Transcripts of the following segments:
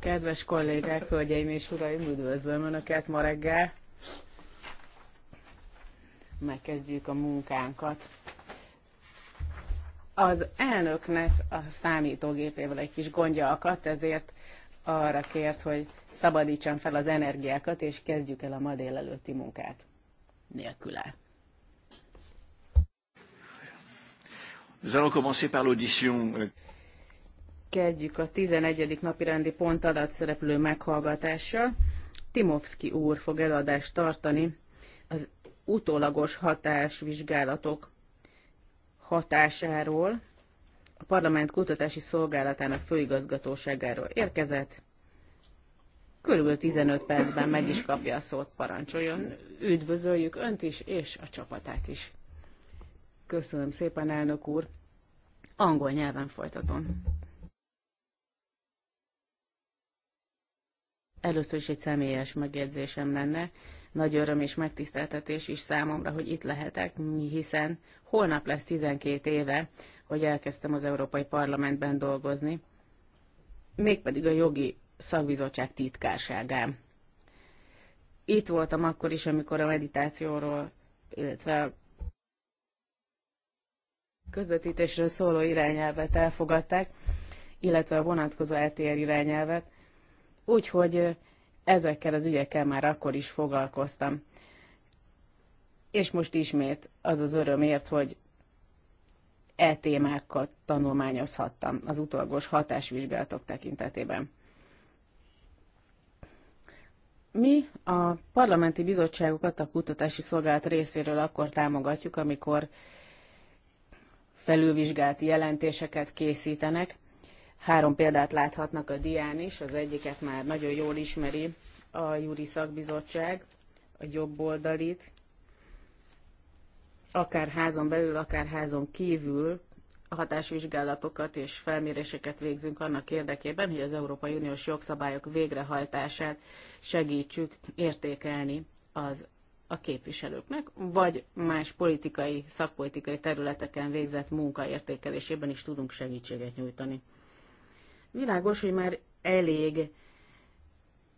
Kedves kollégák, hölgyeim és uraim, üdvözlöm Önöket ma reggel. Megkezdjük a munkánkat. Az elnöknek a számítógépével egy kis gondja akadt, ezért arra kért, hogy szabadítsam fel az energiákat, és kezdjük el a ma délelőtti munkát nélküle. Nous allons commencer par l'audition. Euh, Kezdjük a 11. napirendi pont alatt szereplő meghallgatással. Timovszki úr fog eladást tartani az utólagos hatásvizsgálatok hatásáról, a Parlament Kutatási Szolgálatának főigazgatóságáról érkezett. Körülbelül 15 percben meg is kapja a szót, parancsoljon. Üdvözöljük Önt is, és a csapatát is. Köszönöm szépen, elnök úr. Angol nyelven folytatom. Először is egy személyes megjegyzésem lenne. Nagy öröm és megtiszteltetés is számomra, hogy itt lehetek, hiszen holnap lesz 12 éve, hogy elkezdtem az Európai Parlamentben dolgozni, mégpedig a jogi szakbizottság titkárságán. Itt voltam akkor is, amikor a meditációról, illetve a közvetítésről szóló irányelvet elfogadták, illetve a vonatkozó LTR irányelvet, Úgyhogy ezekkel az ügyekkel már akkor is foglalkoztam. És most ismét az az örömért, hogy e témákat tanulmányozhattam az utolgós hatásvizsgálatok tekintetében. Mi a parlamenti bizottságokat a kutatási szolgálat részéről akkor támogatjuk, amikor felülvizsgálati jelentéseket készítenek, Három példát láthatnak a dián is, az egyiket már nagyon jól ismeri a Júri Szakbizottság, a jobb oldalit, akár házon belül, akár házon kívül hatásvizsgálatokat és felméréseket végzünk annak érdekében, hogy az Európai Uniós jogszabályok végrehajtását segítsük értékelni az a képviselőknek, vagy más politikai, szakpolitikai területeken végzett munkaértékelésében is tudunk segítséget nyújtani. Világos, hogy már elég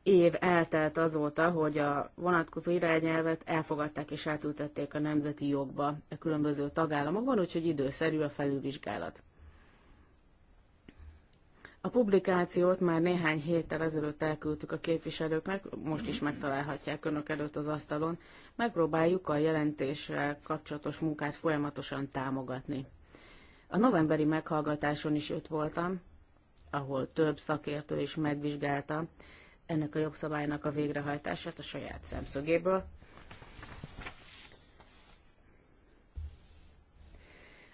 év eltelt azóta, hogy a vonatkozó irányelvet elfogadták és átültették a nemzeti jogba a különböző tagállamokban, úgyhogy időszerű a felülvizsgálat. A publikációt már néhány héttel ezelőtt elküldtük a képviselőknek, most is megtalálhatják önök előtt az asztalon. Megpróbáljuk a jelentéssel kapcsolatos munkát folyamatosan támogatni. A novemberi meghallgatáson is ott voltam, ahol több szakértő is megvizsgálta ennek a jogszabálynak a végrehajtását a saját szemszögéből.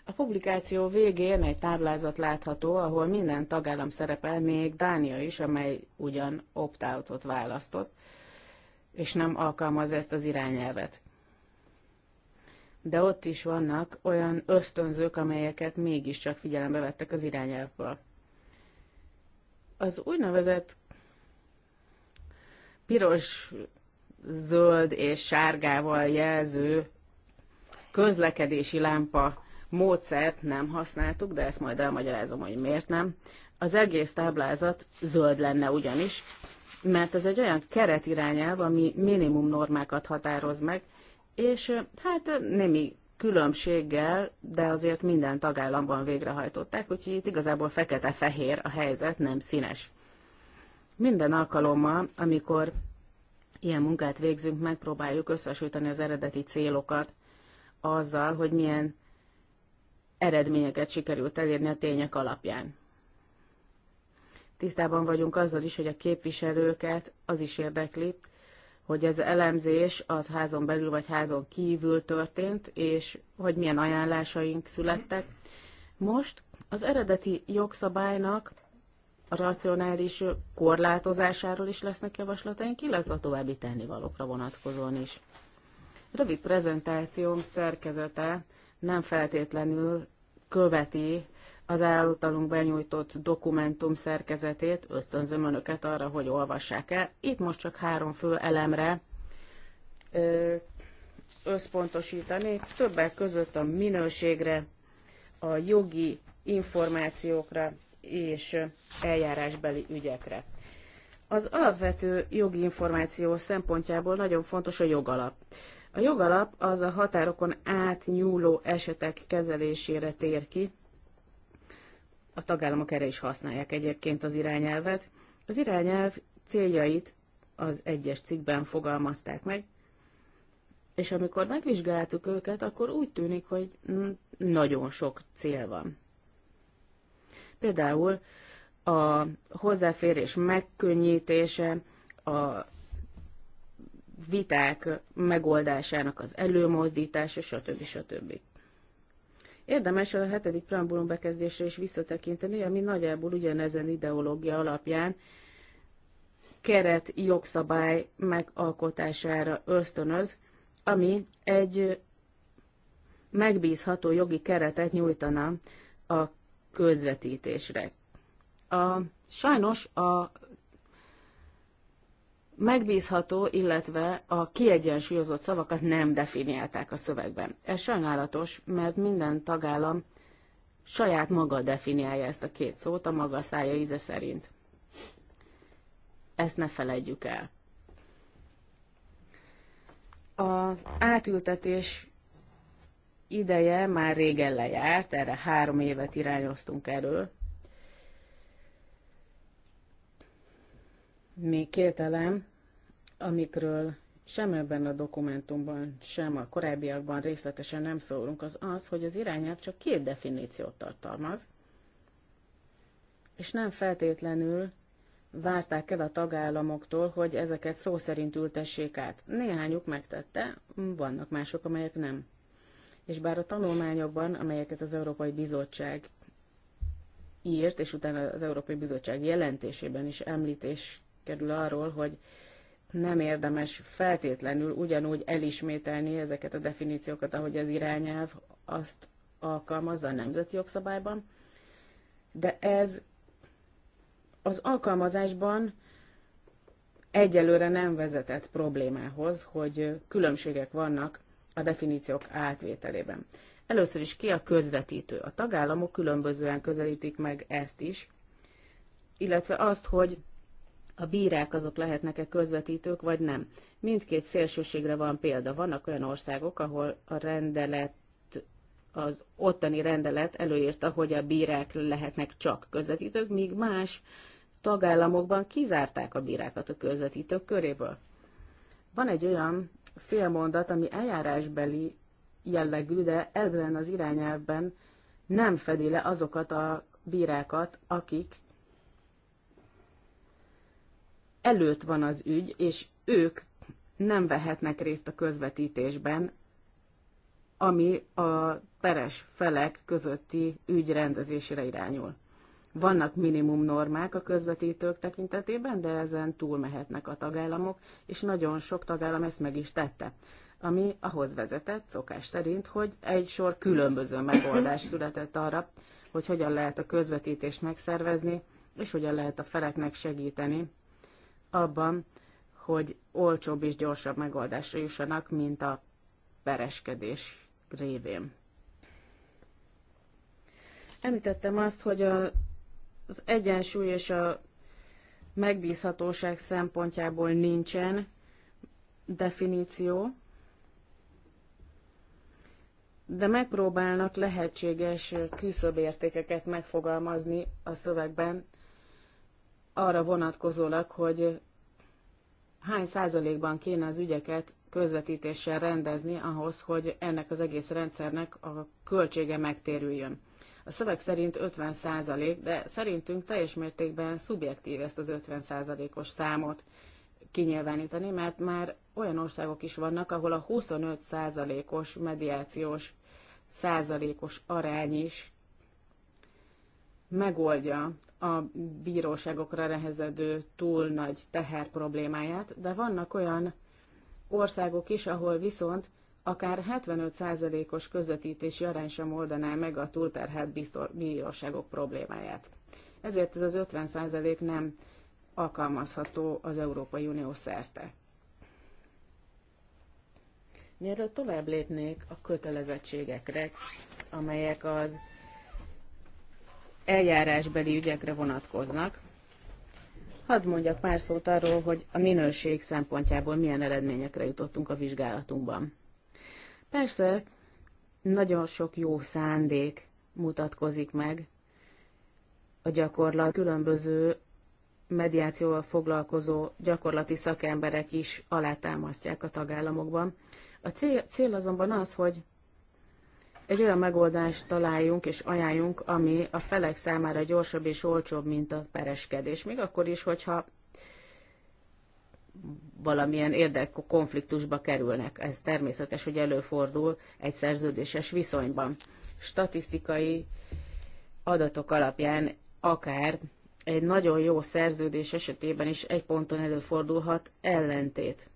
A publikáció végén egy táblázat látható, ahol minden tagállam szerepel, még Dánia is, amely ugyan opt-outot választott, és nem alkalmaz ezt az irányelvet. De ott is vannak olyan ösztönzők, amelyeket mégiscsak figyelembe vettek az irányelvből. Az úgynevezett piros, zöld és sárgával jelző közlekedési lámpa módszert nem használtuk, de ezt majd elmagyarázom, hogy miért nem. Az egész táblázat zöld lenne ugyanis, mert ez egy olyan keretirányelv, ami minimum normákat határoz meg, és hát némi különbséggel, de azért minden tagállamban végrehajtották, úgyhogy itt igazából fekete-fehér a helyzet, nem színes. Minden alkalommal, amikor ilyen munkát végzünk, megpróbáljuk összesülteni az eredeti célokat azzal, hogy milyen eredményeket sikerült elérni a tények alapján. Tisztában vagyunk azzal is, hogy a képviselőket az is érdekli, hogy ez elemzés az házon belül vagy házon kívül történt, és hogy milyen ajánlásaink születtek. Most az eredeti jogszabálynak a racionális korlátozásáról is lesznek javaslataink, illetve a további tennivalókra vonatkozóan is. Rövid prezentációm szerkezete nem feltétlenül követi az általunk benyújtott dokumentum szerkezetét, ösztönzöm önöket arra, hogy olvassák el. Itt most csak három fő elemre összpontosítani, többek között a minőségre, a jogi információkra és eljárásbeli ügyekre. Az alapvető jogi információ szempontjából nagyon fontos a jogalap. A jogalap az a határokon átnyúló esetek kezelésére tér ki, a tagállamok erre is használják egyébként az irányelvet. Az irányelv céljait az egyes cikkben fogalmazták meg, és amikor megvizsgáltuk őket, akkor úgy tűnik, hogy nagyon sok cél van. Például a hozzáférés megkönnyítése, a viták megoldásának az előmozdítása, stb. stb. Érdemes a hetedik preambulum bekezdésre is visszatekinteni, ami nagyjából ugyanezen ideológia alapján keret jogszabály megalkotására ösztönöz, ami egy megbízható jogi keretet nyújtana a közvetítésre. A, sajnos a megbízható, illetve a kiegyensúlyozott szavakat nem definiálták a szövegben. Ez sajnálatos, mert minden tagállam saját maga definiálja ezt a két szót a maga szája íze szerint. Ezt ne feledjük el. Az átültetés ideje már régen lejárt, erre három évet irányoztunk erről, még két elem, amikről sem ebben a dokumentumban, sem a korábbiakban részletesen nem szólunk, az az, hogy az irányelv csak két definíciót tartalmaz, és nem feltétlenül várták el a tagállamoktól, hogy ezeket szó szerint ültessék át. Néhányuk megtette, vannak mások, amelyek nem. És bár a tanulmányokban, amelyeket az Európai Bizottság írt, és utána az Európai Bizottság jelentésében is említés kerül arról, hogy nem érdemes feltétlenül ugyanúgy elismételni ezeket a definíciókat, ahogy az irányelv azt alkalmazza a nemzeti jogszabályban, de ez az alkalmazásban egyelőre nem vezetett problémához, hogy különbségek vannak a definíciók átvételében. Először is ki a közvetítő? A tagállamok különbözően közelítik meg ezt is, illetve azt, hogy a bírák azok lehetnek-e közvetítők, vagy nem. Mindkét szélsőségre van példa. Vannak olyan országok, ahol a rendelet, az ottani rendelet előírta, hogy a bírák lehetnek csak közvetítők, míg más tagállamokban kizárták a bírákat a közvetítők köréből. Van egy olyan félmondat, ami eljárásbeli jellegű, de ebben az irányelvben nem fedi le azokat a bírákat, akik előtt van az ügy, és ők nem vehetnek részt a közvetítésben, ami a peres felek közötti ügy rendezésére irányul. Vannak minimum normák a közvetítők tekintetében, de ezen túl mehetnek a tagállamok, és nagyon sok tagállam ezt meg is tette, ami ahhoz vezetett, szokás szerint, hogy egy sor különböző megoldás született arra, hogy hogyan lehet a közvetítést megszervezni, és hogyan lehet a feleknek segíteni abban, hogy olcsóbb és gyorsabb megoldásra jussanak, mint a pereskedés révén. Említettem azt, hogy a, az egyensúly és a megbízhatóság szempontjából nincsen definíció, de megpróbálnak lehetséges küszöbértékeket megfogalmazni a szövegben arra vonatkozólag, hogy hány százalékban kéne az ügyeket közvetítéssel rendezni ahhoz, hogy ennek az egész rendszernek a költsége megtérüljön. A szöveg szerint 50 százalék, de szerintünk teljes mértékben szubjektív ezt az 50 százalékos számot kinyilvánítani, mert már olyan országok is vannak, ahol a 25 százalékos mediációs százalékos arány is megoldja a bíróságokra rehezedő túl nagy teher problémáját, de vannak olyan országok is, ahol viszont akár 75%-os közvetítési arány sem oldaná meg a túlterhelt bíróságok problémáját. Ezért ez az 50% nem alkalmazható az Európai Unió szerte. Mielőtt tovább lépnék a kötelezettségekre, amelyek az eljárásbeli ügyekre vonatkoznak. Hadd mondjak pár szót arról, hogy a minőség szempontjából milyen eredményekre jutottunk a vizsgálatunkban. Persze, nagyon sok jó szándék mutatkozik meg a gyakorlat. Különböző mediációval foglalkozó gyakorlati szakemberek is alátámasztják a tagállamokban. A cél, cél azonban az, hogy egy olyan megoldást találjunk és ajánljunk, ami a felek számára gyorsabb és olcsóbb, mint a pereskedés. Még akkor is, hogyha valamilyen konfliktusba kerülnek. Ez természetes, hogy előfordul egy szerződéses viszonyban. Statisztikai adatok alapján akár egy nagyon jó szerződés esetében is egy ponton előfordulhat ellentét.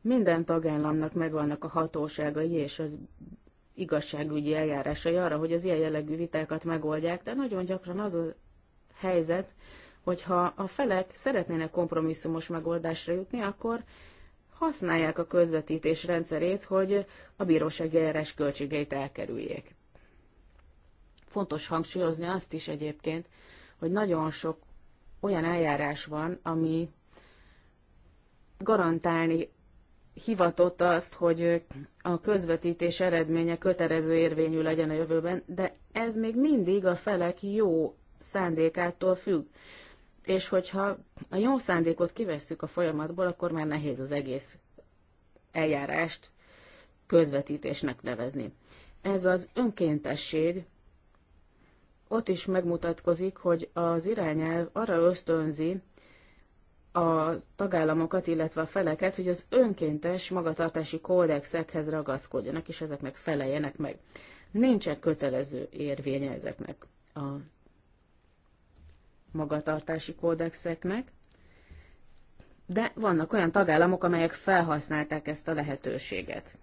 Minden tagállamnak megvannak a hatóságai és az igazságügyi eljárásai arra, hogy az ilyen jellegű vitákat megoldják, de nagyon gyakran az a helyzet, hogyha a felek szeretnének kompromisszumos megoldásra jutni, akkor használják a közvetítés rendszerét, hogy a bírósági eljárás költségeit elkerüljék. Fontos hangsúlyozni azt is egyébként, hogy nagyon sok olyan eljárás van, ami garantálni hivatott azt, hogy a közvetítés eredménye kötelező érvényű legyen a jövőben, de ez még mindig a felek jó szándékától függ. És hogyha a jó szándékot kivesszük a folyamatból, akkor már nehéz az egész eljárást közvetítésnek nevezni. Ez az önkéntesség ott is megmutatkozik, hogy az irányelv arra ösztönzi a tagállamokat, illetve a feleket, hogy az önkéntes magatartási kódexekhez ragaszkodjanak, és ezeknek feleljenek meg. Nincsen kötelező érvénye ezeknek a magatartási kódexeknek, de vannak olyan tagállamok, amelyek felhasználták ezt a lehetőséget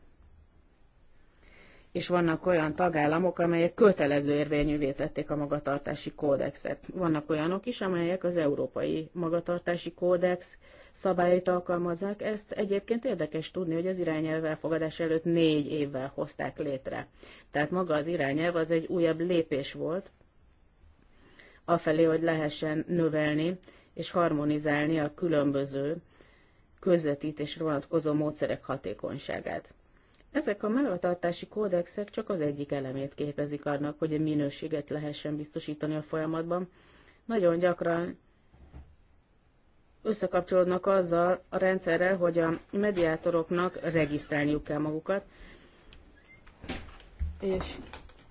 és vannak olyan tagállamok, amelyek kötelező érvényűvé tették a magatartási kódexet. Vannak olyanok is, amelyek az európai magatartási kódex szabályait alkalmazzák. Ezt egyébként érdekes tudni, hogy az irányelv elfogadás előtt négy évvel hozták létre. Tehát maga az irányelv az egy újabb lépés volt, afelé, hogy lehessen növelni és harmonizálni a különböző közvetítésre vonatkozó módszerek hatékonyságát. Ezek a magatartási kódexek csak az egyik elemét képezik annak, hogy a minőséget lehessen biztosítani a folyamatban. Nagyon gyakran összekapcsolódnak azzal a rendszerrel, hogy a mediátoroknak regisztrálniuk kell magukat, és...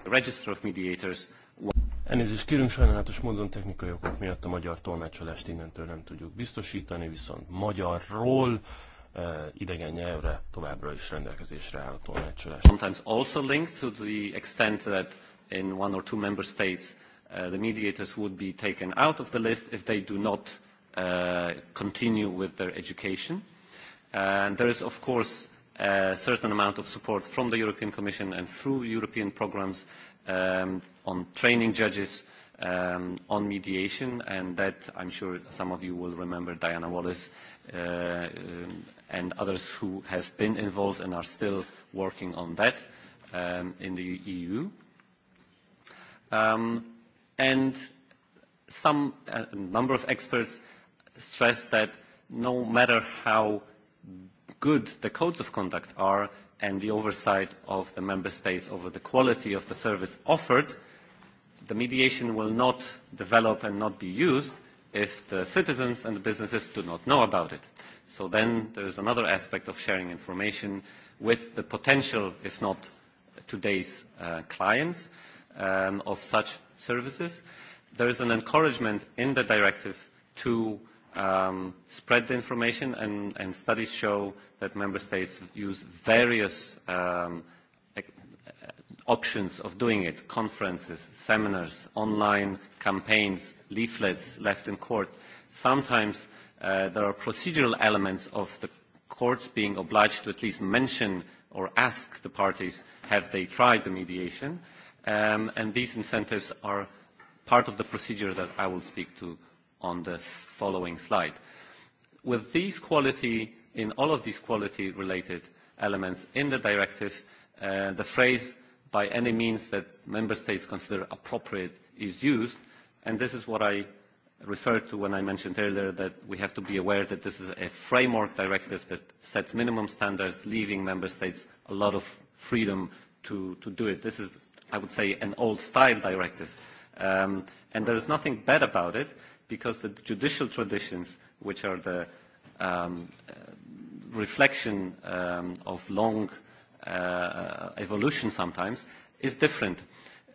Register of Mediators... Elnézést kérünk, sajnálatos módon technikai okok miatt a magyar tolmácsolást innentől nem tudjuk biztosítani, viszont magyarról idegen nyelvre továbbra is rendelkezésre áll a tolmácsolás. Sometimes also linked to the extent that in one or two member states uh, the mediators would be taken out of the list if they do not uh, continue with their education. And there is of course a certain amount of support from the European Commission and through European programs um, on training judges um, on mediation, and that I'm sure some of you will remember Diana Wallace uh, um, and others who have been involved and are still working on that um, in the EU. Um, and some a uh, number of experts stress that no matter how good the codes of conduct are and the oversight of the member states over the quality of the service offered, the mediation will not develop and not be used if the citizens and the businesses do not know about it. So then there is another aspect of sharing information with the potential, if not today's uh, clients um, of such services. There is an encouragement in the directive to um, spread the information, and, and studies show that member states use various um, options of doing it, conferences, seminars, online campaigns, leaflets left in court. Sometimes uh, there are procedural elements of the courts being obliged to at least mention or ask the parties, have they tried the mediation? Um, and these incentives are part of the procedure that I will speak to on the following slide. With these quality, in all of these quality related elements in the directive, uh, the phrase by any means that member states consider appropriate is used. And this is what I referred to when I mentioned earlier that we have to be aware that this is a framework directive that sets minimum standards, leaving member states a lot of freedom to, to do it. This is, I would say, an old-style directive. Um, and there is nothing bad about it because the judicial traditions, which are the um, uh, reflection um, of long uh, evolution sometimes is different.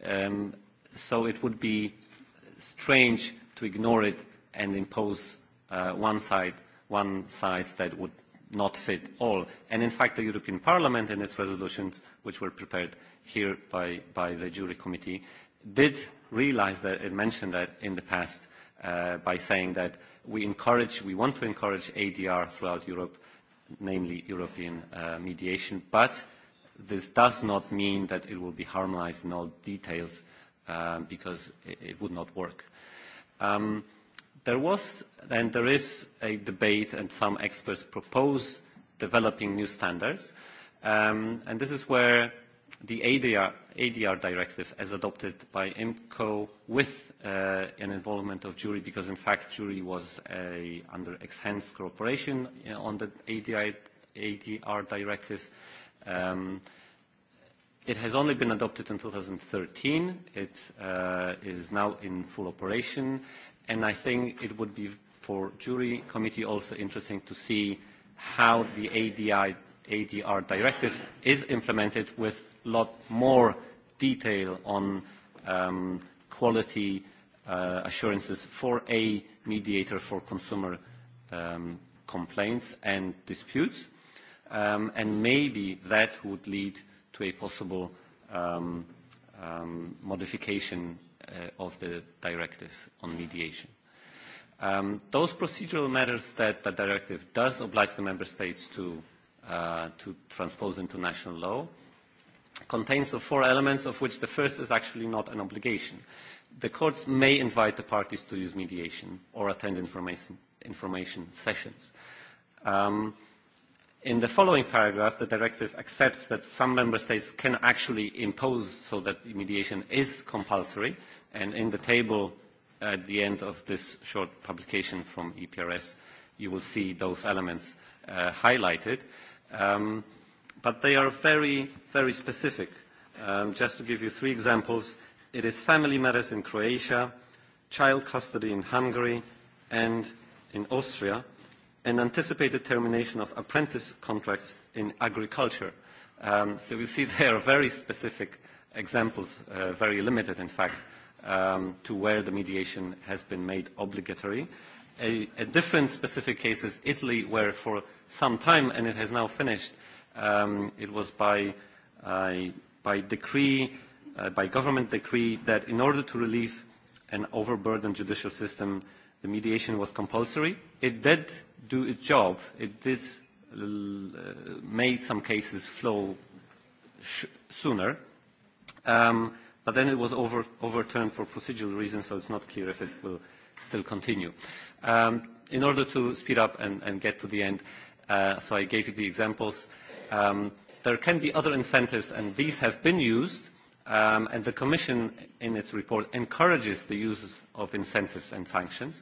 Um, so it would be strange to ignore it and impose uh, one side, one size that would not fit all. And in fact, the European Parliament in its resolutions, which were prepared here by, by the jury committee, did realize that it mentioned that in the past uh, by saying that we encourage, we want to encourage ADR throughout Europe, namely European uh, mediation, but This does not mean that it will be harmonized in all details uh, because it, it would not work. Um, there was and there is a debate and some experts propose developing new standards. Um, and this is where the ADR, ADR directive as adopted by IMCO with uh, an involvement of jury because in fact jury was a, under enhanced cooperation on the ADI, ADR directive Um, it has only been adopted in 2013. It uh, is now in full operation. And I think it would be for jury committee also interesting to see how the ADI, ADR directive is implemented with a lot more detail on um, quality uh, assurances for a mediator for consumer um, complaints and disputes um, and maybe that would lead to a possible um, um, modification uh, of the directive on mediation. Um, those procedural matters that the directive does oblige the member states to, uh, to transpose into national law contains the four elements of which the first is actually not an obligation. The courts may invite the parties to use mediation or attend information, information sessions. Um, In the following paragraph, the directive accepts that some member states can actually impose so that mediation is compulsory. And in the table at the end of this short publication from EPRS, you will see those elements uh, highlighted. Um, but they are very, very specific. Um, just to give you three examples, it is family matters in Croatia, child custody in Hungary, and in Austria – an anticipated termination of apprentice contracts in agriculture. Um, so we see there are very specific examples, uh, very limited in fact, um, to where the mediation has been made obligatory. A, a different specific case is Italy, where for some time, and it has now finished, um, it was by, uh, by decree, uh, by government decree, that in order to relieve an overburdened judicial system, uh, the mediation was compulsory. It did do its job. It did uh, made some cases flow sh sooner. Um, but then it was over, overturned for procedural reasons, so it's not clear if it will still continue. Um, in order to speed up and, and get to the end, uh, so I gave you the examples. Um, there can be other incentives, and these have been used – Um, and the Commission, in its report, encourages the use of incentives and sanctions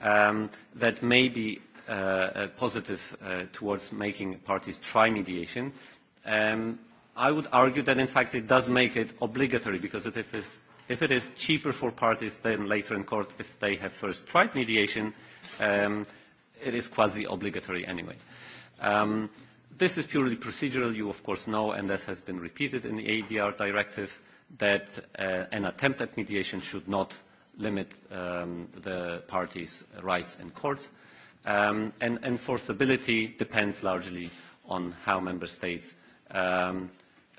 um, that may be uh, positive uh, towards making parties try mediation. Um, I would argue that, in fact, it does make it obligatory because it is, if it is cheaper for parties than later in court if they have first tried mediation, um, it is quasi-obligatory anyway. Um, This is purely procedural. You, of course, know, and this has been repeated in the ADR directive, that uh, an attempt at mediation should not limit um, the parties' rights in court. Um, and enforceability depends largely on how member states um,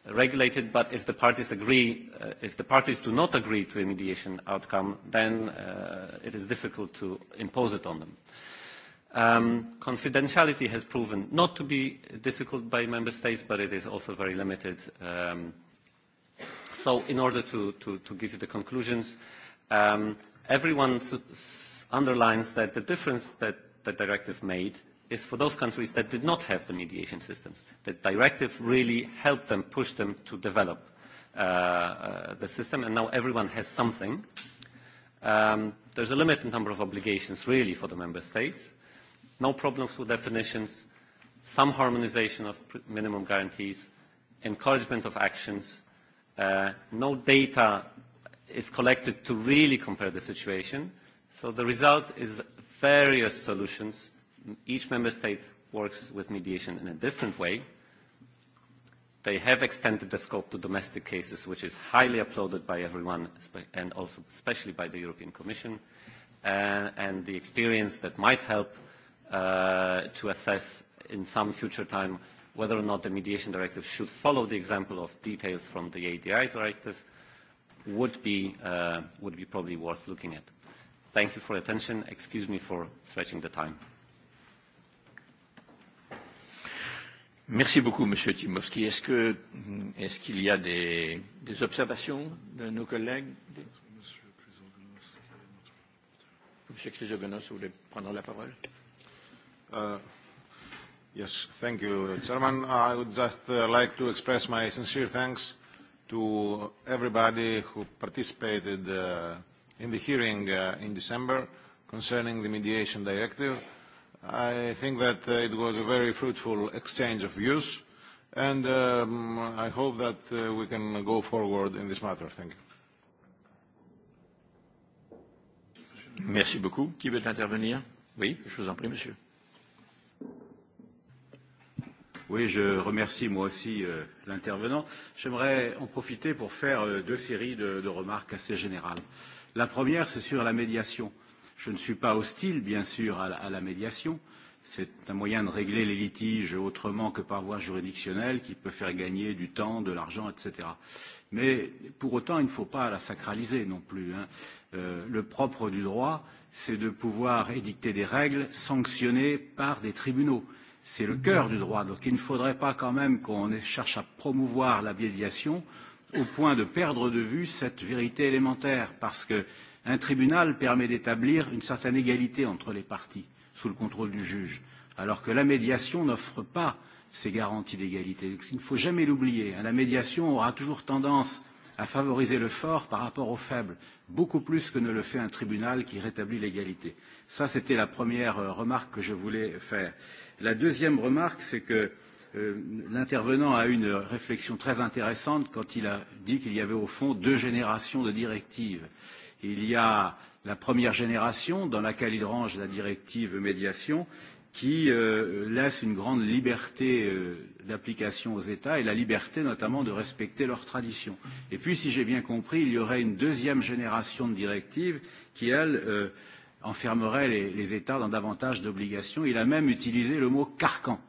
regulate it. But if the parties agree, uh, if the parties do not agree to a mediation outcome, then uh, it is difficult to impose it on them. Uh, Um, confidentiality has proven not to be difficult by member states, but it is also very limited. Um, so in order to, to, to give you the conclusions, um, everyone underlines that the difference that the directive made is for those countries that did not have the mediation systems. The directive really helped them, pushed them to develop uh, uh, the system, and now everyone has something. Um, there's a limited number of obligations, really, for the member states no problems with definitions, some harmonization of minimum guarantees, encouragement of actions, uh, no data is collected to really compare the situation. So the result is various solutions. Each member state works with mediation in a different way. They have extended the scope to domestic cases, which is highly applauded by everyone, and also especially by the European Commission, uh, and the experience that might help uh, to assess in some future time whether or not the mediation directive should follow the example of details from the ADI directive would be, uh, would be probably worth looking at. Thank you for your attention. Excuse me for stretching the time. Merci beaucoup, Monsieur Timowski. Est-ce que est ce qu'il y a des, des observations de nos collègues Monsieur Chrysogonos, vous voulez prendre la parole Uh, yes, thank you, Chairman. I would just uh, like to express my sincere thanks to everybody who participated uh, in the hearing uh, in December concerning the mediation directive. I think that uh, it was a very fruitful exchange of views, and um, I hope that uh, we can go forward in this matter. Thank you. Merci beaucoup. Qui veut intervenir Oui, je vous en prie, monsieur. Oui, je remercie moi aussi euh, l'intervenant. J'aimerais en profiter pour faire euh, deux séries de, de remarques assez générales. La première, c'est sur la médiation. Je ne suis pas hostile, bien sûr, à la, à la médiation. C'est un moyen de régler les litiges autrement que par voie juridictionnelle qui peut faire gagner du temps, de l'argent, etc. Mais pour autant, il ne faut pas la sacraliser non plus. Hein. Euh, le propre du droit, c'est de pouvoir édicter des règles sanctionnées par des tribunaux c'est le cœur du droit. Donc il ne faudrait pas quand même qu'on cherche à promouvoir la médiation au point de perdre de vue cette vérité élémentaire, parce qu'un tribunal permet d'établir une certaine égalité entre les parties sous le contrôle du juge, alors que la médiation n'offre pas ces garanties d'égalité. Il ne faut jamais l'oublier. La médiation aura toujours tendance à favoriser le fort par rapport au faible, beaucoup plus que ne le fait un tribunal qui rétablit l'égalité. Ça, c'était la première euh, remarque que je voulais faire. La deuxième remarque, c'est que euh, l'intervenant a eu une réflexion très intéressante quand il a dit qu'il y avait au fond deux générations de directives. Il y a la première génération dans laquelle il range la directive médiation qui euh, laisse une grande liberté euh, d'application aux États et la liberté notamment de respecter leurs traditions. Et puis, si j'ai bien compris, il y aurait une deuxième génération de directives qui, elle, euh, enfermerait les, les États dans davantage d'obligations. Il a même utilisé le mot carcan.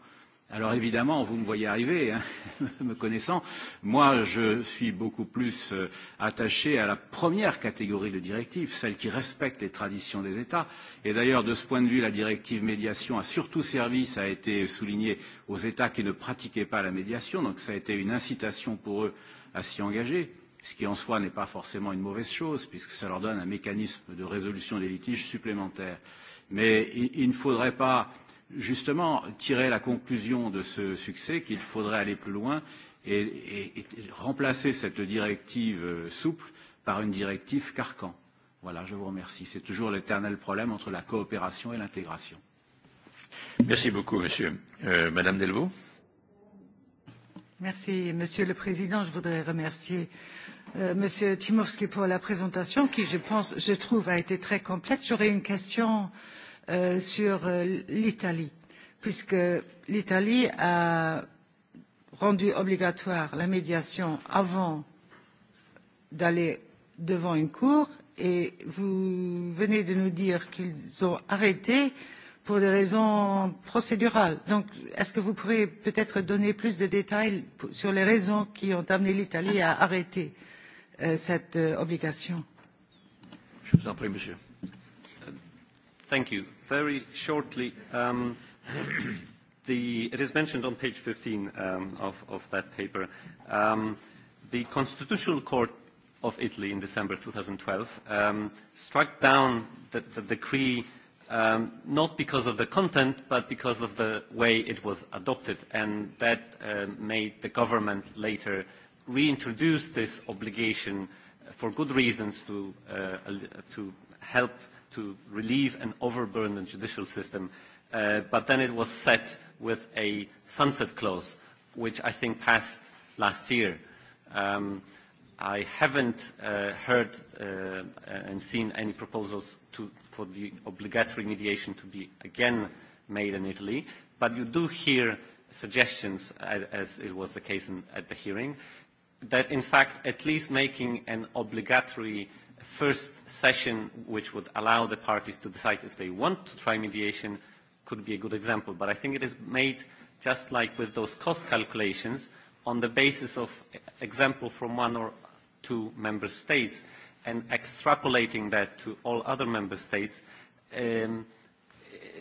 Alors évidemment, vous me voyez arriver, hein, me connaissant. Moi, je suis beaucoup plus euh, attaché à la première catégorie de directives, celle qui respecte les traditions des États. Et d'ailleurs, de ce point de vue, la directive médiation a surtout servi, ça a été souligné, aux États qui ne pratiquaient pas la médiation. Donc ça a été une incitation pour eux à s'y engager ce qui en soi n'est pas forcément une mauvaise chose, puisque ça leur donne un mécanisme de résolution des litiges supplémentaire. Mais il, il ne faudrait pas justement tirer la conclusion de ce succès qu'il faudrait aller plus loin et, et, et remplacer cette directive souple par une directive carcan. Voilà, je vous remercie. C'est toujours l'éternel problème entre la coopération et l'intégration. Merci beaucoup, monsieur. Euh, Madame Delvaux. Merci, monsieur le président je voudrais remercier euh, monsieur timowski pour la présentation qui je pense je trouve a été très complète. j'aurais une question euh, Euh, sur euh, l'Italie, puisque l'Italie a rendu obligatoire la médiation avant d'aller devant une cour et vous venez de nous dire qu'ils ont arrêté pour des raisons procédurales. Donc, est-ce que vous pourriez peut-être donner plus de détails sur les raisons qui ont amené l'Italie à arrêter euh, cette obligation Je vous en prie, monsieur. thank you very shortly, um, the, it is mentioned on page 15 um, of, of that paper. Um, the Constitutional Court of Italy in December 2012 um, struck down the, the decree um, not because of the content, but because of the way it was adopted. And that uh, made the government later reintroduce this obligation for good reasons to, uh, to help uh, to relieve an overburdened judicial system. Uh, but then it was set with a sunset clause, which I think passed last year. Um, I haven't uh, heard uh, and seen any proposals to, for the obligatory mediation to be again made in Italy, but you do hear suggestions, uh, as it was the case in, at the hearing, that in fact at least making an obligatory uh, first session which would allow the parties to decide if they want to try mediation could be a good example. But I think it is made just like with those cost calculations on the basis of example from one or two member states and extrapolating that to all other member states um,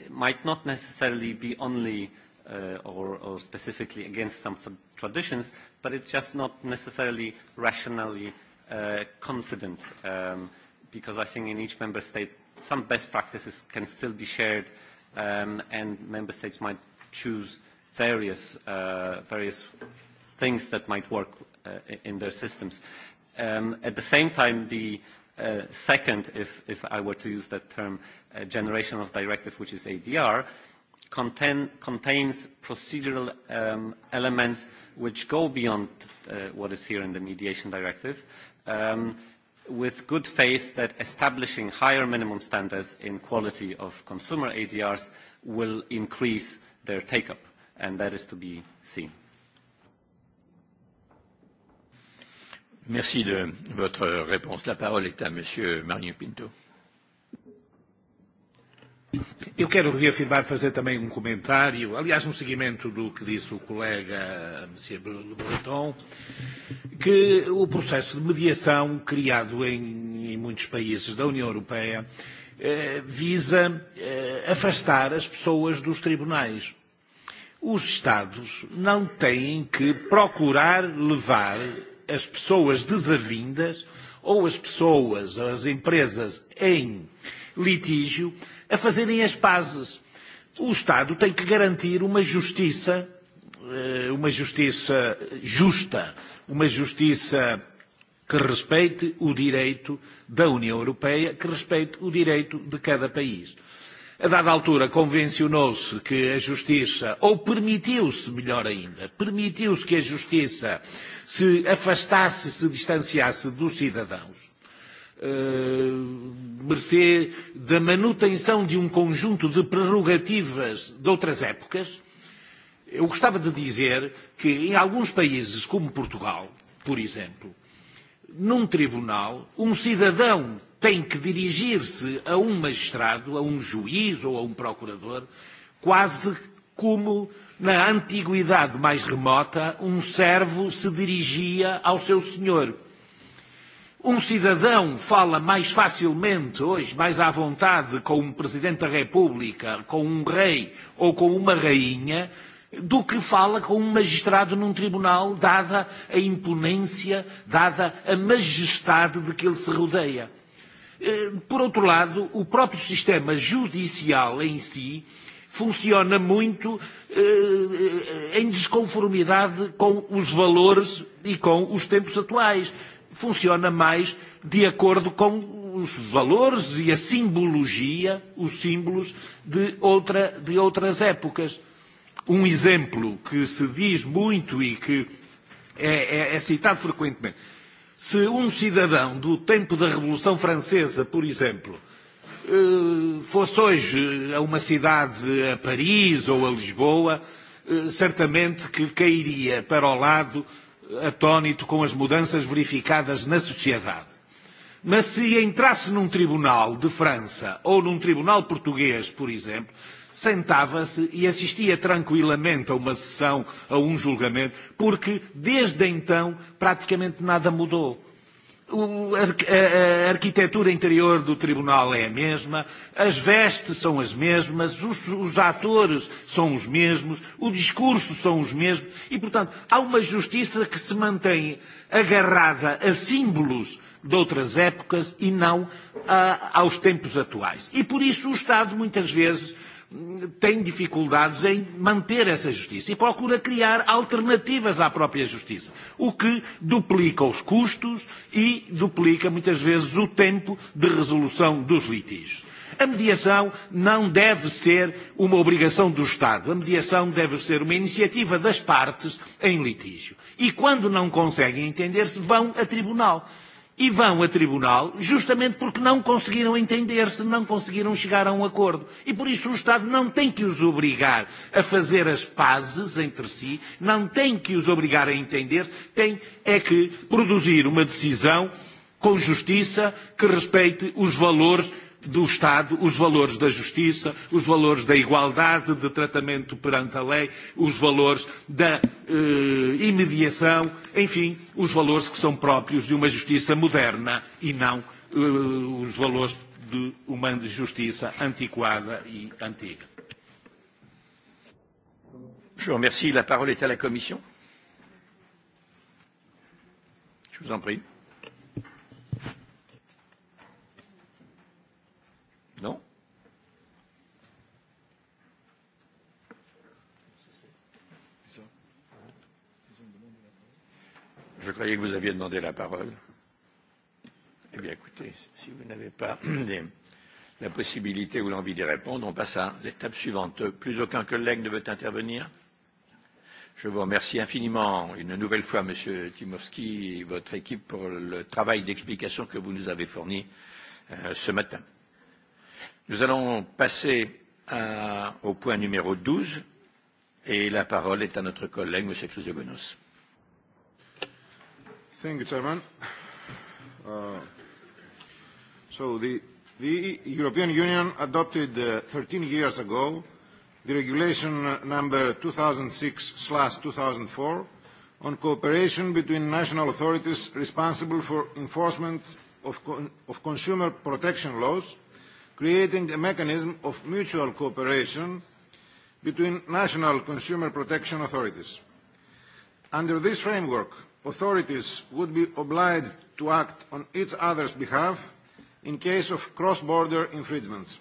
might not necessarily be only uh, or, or specifically against some traditions, but it's just not necessarily rationally Uh, confident um, because I think in each member state some best practices can still be shared um, and member states might choose various, uh, various things that might work uh, in their systems. Um, at the same time, the uh, second, if, if I were to use that term, uh, generation of directive, which is ADR, contain, contains procedural um, elements which go beyond uh, what is here in the mediation directive, um, with good faith that establishing higher minimum standards in quality of consumer ADRs will increase their take-up, and that is to be seen. Merci de votre réponse. La parole est à Monsieur Mario Pinto. Eu quero reafirmar, fazer também um comentário, aliás, um seguimento do que disse o colega eh, Monsieur Breton, que o processo de mediação criado em, em muitos países da União Europeia eh, visa eh, afastar as pessoas dos tribunais. Os Estados não têm que procurar levar as pessoas desavindas ou as pessoas, as empresas em litígio a fazerem as pazes. O Estado tem que garantir uma justiça, eh, uma justiça justa, uma justiça que respeite o direito da União Europeia, que respeite o direito de cada país. A dada altura, convencionou-se que a justiça, ou permitiu-se, melhor ainda, permitiu-se que a justiça se afastasse, se distanciasse dos cidadãos Eh, mercê da manutenção de um conjunto de prerrogativas de outras épocas, eu gostava de dizer que em alguns países, como Portugal, por exemplo, num tribunal, um cidadão tem que dirigir-se a um magistrado, a um juiz ou a um procurador, quase como na antiguidade mais remota um servo se dirigia ao seu senhor Um cidadão fala mais facilmente hoje, mais à vontade, com um Presidente da República, com um rei ou com uma rainha, do que fala com um magistrado num tribunal, dada a imponência, dada a majestade de que ele se rodeia. Eh, por outro lado, o próprio sistema judicial em si funciona muito eh, eh, em desconformidade com os valores e com os tempos atuais funciona mais de acordo com os valores e a simbologia, os símbolos de, outra, de outras épocas. Um exemplo que se diz muito e que é, é, é citado frequentemente. Se um cidadão do tempo da Revolução Francesa, por exemplo, eh, fosse hoje a uma cidade, a Paris ou a Lisboa, eh, certamente que cairia para o lado atónito com as mudanças verificadas na sociedade. Mas se entrasse num tribunal de França ou num tribunal português, por exemplo, sentava-se e assistia tranquilamente a uma sessão, a um julgamento, porque desde então praticamente nada mudou a arquitetura interior do tribunal é a mesma, as vestes são as mesmas, os, os atores são os mesmos, o discurso são os mesmos e, portanto, há uma justiça que se mantém agarrada a símbolos de outras épocas e não a, ah, aos tempos atuais. E por isso o Estado muitas vezes tem dificuldades em manter essa justiça e procura criar alternativas à própria justiça, o que duplica os custos e duplica muitas vezes o tempo de resolução dos litígios. A mediação não deve ser uma obrigação do Estado. A mediação deve ser uma iniciativa das partes em litígio. E quando não conseguem entender-se, vão a tribunal e vão a tribunal justamente porque não conseguiram entender-se, não conseguiram chegar a um acordo. E por isso o Estado não tem que os obrigar a fazer as pazes entre si, não tem que os obrigar a entender, tem é que produzir uma decisão com justiça que respeite os valores do Estado, os valores da justiça, os valores da igualdade de tratamento perante a lei, os valores da eh, imediação, enfim, os valores que são próprios de uma justiça moderna e não eh, os valores de uma justiça antiquada e antiga. Je merci. remercie. La parole est à la Commission. Je vous en prie. Je croyais que vous aviez demandé la parole. Eh bien, écoutez, si vous n'avez pas les, la possibilité ou l'envie d'y répondre, on passe à l'étape suivante. Plus aucun collègue ne veut intervenir Je vous remercie infiniment une nouvelle fois, Monsieur Timowski et votre équipe, pour le travail d'explication que vous nous avez fourni euh, ce matin. Nous allons passer à, au point numéro 12 et la parole est à notre collègue, Monsieur Chrysogonos. Thank you, Chairman. Uh, so the, the European Union adopted uh, 13 years ago the regulation number 2006/2004 on cooperation between national authorities responsible for enforcement of, con of consumer protection laws, creating a mechanism of mutual cooperation between national consumer protection authorities. Under this framework, authorities would be obliged to act on each other's behalf in case of cross-border infringements.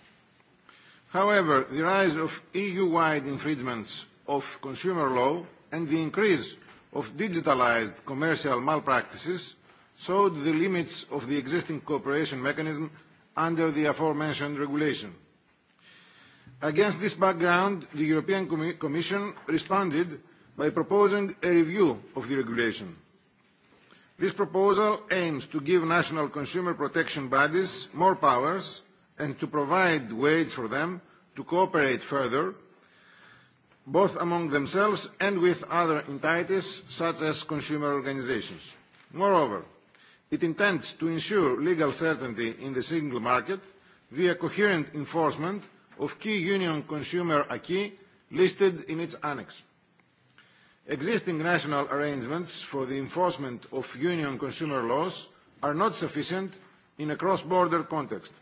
However, the rise of EU-wide infringements of consumer law and the increase of digitalised commercial malpractices showed the limits of the existing cooperation mechanism under the aforementioned regulation. Against this background, the European Commission responded by proposing a review of the regulation. This proposal aims to give national consumer protection bodies more powers and to provide ways for them to cooperate further, both among themselves and with other entities such as consumer organisations. Moreover, it intends to ensure legal certainty in the single market via coherent enforcement of key union consumer acquis listed in its annex. Existing national arrangements for the enforcement of union consumer laws are not sufficient in a cross-border context.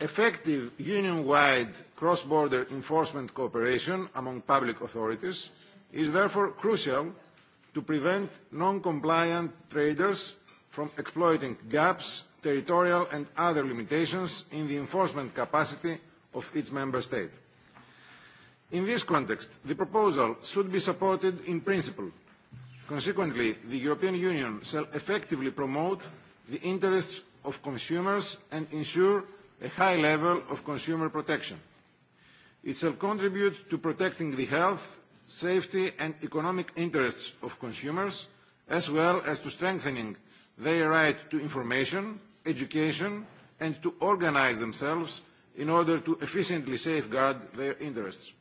Effective union-wide cross-border enforcement cooperation among public authorities is therefore crucial to prevent non-compliant traders from exploiting gaps, territorial and other limitations in the enforcement capacity of each member state. In this context, the proposal should be supported in principle. Consequently, the European Union shall effectively promote the interests of consumers and ensure a high level of consumer protection. It shall contribute to protecting the health, safety and economic interests of consumers, as well as to strengthening their right to information, education and to organise themselves in order to efficiently safeguard their interests.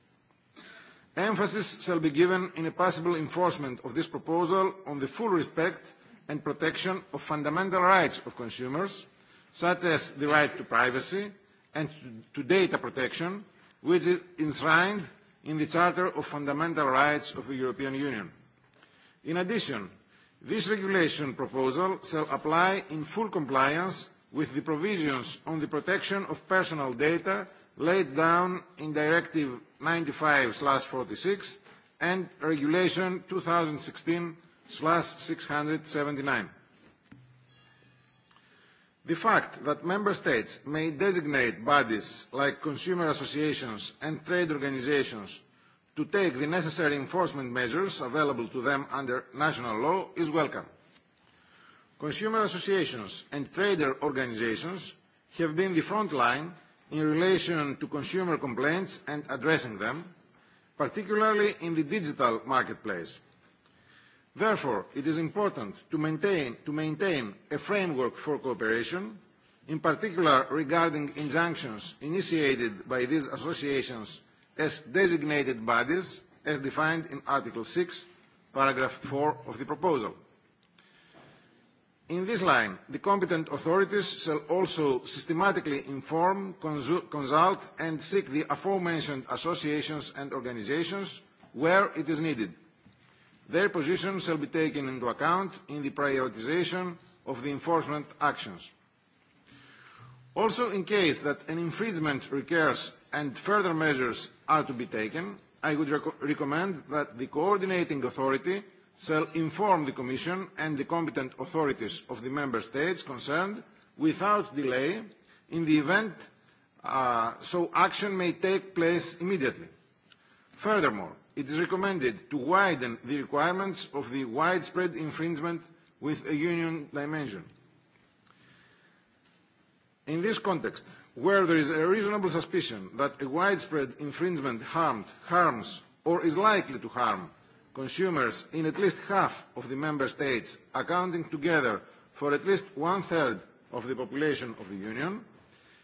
Emphasis shall be given in a possible enforcement of this proposal on the full respect and protection of fundamental rights of consumers, such as the right to privacy and to data protection, which is enshrined in the Charter of Fundamental Rights of the European Union. In addition, this regulation proposal shall apply in full compliance with the provisions on the protection of personal data laid down in Directive 95/46 and Regulation 2016/679. The fact that member states may designate bodies like consumer associations and trade organizations to take the necessary enforcement measures available to them under national law is welcome. Consumer associations and trader organizations have been the front line in relation to consumer complaints and addressing them, particularly in the digital marketplace. Therefore, it is important to maintain, to maintain a framework for cooperation, in particular regarding injunctions initiated by these associations as designated bodies, as defined in Article 6, paragraph 4 of the proposal. In this line, the competent authorities shall also systematically inform, consult and seek the aforementioned associations and organisations where it is needed. Their position shall be taken into account in the prioritisation of the enforcement actions. Also, in case that an infringement recurs and further measures are to be taken, I would rec recommend that the coordinating authority shall inform the Commission and the competent authorities of the Member States concerned without delay in the event uh, so action may take place immediately. Furthermore, it is recommended to widen the requirements of the widespread infringement with a union dimension. In this context, where there is a reasonable suspicion that a widespread infringement harmed, harms or is likely to harm consumers in at least half of the member states, accounting together for at least one-third of the population of the Union,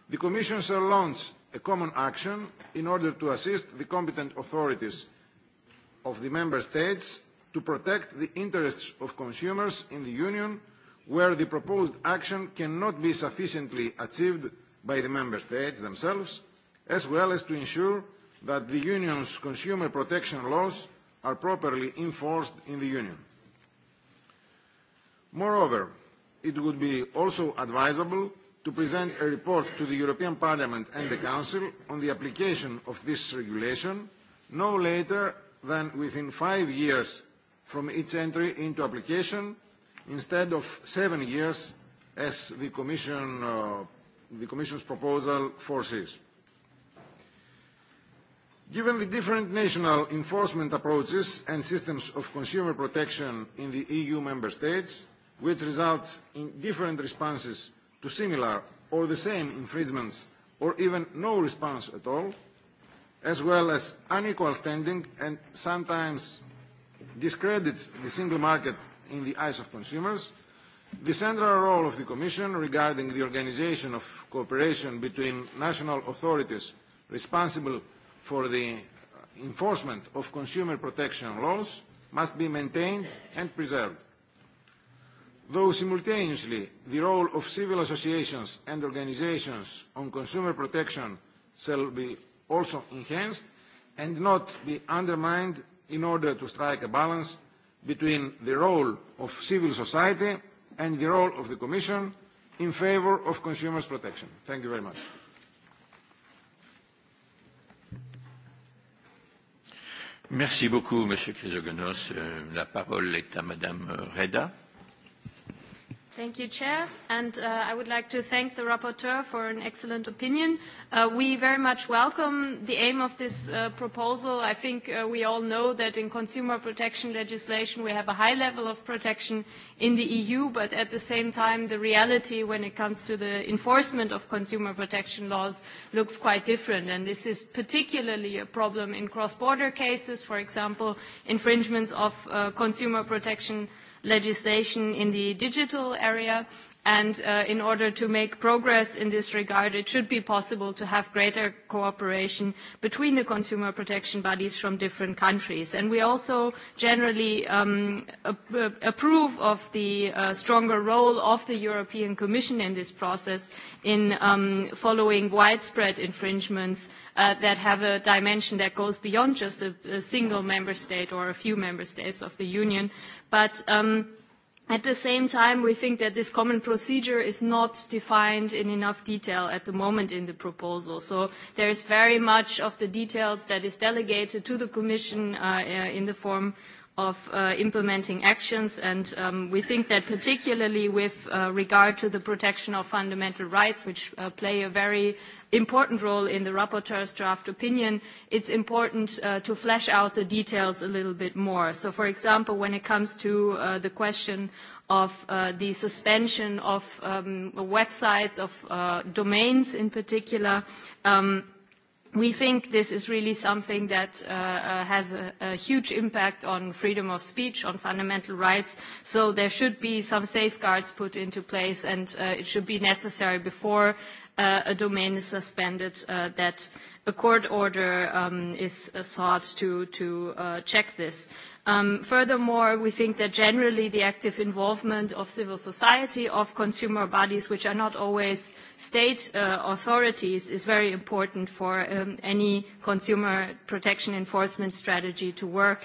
the Commission shall launch a common action in order to assist the competent authorities of the Member States to protect the interests of consumers in the Union where the proposed action cannot be sufficiently achieved by the Member States themselves, as well as to ensure that the Union's consumer protection laws are properly enforced in the Union. Moreover, it would be also advisable to present a report to the European Parliament and the Council on the application of this regulation no later than within five years from its entry into application instead of seven years as the, Commission, uh, the Commission's proposal foresees. Given the different national enforcement approaches and systems of consumer protection in the EU member states, which results in different responses to similar or the same infringements or even no response at all, as well as unequal standing and sometimes discredits the single market in the eyes of consumers, the central role of the Commission regarding the organisation of cooperation between national authorities responsible for the enforcement of consumer protection laws must be maintained and preserved. Though simultaneously the role of civil associations and organisations on consumer protection shall be also enhanced and not be undermined in order to strike a balance between the role of civil society and the role of the Commission in favour of consumers' protection. Thank you very much. Merci beaucoup, Monsieur Chrysogonos. Euh, la parole est à Madame euh, Reda. Thank you, Chair. And uh, I would like to thank the rapporteur for an excellent opinion. Uh, we very much welcome the aim of this uh, proposal. I think uh, we all know that in consumer protection legislation we have a high level of protection in the EU, but at the same time the reality when it comes to the enforcement of consumer protection laws looks quite different. And this is particularly a problem in cross-border cases, for example, infringements of uh, consumer protection laws legislation in the digital area And uh, in order to make progress in this regard, it should be possible to have greater cooperation between the consumer protection bodies from different countries. And we also generally um, uh, approve of the uh, stronger role of the European Commission in this process in um, following widespread infringements uh, that have a dimension that goes beyond just a, a single member state or a few member states of the Union. But um, At the same time, we think that this common procedure is not defined in enough detail at the moment in the proposal. So there is very much of the details that is delegated to the Commission uh, uh in the form of uh, implementing actions. And um, we think that particularly with uh, regard to the protection of fundamental rights, which uh, play a very important role in the rapporteur's draft opinion, it's important uh, to flesh out the details a little bit more. So, for example, when it comes to uh, the question of uh, the suspension of um, websites, of uh, domains in particular, um, we think this is really something that uh, uh, has a, a huge impact on freedom of speech, on fundamental rights, so there should be some safeguards put into place and uh, it should be necessary before uh, a domain is suspended uh, that uh, a court order um, is uh, sought to, to uh, check this. Um, furthermore, we think that generally the active involvement of civil society, of consumer bodies, which are not always state uh, authorities, is very important for um, any consumer protection enforcement strategy to work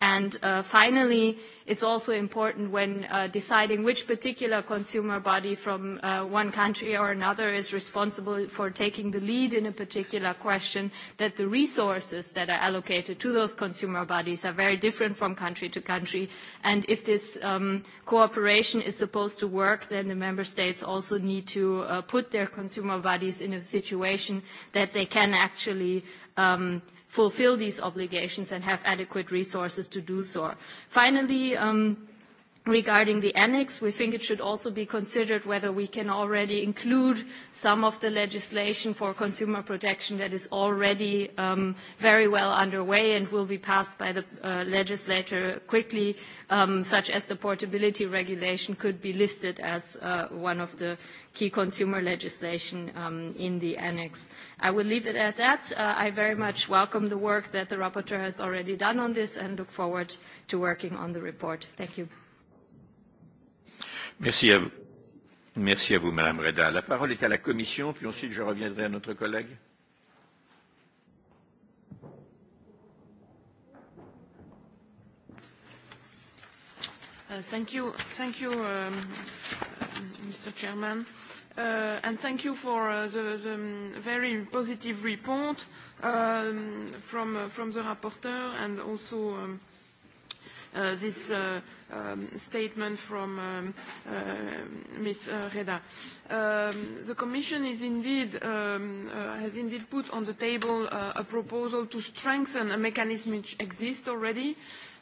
And uh, finally, it's also important when uh, deciding which particular consumer body from uh, one country or another is responsible for taking the lead in a particular question that the resources that are allocated to those consumer bodies are very different from country to country. And if this um, cooperation is supposed to work, then the member states also need to uh, put their consumer bodies in a situation that they can actually um, – fulfill these obligations and have adequate resources to do so. Finally, um, regarding the annex, we think it should also be considered whether we can already include some of the legislation for consumer protection that is already um, very well underway and will be passed by the uh, legislature quickly, um, such as the portability regulation could be listed as uh, one of the key consumer legislation um, in the annex. I will leave it at that. Uh, I very much welcome the work that the rapporteur has already done on this and look forward to working on the report. Thank you. Merci à vous. Merci à vous, Madame Reda. La parole est à la Commission, puis ensuite je reviendrai à notre collègue. Uh, thank you, thank you um, Mr. Chairman. Uh, and thank you for uh, the, the um, very positive report um, from, uh, from the rapporteur and also um, uh, this uh, um, statement from um, uh, Ms. Uh, Reda. Um, the Commission is indeed, um, uh, has indeed put on the table uh, a proposal to strengthen a mechanism which exists already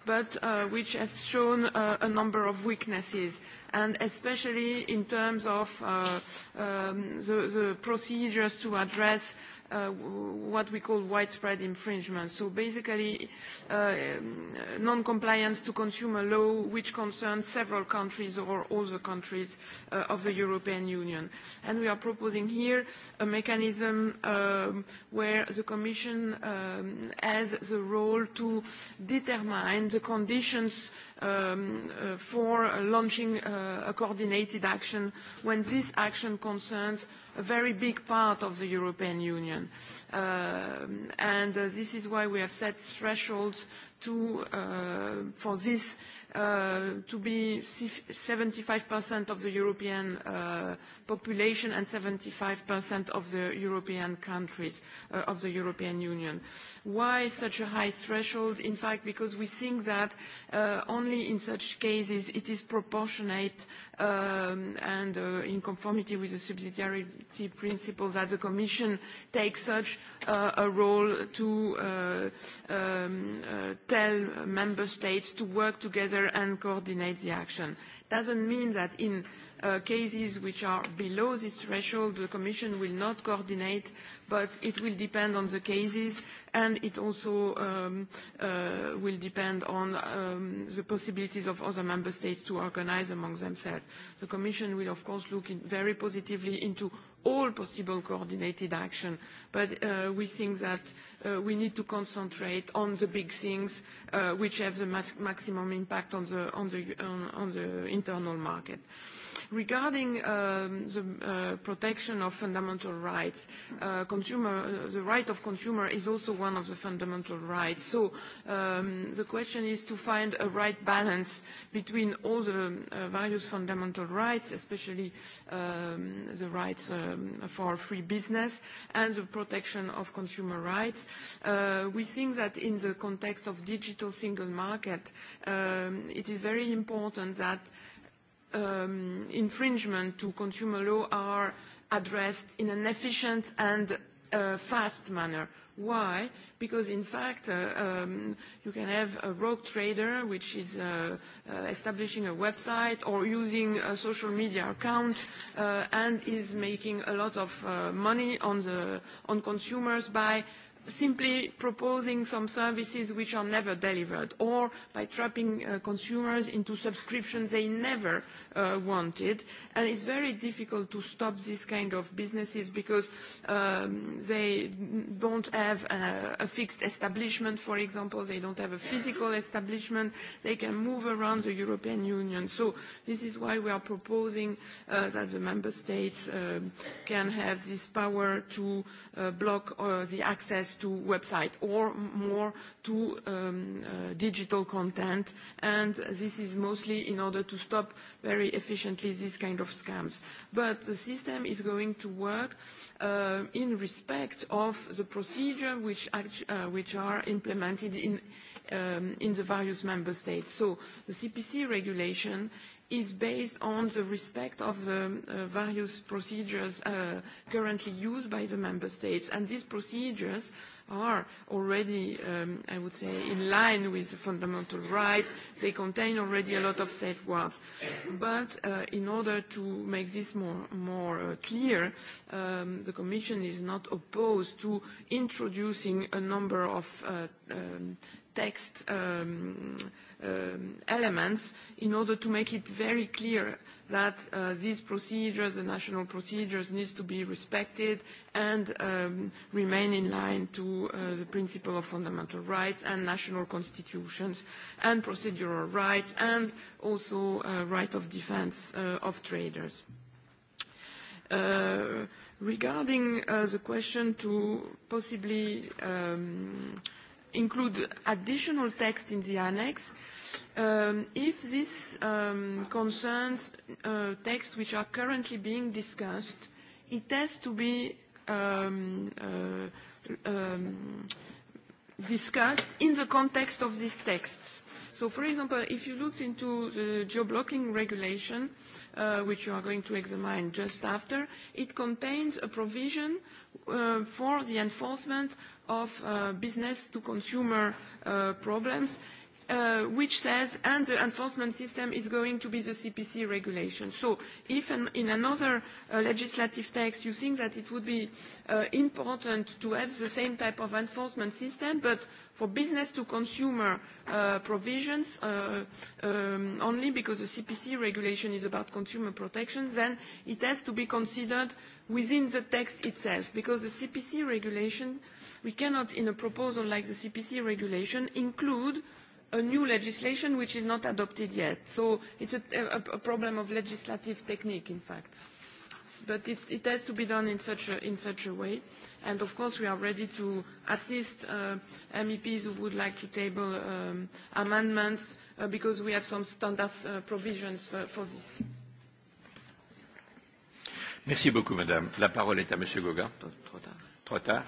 but uh, which have shown uh, a number of weaknesses, and especially in terms of uh, um, the, the procedures to address Uh, what we call widespread infringement. So basically, uh, non-compliance to consumer law, which concerns several countries or all the countries uh, of the European Union. And we are proposing here a mechanism um, where the Commission um, has the role to determine the conditions um, uh, for launching uh, a coordinated action when this action concerns a very big part of the European Union. Uh, and uh, this is why we have set thresholds to, uh, for this uh, to be 75% of the European uh, population and 75% of the European countries uh, of the European Union. Why such a high threshold? In fact, because we think that uh, only in such cases it is proportionate um, and uh, in conformity with the subsidiarity principle that the Commission takes such uh, a role to uh, um, uh, tell member states to work together together and coordinate the action. Doesn't mean that in uh, cases which are below this threshold, the Commission will not coordinate, but it will depend on the cases, and it also um, uh, will depend on um, the possibilities of other member states to organize among themselves. The Commission will, of course, look in very positively into all possible coordinated action, but uh, we think that uh, we need to concentrate on the big things uh, which have the ma maximum impact on the, on the, on, on the internal market. Regarding um, the uh, protection of fundamental rights, uh, consumer, uh, the right of consumer is also one of the fundamental rights. So um, the question is to find a right balance between all the uh, various fundamental rights, especially um, the rights um, for free business and the protection of consumer rights. Uh, we think that in the context of digital single market, um, it is very important that um, infringement to consumer law are addressed in an efficient and uh, fast manner. Why? Because in fact, uh, um, you can have a rogue trader which is uh, uh, establishing a website or using a social media account uh, and is making a lot of uh, money on, the, on consumers by uh, simply proposing some services which are never delivered or by trapping uh, consumers into subscriptions they never uh, wanted. And it's very difficult to stop this kind of businesses because um, they don't have a, a fixed establishment, for example. They don't have a physical establishment. They can move around the European Union. So this is why we are proposing uh, that the member states uh, can have this power to uh, Uh, block uh, the access to website or more to um, uh, digital content. And this is mostly in order to stop very efficiently these kind of scams. But the system is going to work uh, in respect of the procedure which, uh, which are implemented in, um, in the various member states. So the CPC regulation is based on the respect of the uh, various procedures uh, currently used by the member states. And these procedures are already, um, I would say, in line with the fundamental rights. They contain already a lot of safeguards. But uh, in order to make this more, more uh, clear, um, the Commission is not opposed to introducing a number of uh, um, text um, um, elements in order to make it very clear that uh, these procedures, the national procedures, needs to be respected and um, remain in line to uh, the principle of fundamental rights and national constitutions and procedural rights and also uh, right of defense uh, of traders. Uh, regarding uh, the question to possibly um, include additional text in the annex um, if this um, concerns uh, texts which are currently being discussed, it has to be um, uh, um, discussed in the context of these texts. So, for example, if you looked into the geo-blocking regulation, uh, Uh, which you are going to examine just after, it contains a provision uh, for the enforcement of uh, business-to-consumer uh, problems, uh, which says, and the enforcement system is going to be the CPC regulation. So if an, in another uh, legislative text you think that it would be uh, important to have the same type of enforcement system, but for business to consumer uh, provisions uh, um, only because the CPC regulation is about consumer protection, then it has to be considered within the text itself because the CPC regulation, we cannot in a proposal like the CPC regulation include a new legislation which is not adopted yet. So it's a, a, a problem of legislative technique, in fact. But it, it has to be done in such a, in such a way. Uh, And of course, we are ready to assist uh, MEPs who would like to table um, amendments uh, because we have some standard uh, provisions for, for this. Merci beaucoup, Madame. La parole est à Monsieur Gauguin. Trop tard. Trop tard.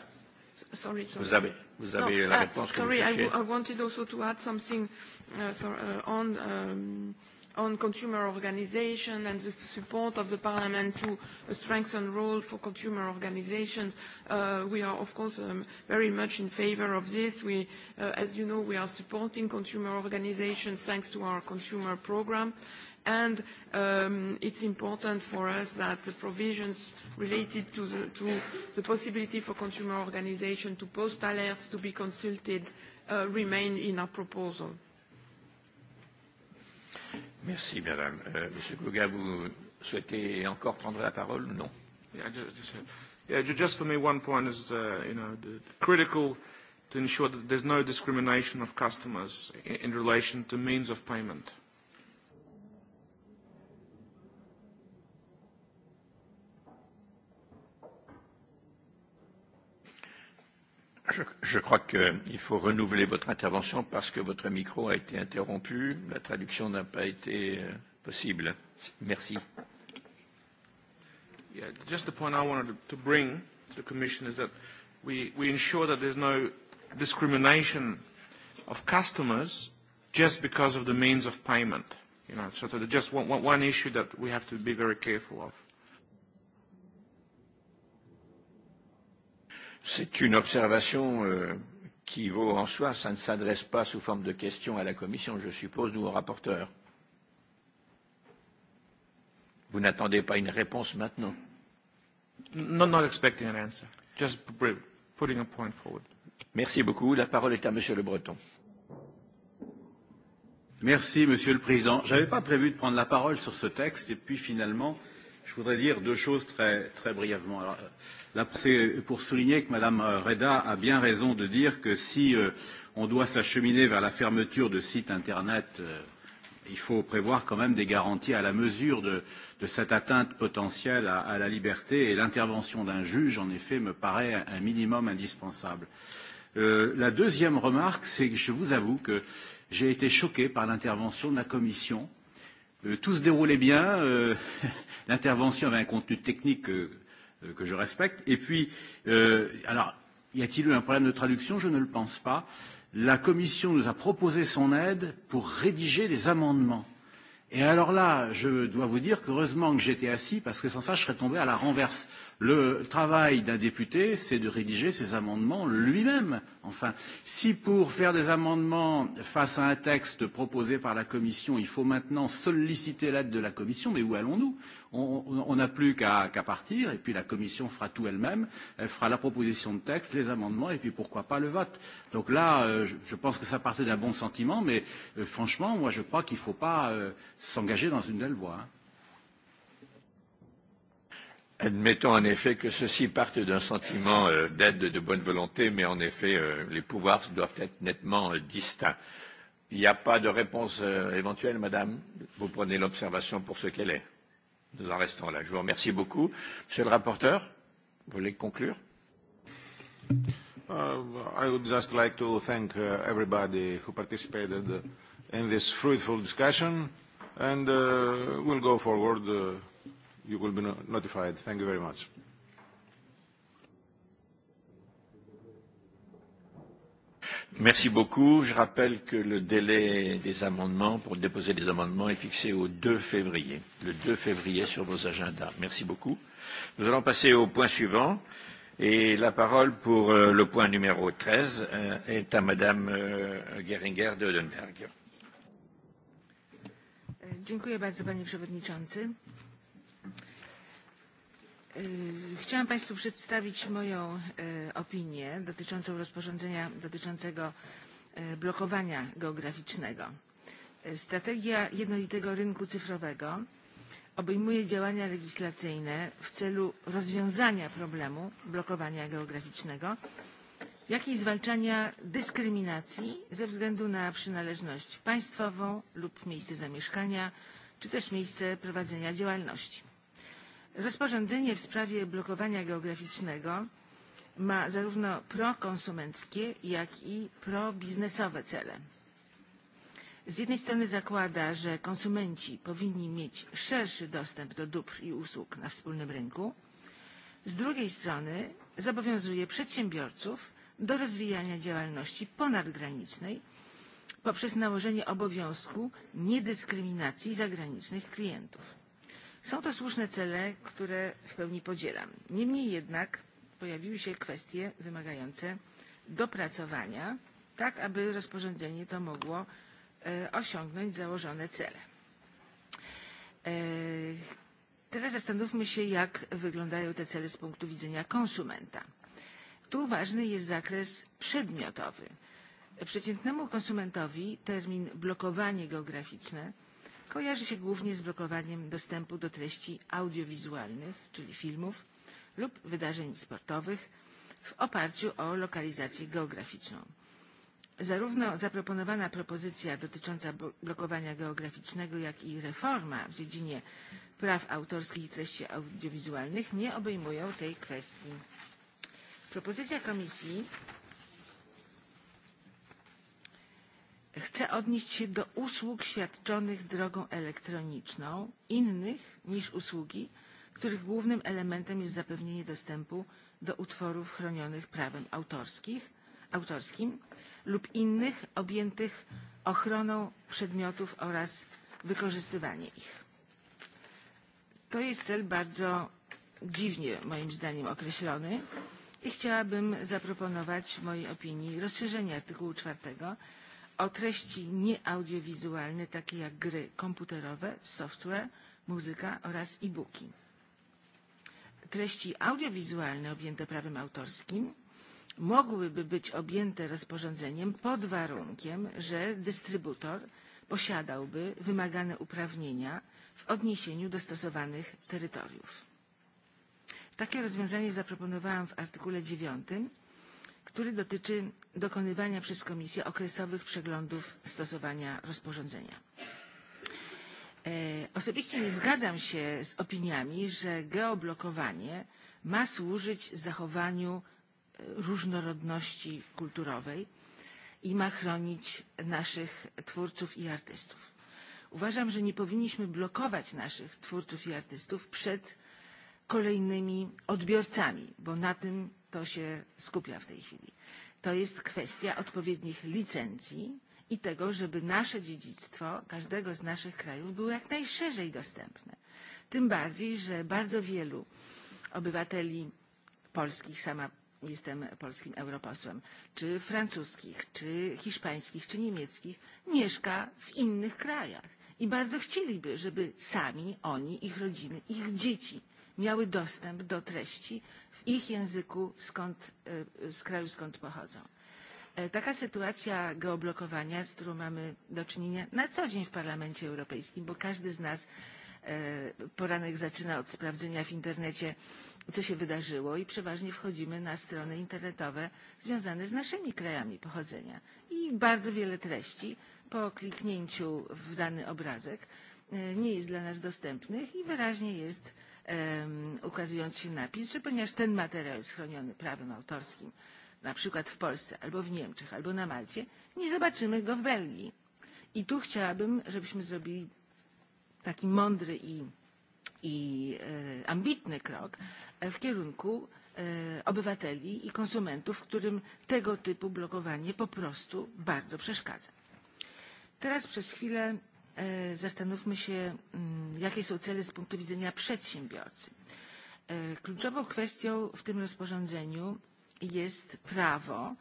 Sorry, sorry. Vous avez, vous avez no, la ah, réponse uh, que sorry, vous I, I wanted also to add something uh, so, uh, on um, on consumer organisations and the support of the Parliament to a strengthened role for consumer organizations. Uh, we are, of course, um, very much in favor of this. We, uh, as you know, we are supporting consumer organizations thanks to our consumer program and um, it's important for us that the provisions related to the, to the possibility for consumer organizations to post alerts to be consulted uh, remain in our proposal. Merci, madame. Euh, Monsieur Goga, vous souhaitez encore prendre la parole non yeah just, just for me, one point is, uh, you know, the critical to ensure that there's no discrimination of customers in, in relation to means of payment Je, je crois qu'il euh, faut renouveler votre intervention parce que votre micro a été interrompu. La traduction n'a pas été euh, possible. Merci. Yeah, just the point I wanted to bring to the Commission is that we, we ensure that there's no discrimination of customers just because of the means of payment. You know, so that just one, one issue that we have to be very careful of. C'est une observation euh, qui vaut en soi. Ça ne s'adresse pas sous forme de question à la Commission, je suppose, ou au rapporteur. Vous n'attendez pas une réponse maintenant no, not expecting an answer. Just putting a point forward. Merci beaucoup. La parole est à Monsieur Le Breton. Merci, Monsieur le Président. Je n'avais pas prévu de prendre la parole sur ce texte et puis finalement, Je voudrais dire deux choses très, très brièvement. c'est pour souligner que Mme euh, Reda a bien raison de dire que si euh, on doit s'acheminer vers la fermeture de sites Internet, euh, il faut prévoir quand même des garanties à la mesure de, de cette atteinte potentielle à, à la liberté et l'intervention d'un juge, en effet, me paraît un minimum indispensable. Euh, la deuxième remarque, c'est que je vous avoue que j'ai été choqué par l'intervention de la Commission euh, Euh, tout se déroulait bien. Euh, L'intervention avait un contenu technique euh, euh, que je respecte. Et puis, euh, alors, y a-t-il eu un problème de traduction Je ne le pense pas. La Commission nous a proposé son aide pour rédiger des amendements. Et alors là, je dois vous dire qu'heureusement que j'étais assis, parce que sans ça, je serais tombé à la renverse. Le travail d'un député, c'est de rédiger ses amendements lui-même. Enfin, si pour faire des amendements face à un texte proposé par la Commission, il faut maintenant solliciter l'aide de la Commission, mais où allons-nous On n'a plus qu'à qu partir, et puis la Commission fera tout elle-même. Elle fera la proposition de texte, les amendements, et puis pourquoi pas le vote. Donc là, euh, je, je pense que ça partait d'un bon sentiment, mais euh, franchement, moi, je crois qu'il ne faut pas euh, s'engager dans une telle voie. Hein. Admettons en effet que ceci parte d'un sentiment euh, d'aide de bonne volonté, mais en effet, euh, les pouvoirs doivent être nettement euh, distincts. Il n'y a pas de réponse éventuelle, Madame. Vous prenez l'observation pour ce qu'elle est. Nous en restons là. Je vous remercie beaucoup. Monsieur le rapporteur, vous voulez conclure uh, I would just like to thank uh, everybody who participated uh, in this fruitful discussion and uh, we'll go forward uh, you will be notified. Thank you very much. Merci beaucoup. Je rappelle que le délai des amendements pour déposer des amendements est fixé au 2 février, le 2 février sur vos agendas. Merci beaucoup. Nous allons passer au point suivant et la parole pour euh, le point numéro 13 euh, est à madame euh, Geringer de Oedenberg. Dziękuję bardzo panie przewodniczący E, chciałam Państwu przedstawić moją e, opinię dotyczącą rozporządzenia dotyczącego e, blokowania geograficznego. Strategia jednolitego rynku cyfrowego obejmuje działania legislacyjne w celu rozwiązania problemu blokowania geograficznego, jak i zwalczania dyskryminacji ze względu na przynależność państwową lub miejsce zamieszkania, czy też miejsce prowadzenia działalności Rozporządzenie w sprawie blokowania geograficznego ma zarówno prokonsumenckie, jak i probiznesowe cele. Z jednej strony zakłada, że konsumenci powinni mieć szerszy dostęp do dóbr i usług na wspólnym rynku, z drugiej strony zobowiązuje przedsiębiorców do rozwijania działalności ponadgranicznej poprzez nałożenie obowiązku niedyskryminacji zagranicznych klientów. Są to słuszne cele, które w pełni podzielam. Niemniej jednak pojawiły się kwestie wymagające dopracowania, tak aby rozporządzenie to mogło e, osiągnąć założone cele. E, teraz zastanówmy się, jak wyglądają te cele z punktu widzenia konsumenta. Tu ważny jest zakres przedmiotowy. Przeciętnemu konsumentowi termin blokowanie geograficzne kojarzy się głównie z blokowaniem dostępu do treści audiowizualnych czyli filmów lub wydarzeń sportowych w oparciu o lokalizację geograficzną. zarówno zaproponowana propozycja dotycząca blokowania geograficznego jak i reforma w dziedzinie praw autorskich i treści audiowizualnych nie obejmują tej kwestii. propozycja komisji chcę odnieść się do usług świadczonych drogą elektroniczną innych niż usługi których głównym elementem jest zapewnienie dostępu do utworów chronionych prawem autorskim lub innych objętych ochroną przedmiotów oraz wykorzystywanie ich. to jest cel bardzo dziwnie moim zdaniem określony i chciałabym zaproponować w mojej opinii rozszerzenie artykułu czwartego o treści nieaudiowizualne takie jak gry komputerowe software muzyka oraz e booki. treści audiowizualne objęte prawem autorskim mogłyby być objęte rozporządzeniem pod warunkiem że dystrybutor posiadałby wymagane uprawnienia w odniesieniu do stosowanych terytoriów. takie rozwiązanie zaproponowałam w artykule dziewięć który dotyczy dokonywania przez Komisję okresowych przeglądów stosowania rozporządzenia. E, osobiście nie zgadzam się z opiniami, że geoblokowanie ma służyć zachowaniu e, różnorodności kulturowej i ma chronić naszych twórców i artystów. Uważam, że nie powinniśmy blokować naszych twórców i artystów przed kolejnymi odbiorcami bo na tym to się skupia w tej chwili. to jest kwestia odpowiednich licencji i tego żeby nasze dziedzictwo każdego z naszych krajów było jak najszerzej dostępne tym bardziej że bardzo wielu obywateli polskich sama jestem polskim europosłem czy francuskich czy hiszpańskich czy niemieckich mieszka w innych krajach i bardzo chcieliby żeby sami oni ich rodziny ich dzieci miały dostęp do treści w ich języku e, z kraju skąd pochodzą. E, taka sytuacja geoblokowania, z którą mamy do czynienia na co dzień w Parlamencie Europejskim, bo każdy z nas e, poranek zaczyna od sprawdzenia w internecie, co się wydarzyło i przeważnie wchodzimy na strony internetowe związane z naszymi krajami pochodzenia. I bardzo wiele treści po kliknięciu w dany obrazek nie jest dla nas dostępnych i wyraźnie jest ukazując się napis że ponieważ ten materiał jest chroniony prawem autorskim na przykład w polsce albo w niemczech albo na malcie nie zobaczymy go w belgii. i tu chciałabym żebyśmy zrobili taki mądry i, i e, ambitny krok e, w kierunku e, obywateli i konsumentów którym tego typu blokowanie po prostu bardzo przeszkadza. teraz przez chwilę E, zastanówmy się, mm, jakie są cele z punktu widzenia przedsiębiorcy. E, kluczową kwestią w tym rozporządzeniu jest prawo,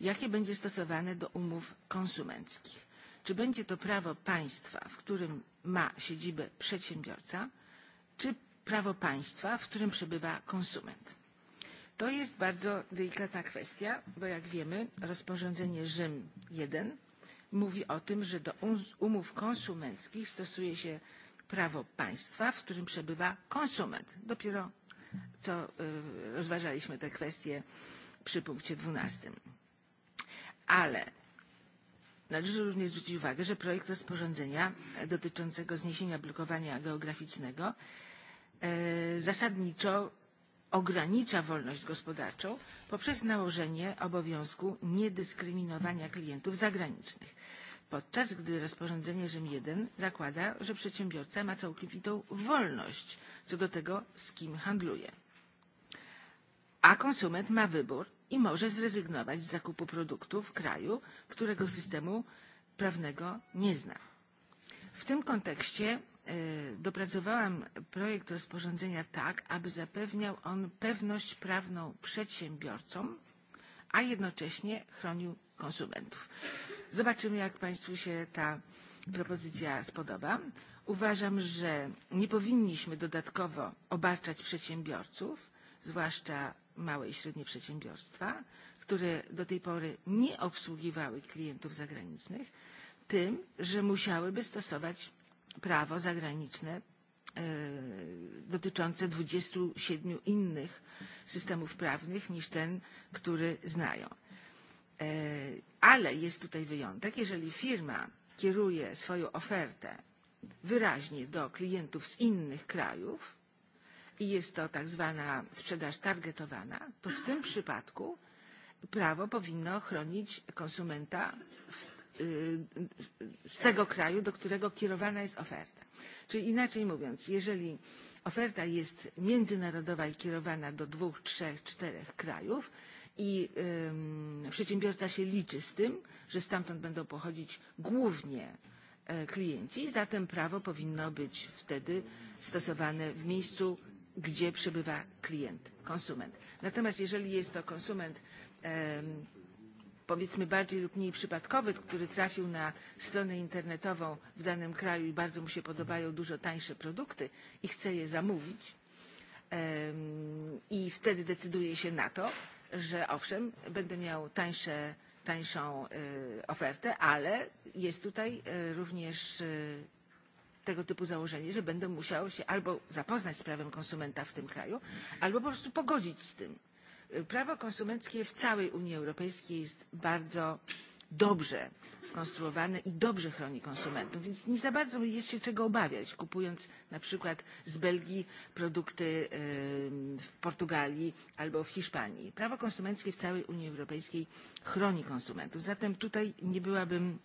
jakie będzie stosowane do umów konsumenckich. Czy będzie to prawo państwa, w którym ma siedzibę przedsiębiorca, czy prawo państwa, w którym przebywa konsument. To jest bardzo delikatna kwestia, bo jak wiemy rozporządzenie Rzym 1 mówi o tym że do um, umów konsumenckich stosuje się prawo państwa w którym przebywa konsument dopiero co rozważaliśmy tę kwestię przy punkcie dwanaście ale należy również zwrócić uwagę że projekt rozporządzenia dotyczącego zniesienia blokowania geograficznego zasadniczo ogranicza wolność gospodarczą poprzez nałożenie obowiązku niedyskryminowania klientów zagranicznych podczas gdy rozporządzenie rzym i zakłada że przedsiębiorca ma całkowitą wolność co do tego z kim handluje a konsument ma wybór i może zrezygnować z zakupu produktu w kraju którego systemu prawnego nie zna. w tym kontekście e, dopracowałam projekt rozporządzenia tak aby zapewniał on pewność prawną przedsiębiorcom a jednocześnie chronił konsumentów. Zobaczymy, jak Państwu się ta propozycja spodoba. Uważam, że nie powinniśmy dodatkowo obarczać przedsiębiorców, zwłaszcza małe i średnie przedsiębiorstwa, które do tej pory nie obsługiwały klientów zagranicznych, tym, że musiałyby stosować prawo zagraniczne yy, e, dotyczące 27 innych systemów prawnych niż ten, który znają. E, ale jest tutaj wyjątek jeżeli firma kieruje swoją ofertę wyraźnie do klientów z innych krajów i jest to tak zwana sprzedaż targetowana to w tym przypadku prawo powinno chronić konsumenta z tego kraju do którego kierowana jest oferta. czyli inaczej mówiąc jeżeli oferta jest międzynarodowa i kierowana do dwóch trzech czterech krajów i przedsiębiorca się liczy z tym, że stamtąd będą pochodzić głównie e, klienci, zatem prawo powinno być wtedy stosowane w miejscu, gdzie przebywa klient, konsument. Natomiast jeżeli jest to konsument powiedzmy bardziej lub mniej przypadkowy, który trafił na stronę internetową w danym kraju i bardzo mu się podobają dużo tańsze produkty i chce je zamówić i wtedy decyduje się na to, że owszem będę miał tańsze, tańszą y, e, ofertę ale jest tutaj y, e, również y, e, tego typu założenie że będę musiał się albo zapoznać z prawem konsumenta w tym kraju albo po prostu pogodzić z tym. prawo konsumenckie w całej unii europejskiej jest bardzo dobrze skonstruowane i dobrze chroni konsumentów więc nie za bardzo jest się czego obawiać kupując na przykład z belgii produkty w portugalii albo w hiszpanii. prawo konsumenckie w całej unii europejskiej chroni konsumentów zatem tutaj nie byłabym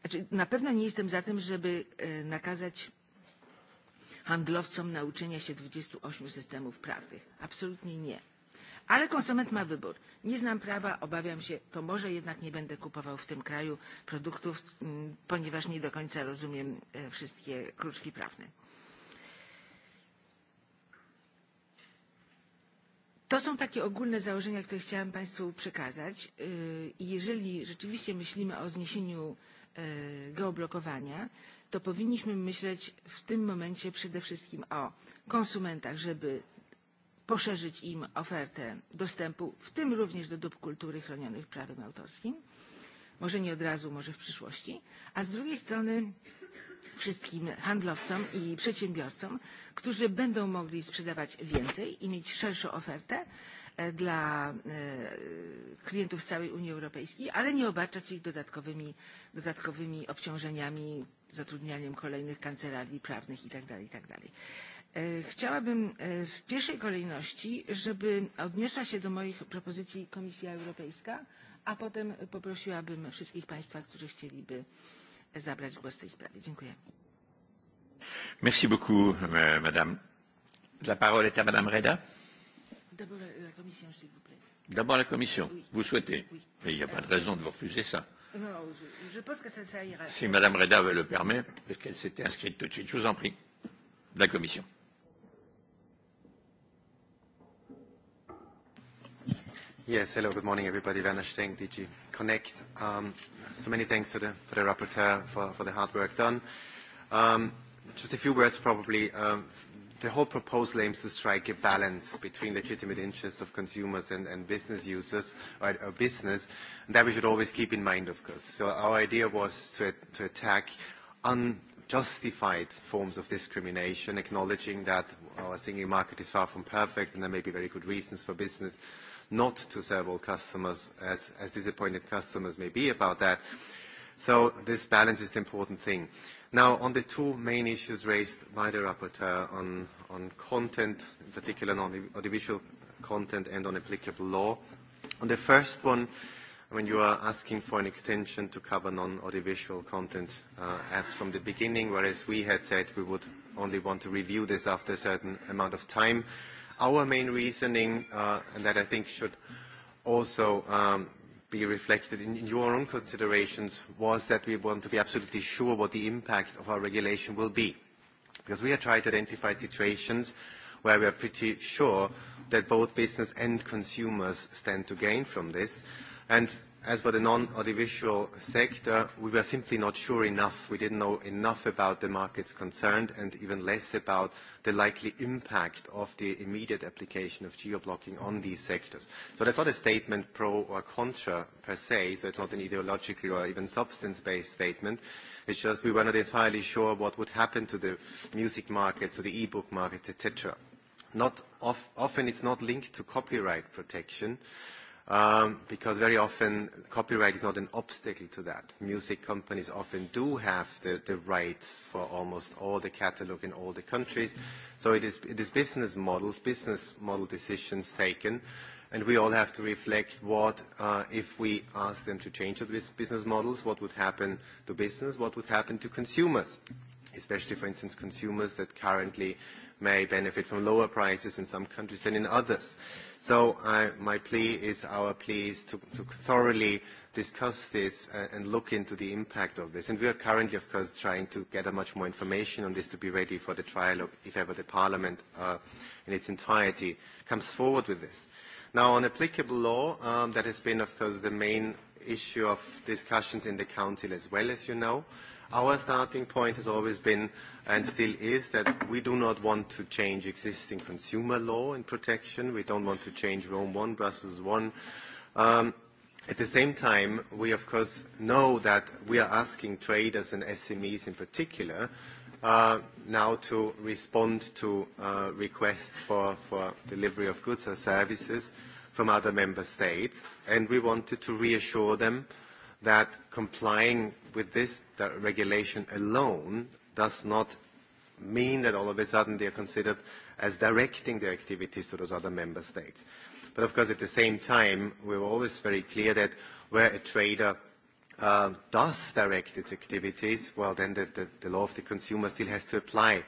znaczy na pewno nie jestem za tym żeby e, nakazać handlowcom nauczenia się dwadzieścia osiem systemów prawnych absolutnie nie ale konsument ma wybór. nie znam prawa obawiam się to może jednak nie będę kupował w tym kraju produktów mm, ponieważ nie do końca rozumiem e, wszystkie kruczki prawne. To są takie ogólne założenia, które chciałam Państwu przekazać. E, I jeżeli rzeczywiście myślimy o zniesieniu e, geoblokowania, to powinniśmy myśleć w tym momencie przede wszystkim o konsumentach, żeby poszerzyć im ofertę dostępu w tym również do dóbr kultury chronionych prawem autorskim może nie od razu może w przyszłości a z drugiej strony wszystkim handlowcom i przedsiębiorcom którzy będą mogli sprzedawać więcej i mieć szerszą ofertę e, dla e, klientów z całej Unii Europejskiej, ale nie obarczać ich dodatkowymi, dodatkowymi obciążeniami, zatrudnianiem kolejnych kancelarii prawnych itd. itd. E, chciałabym e, w pierwszej kolejności, żeby odniosła się do moich propozycji Komisja Europejska, a potem poprosiłabym wszystkich Państwa, którzy chcieliby zabrać głos w tej sprawie. Dziękuję. Merci e, madame. Reda. D'abord la commission, Oui. Vous souhaitez oui. Mais il n'y a pas de raison de vous refuser ça. Non, je, je pense que ça, ça ira. Si madame Reda le permet, parce qu'elle s'était inscrite tout de suite, je vous en prie. la commission. Yes, hello, good morning everybody. Werner Steng, DG Connect. Um, so many thanks to the, for the rapporteur for, for the hard work done. Um, just a few words probably. Um, the whole proposal aims to strike a balance between legitimate interests of consumers and, and business users or, or business, and that we should always keep in mind, of course. So our idea was to, to attack un, justified forms of discrimination, acknowledging that our single market is far from perfect and there may be very good reasons for business not to serve all customers, as, as disappointed customers may be about that. So this balance is the important thing. Now, on the two main issues raised by the rapporteur on, on content, in particular on audiovisual content and on applicable law. On the first one, when you are asking for an extension to cover non-audiovisual content uh, as from the beginning, whereas we had said we would only want to review this after a certain amount of time. Our main reasoning, uh, and that I think should also um, be reflected in your own considerations, was that we want to be absolutely sure what the impact of our regulation will be. Because we have tried to identify situations where we are pretty sure that both business and consumers stand to gain from this. And as for the non-audiovisual sector, we were simply not sure enough. We didn't know enough about the markets concerned and even less about the likely impact of the immediate application of geoblocking on these sectors. So that's not a statement pro or contra per se, so it's not an ideological or even substance-based statement. It's just we were not entirely sure what would happen to the music markets, or the e-book markets, etc. Not of, often it's not linked to copyright protection um, because very often copyright is not an obstacle to that. Music companies often do have the, the rights for almost all the catalog in all the countries. So it is, it is business models, business model decisions taken, and we all have to reflect what, uh, if we ask them to change the business models, what would happen to business, what would happen to consumers, especially, for instance, consumers that currently may benefit from lower prices in some countries than in others. So I, my plea is our plea is to, to thoroughly discuss this uh, and look into the impact of this. And we are currently, of course, trying to gather much more information on this to be ready for the trialogue, if ever the Parliament uh, in its entirety comes forward with this. Now, on applicable law, um, that has been, of course, the main issue of discussions in the Council as well, as you know. Our starting point has always been and still is that we do not want to change existing consumer law in protection. We don't want to change Rome 1, Brussels 1. Um, at the same time, we of course know that we are asking traders and SMEs in particular uh, now to respond to uh, requests for, for delivery of goods or services from other member states, and we wanted to reassure them that complying with this regulation alone does not mean that all of a sudden they are considered as directing their activities to those other member states. But of course, at the same time, we we're always very clear that where a trader uh, does direct its activities, well, then the, the, the law of the consumer still has to apply.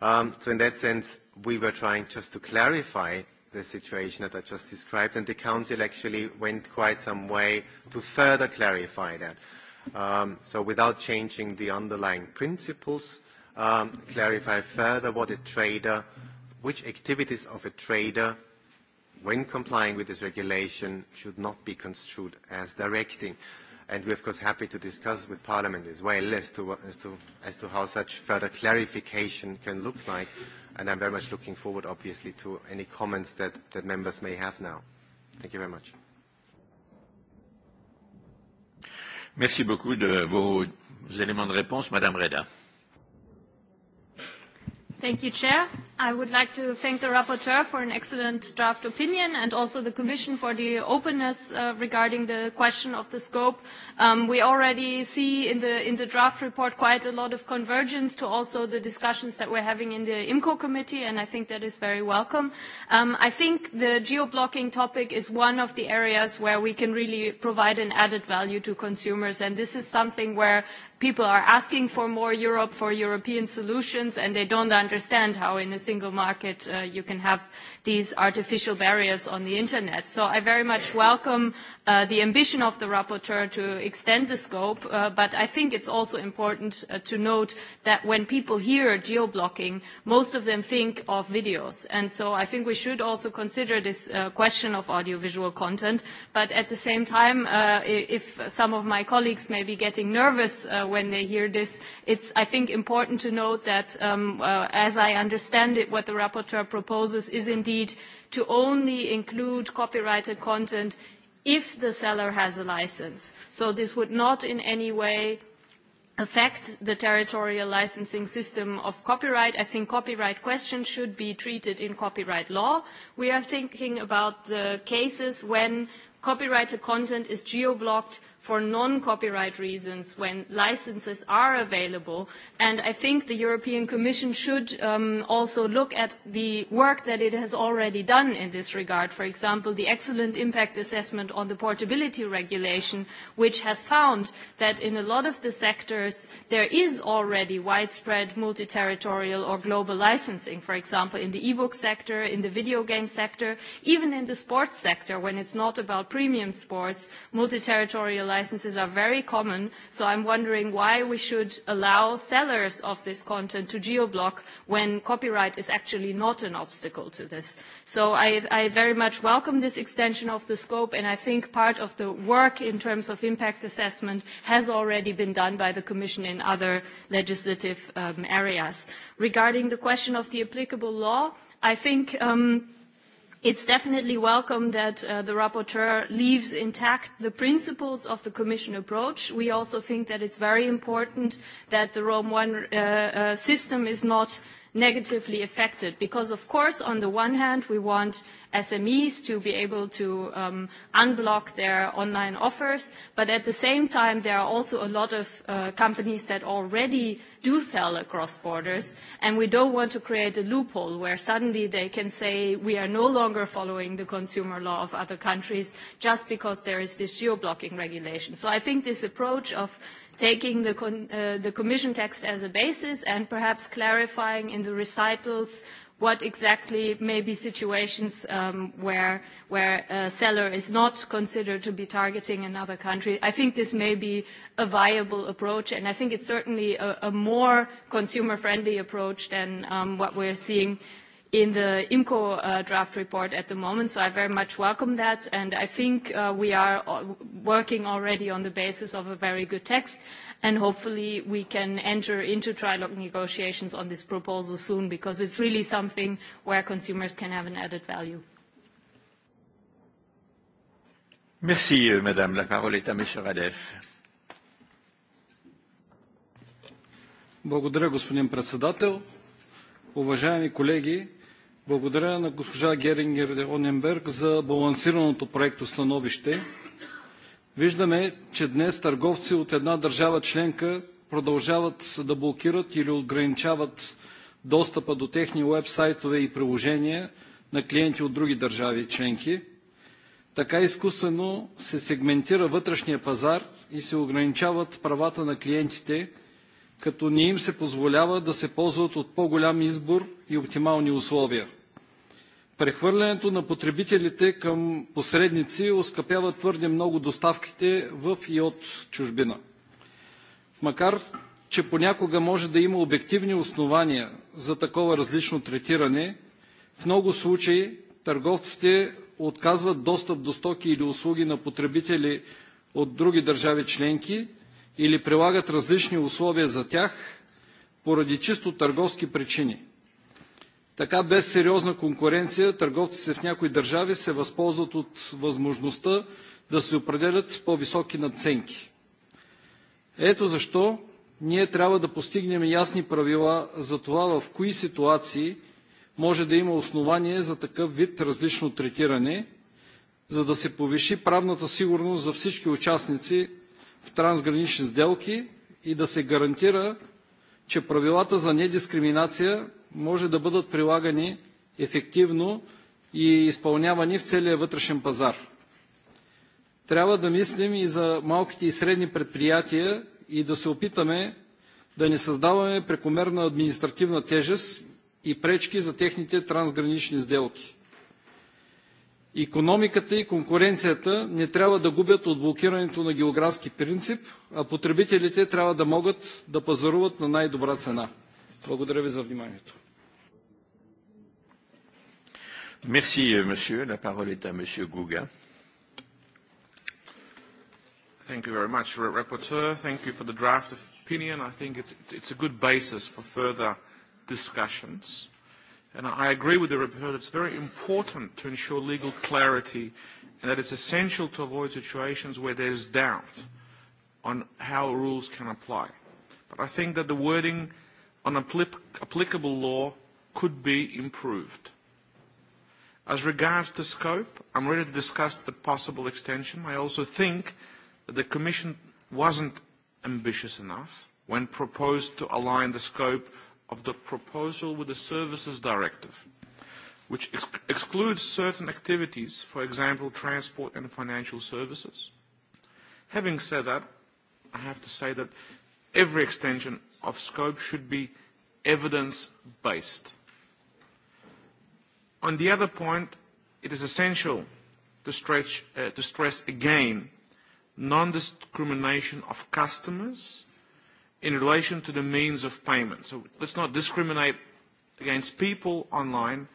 Um, so in that sense, we were trying just to clarify the situation that I just described, and the Council actually went quite some way to further clarify that um, so without changing the underlying principles, um, clarify further what a trader, which activities of a trader, when complying with this regulation, should not be construed as directing. And we're, of course, happy to discuss with Parliament as well as to, as to, as to how such further clarification can look like. And I'm very much looking forward, obviously, to any comments that, that members may have now. Thank you very much. Merci beaucoup de vos éléments de réponse, Madame Reda. Thank you, Chair. I would like to thank the rapporteur for an excellent draft opinion and also the Commission for the openness uh, regarding the question of the scope. Um, we already see in the, in the draft report quite a lot of convergence to also the discussions that we're having in the IMCO committee, and I think that is very welcome. Um, I think the geo-blocking topic is one of the areas where we can really provide an added value to consumers, and this is something where people are asking for more Europe, for European solutions, and they don't understand how in a single market, uh, you can have these artificial barriers on the internet. So I very much welcome Uh, the ambition of the rapporteur to extend the scope, uh, but I think it's also important uh, to note that when people hear geo-blocking, most of them think of videos. And so I think we should also consider this uh, question of audiovisual content, but at the same time, uh, if some of my colleagues may be getting nervous uh, when they hear this, it's, I think, important to note that, um, uh, as I understand it, what the rapporteur proposes is indeed to only include copyrighted content if the seller has a license. So this would not in any way affect the territorial licensing system of copyright. I think copyright questions should be treated in copyright law. We are thinking about the cases when copyrighted content is geo-blocked for non-copyright reasons when licenses are available. And I think the European Commission should um, also look at the work that it has already done in this regard. For example, the excellent impact assessment on the portability regulation, which has found that in a lot of the sectors there is already widespread multi-territorial or global licensing, for example, in the e-book sector, in the video game sector, even in the sports sector when it's not about premium sports, multi-territorial licenses are very common, so I'm wondering why we should allow sellers of this content to geo-block when copyright is actually not an obstacle to this. So I, I very much welcome this extension of the scope, and I think part of the work in terms of impact assessment has already been done by the Commission in other legislative um, areas. Regarding the question of the applicable law, I think um, It's definitely welcome that uh, the rapporteur leaves intact the principles of the Commission approach. We also think that it's very important that the Rome I uh, uh, system is not negatively affected because of course on the one hand we want SMEs to be able to um, unblock their online offers but at the same time there are also a lot of uh, companies that already do sell across borders and we don't want to create a loophole where suddenly they can say we are no longer following the consumer law of other countries just because there is this geo-blocking regulation. So I think this approach of taking the, con uh, the Commission text as a basis and perhaps clarifying in the recitals what exactly may be situations um, where, where a seller is not considered to be targeting another country. I think this may be a viable approach, and I think it's certainly a, a more consumer-friendly approach than um, what we're seeing in the IMCO uh, draft report at the moment, so I very much welcome that, and I think uh, we are working already on the basis of a very good text, and hopefully we can enter into trilogue negotiations on this proposal soon, because it's really something where consumers can have an added value. Merci, euh, Madame. La parole est à Monsieur Radev. Благодаря, господин председател. Уважаеми колеги, Благодаря на госпожа Герингер де Оненберг за балансираното проекто становище. Виждаме, че днес търговци от една държава членка продължават да блокират или ограничават достъпа до техни уебсайтове и приложения на клиенти от други държави членки. Така изкуствено се сегментира вътрешния пазар и се ограничават правата на клиентите – като не им се позволява да се ползват от по-голям избор и оптимални условия. Прехвърлянето на потребителите към посредници оскъпява твърде много доставките в и от чужбина. Макар, че понякога може да има обективни основания за такова различно третиране, в много случаи търговците отказват достъп до стоки или услуги на потребители от други държави членки – или прилагат различни условия за тях поради чисто търговски причини. Така без сериозна конкуренция търговците в някои държави се възползват от възможността да се определят по-високи надценки. Ето защо ние трябва да постигнем ясни правила за това в кои ситуации може да има основание за такъв вид различно третиране, за да се повиши правната сигурност за всички участници в трансгранични сделки и да се гарантира, че правилата за недискриминация може да бъдат прилагани ефективно и изпълнявани в целия вътрешен пазар. Трябва да мислим и за малките и средни предприятия и да се опитаме да не създаваме прекомерна административна тежест и пречки за техните трансгранични сделки. Икономиката и конкуренцията не трябва да губят от блокирането на географски принцип, а потребителите трябва да могат да пазаруват на най-добра цена. Благодаря ви за вниманието. Merci, monsieur. La parole est à monsieur Gouga. Thank you very much, Rapporteur. Thank you for the draft of opinion. I think it's, it's a good basis for further discussions. And I agree with the report, it's very important to ensure legal clarity and that it's essential to avoid situations where there's doubt on how rules can apply. But I think that the wording on applicable law could be improved. As regards to scope, I'm ready to discuss the possible extension. I also think that the Commission wasn't ambitious enough when proposed to align the scope of the proposal with the Services Directive, which ex excludes certain activities, for example, transport and financial services. Having said that, I have to say that every extension of scope should be evidence-based. On the other point, it is essential to, stretch, uh, to stress again non-discrimination of customers in relation to the means of payment. So let's not discriminate against people online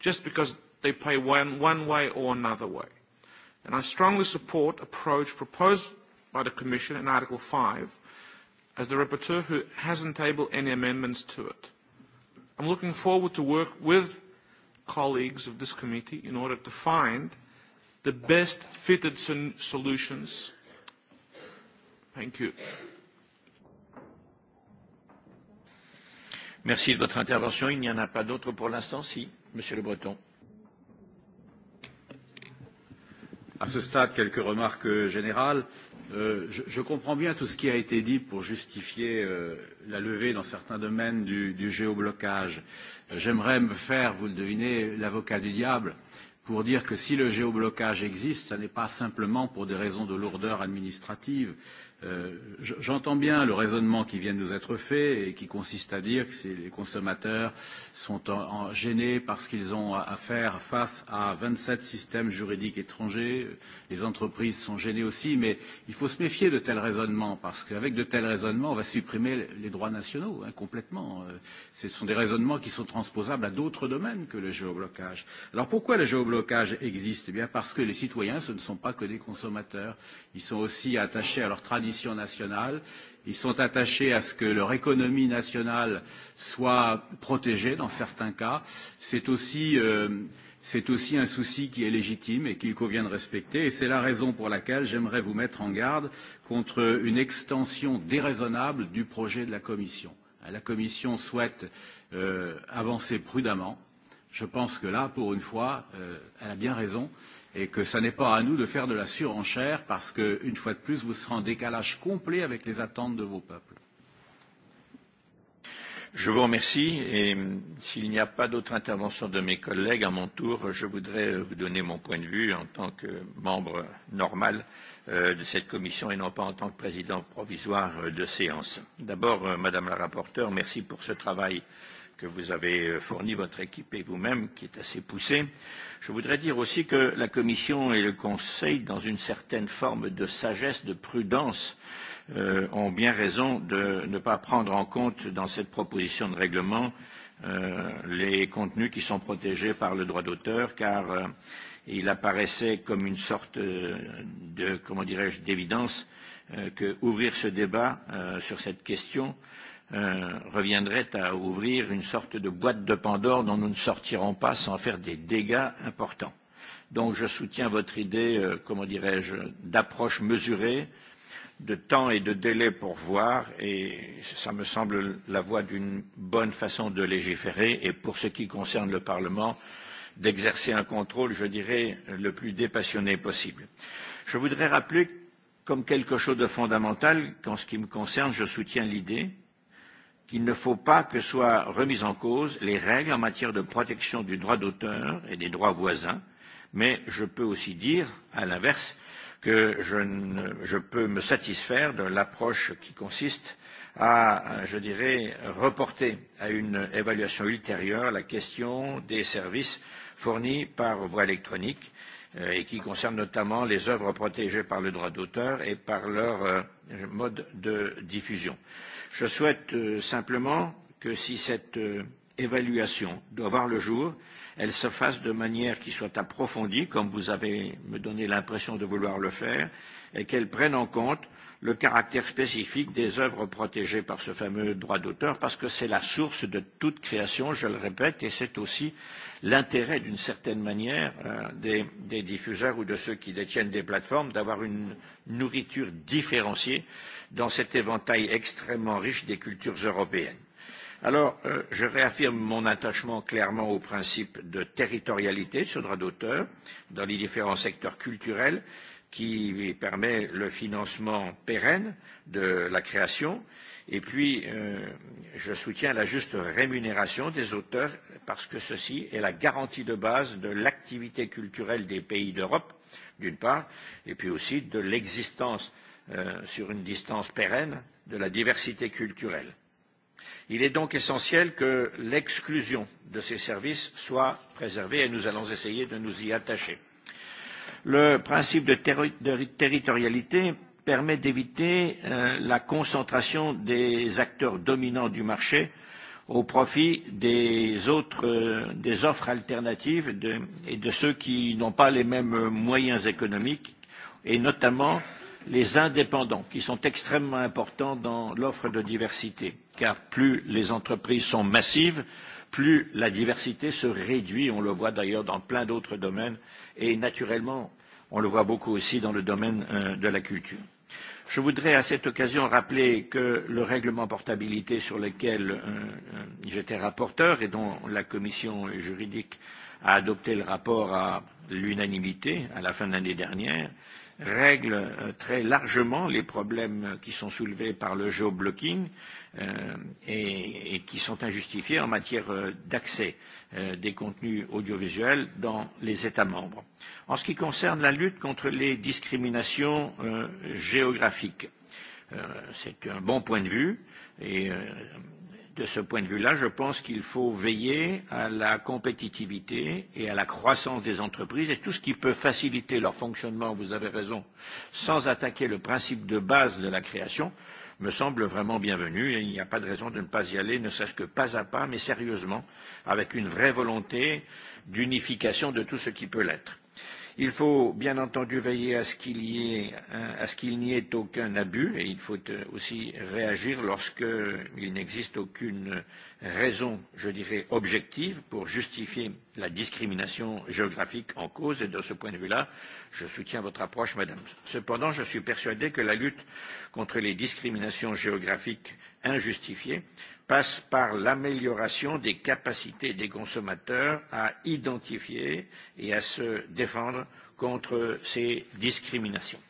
just because they pay one, one way or another way. And I strongly support approach proposed by the Commission in Article 5 as the rapporteur who hasn't tabled any amendments to it. I'm looking forward to work with colleagues of this committee in order to find the best fitted solutions. Thank you. Merci de votre intervention. Il n'y en a pas d'autres pour l'instant. Si, Monsieur Le Breton. À ce stade, quelques remarques générales. Euh, je, je comprends bien tout ce qui a été dit pour justifier euh, la levée dans certains domaines du, du géoblocage. Euh, j'aimerais me faire, vous le devinez, l'avocat du diable pour dire que si le géoblocage existe, ce n'est pas simplement pour des raisons de lourdeur administrative, Euh, j'entends bien le raisonnement qui vient de nous être fait et qui consiste à dire que les consommateurs sont en, en, gênés parce qu'ils ont à faire face à 27 systèmes juridiques étrangers, les entreprises sont gênées aussi, mais il faut se méfier de tels raisonnements parce qu'avec de tels raisonnements, on va supprimer les droits nationaux hein, complètement. Euh, ce sont des raisonnements qui sont transposables à d'autres domaines que le géoblocage. Alors pourquoi le géoblocage existe Eh bien parce que les citoyens, ce ne sont pas que des consommateurs. Ils sont aussi attachés à leur tradition traditions nationales. Ils sont attachés à ce que leur économie nationale soit protégée dans certains cas. C'est aussi, euh, aussi un souci qui est légitime et qu'il convient de respecter. Et c'est la raison pour laquelle j'aimerais vous mettre en garde contre une extension déraisonnable du projet de la Commission. La Commission souhaite euh, avancer prudemment. Je pense que là, pour une fois, euh, elle a bien raison et que ce n'est pas à nous de faire de la surenchère parce que, une fois de plus, vous serez en décalage complet avec les attentes de vos peuples. Je vous remercie et s'il n'y a pas d'autres interventions de mes collègues, à mon tour, je voudrais euh, vous donner mon point de vue en tant que membre normal euh, de cette commission et non pas en tant que président provisoire euh, de séance. D'abord, Madame la rapporteure, merci pour ce travail euh, que vous avez euh, fourni votre équipe et vous-même, qui est assez poussée. Je voudrais dire aussi que la Commission et le Conseil, dans une certaine forme de sagesse, de prudence, euh, ont bien raison de ne pas prendre en compte dans cette proposition de règlement euh, les contenus qui sont protégés par le droit d'auteur, car euh, il apparaissait comme une sorte euh, de, comment dirais-je, d'évidence euh, que ouvrir ce débat euh, sur cette question euh, Euh, reviendrait à ouvrir une sorte de boîte de Pandore dont nous ne sortirons pas sans faire des dégâts importants. Donc je soutiens votre idée, euh, comment dirais-je, d'approche mesurée, de temps et de délai pour voir, et ça me semble la voie d'une bonne façon de légiférer, et pour ce qui concerne le Parlement, d'exercer un contrôle, je dirais, le plus dépassionné possible. Je voudrais rappeler comme quelque chose de fondamental qu'en ce qui me concerne, je soutiens l'idée qu'il ne faut pas que soient remises en cause les règles en matière de protection du droit d'auteur et des droits voisins, mais je peux aussi dire, à l'inverse, que je, ne, je peux me satisfaire de l'approche qui consiste à, je dirais, reporter à une évaluation ultérieure la question des services fournis par voie électronique euh, et qui concerne notamment les œuvres protégées par le droit d'auteur et par leur euh, mode de diffusion. Je souhaite euh, simplement que si cette euh, évaluation doit voir le jour, elle se fasse de manière qui soit approfondie, comme vous avez me donné l'impression de vouloir le faire, et qu'elle prenne en compte le caractère spécifique des œuvres protégées par ce fameux droit d'auteur, parce que c'est la source de toute création, je le répète, et c'est aussi l'intérêt, d'une certaine manière, euh, des, des diffuseurs ou de ceux qui détiennent des plateformes, d'avoir une nourriture différenciée dans cet éventail extrêmement riche des cultures européennes. Alors, euh, je réaffirme mon attachement clairement au principe de territorialité sur droit d'auteur dans les différents secteurs culturels, qui permet le financement pérenne de la création. Et puis, euh, je soutiens la juste rémunération des auteurs parce que ceci est la garantie de base de l'activité culturelle des pays d'Europe, d'une part, et puis aussi de l'existence euh, sur une distance pérenne de la diversité culturelle. Il est donc essentiel que l'exclusion de ces services soit préservée et nous allons essayer de nous y attacher. Le principe de, terri de territorialité permet d'éviter euh, la concentration des acteurs dominants du marché au profit des autres, euh, des offres alternatives de, et de ceux qui n'ont pas les mêmes moyens économiques et notamment les indépendants qui sont extrêmement importants dans l'offre de diversité car plus les entreprises sont massives, plus la diversité se réduit. On le voit d'ailleurs dans plein d'autres domaines et naturellement, on le voit beaucoup aussi dans le domaine euh, de la culture. Je voudrais à cette occasion rappeler que le règlement portabilité sur lequel euh, euh, j'étais rapporteur et dont la commission juridique a adopté le rapport à l'unanimité à la fin de l'année dernière règle très largement les problèmes qui sont soulevés par le géoblocking, euh, et, et qui sont injustifiées en matière euh, d'accès euh, des contenus audiovisuels dans les États membres. En ce qui concerne la lutte contre les discriminations euh, géographiques, euh, c'est un bon point de vue et euh, de ce point de vue-là, je pense qu'il faut veiller à la compétitivité et à la croissance des entreprises et tout ce qui peut faciliter leur fonctionnement, vous avez raison, sans attaquer le principe de base de la création me semble vraiment bienvenue et il n'y a pas de raison de ne pas y aller, ne serait-ce que pas à pas, mais sérieusement, avec une vraie volonté d'unification de tout ce qui peut l'être. Il faut bien entendu veiller à ce qu'il y ait, euh, à n'y ait aucun abus et il faut euh, aussi réagir lorsqu'il n'existe aucune raison, je dirais, objective pour justifier la discrimination géographique en cause. Et de ce point de vue-là, je soutiens votre approche, Madame. Cependant, je suis persuadé que la lutte contre les discriminations géographiques injustifiées passe par l'amélioration des capacités des consommateurs à identifier et à se défendre contre ces discriminations.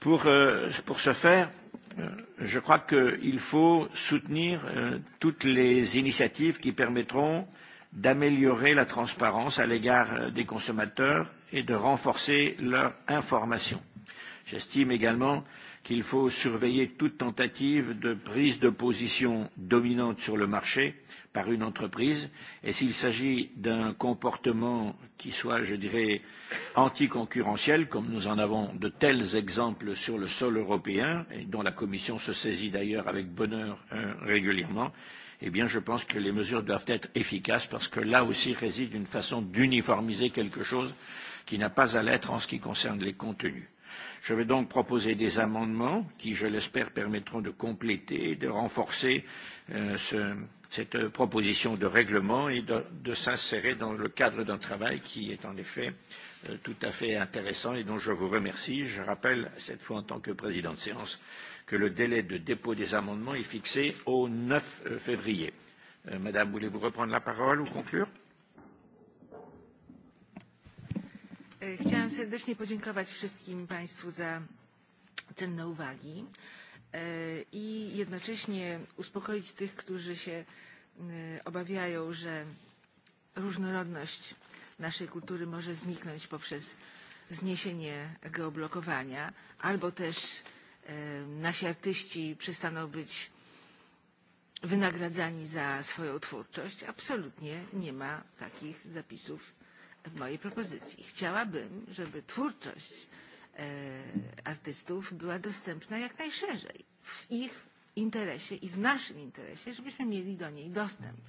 Pour, euh, pour ce faire, euh, je crois qu'il faut soutenir euh, toutes les initiatives qui permettront d'améliorer la transparence à l'égard des consommateurs et de renforcer leur information. J'estime également qu'il faut surveiller toute tentative de prise de position dominante sur le marché par une entreprise et s'il s'agit d'un comportement qui soit, je dirais, anticoncurrentiel, comme nous en avons de tels exemples sur le sol européen et dont la Commission se saisit d'ailleurs avec bonheur euh, régulièrement, eh bien je pense que les mesures doivent être efficaces parce que là aussi réside une façon d'uniformiser quelque chose qui n'a pas à l'être en ce qui concerne les contenus. Je vais donc proposer des amendements qui, je l'espère, permettront de compléter et de renforcer euh, ce, cette proposition de règlement et de, de s'insérer dans le cadre d'un travail qui est en effet euh, tout à fait intéressant et dont je vous remercie. Je rappelle, cette fois en tant que président de séance, que le délai de dépôt des amendements est fixé au 9 euh, février. Euh, Madame, voulez-vous reprendre la parole ou conclure Chciałam serdecznie podziękować wszystkim Państwu za cenne uwagi e, i jednocześnie uspokoić tych, którzy się e, obawiają, że różnorodność naszej kultury może zniknąć poprzez zniesienie geoblokowania albo też e, nasi artyści przestaną być wynagradzani za swoją twórczość. Absolutnie nie ma takich zapisów w mojej propozycji. Chciałabym, żeby twórczość e, artystów była dostępna jak najszerzej w ich interesie i w naszym interesie, żebyśmy mieli do niej dostęp.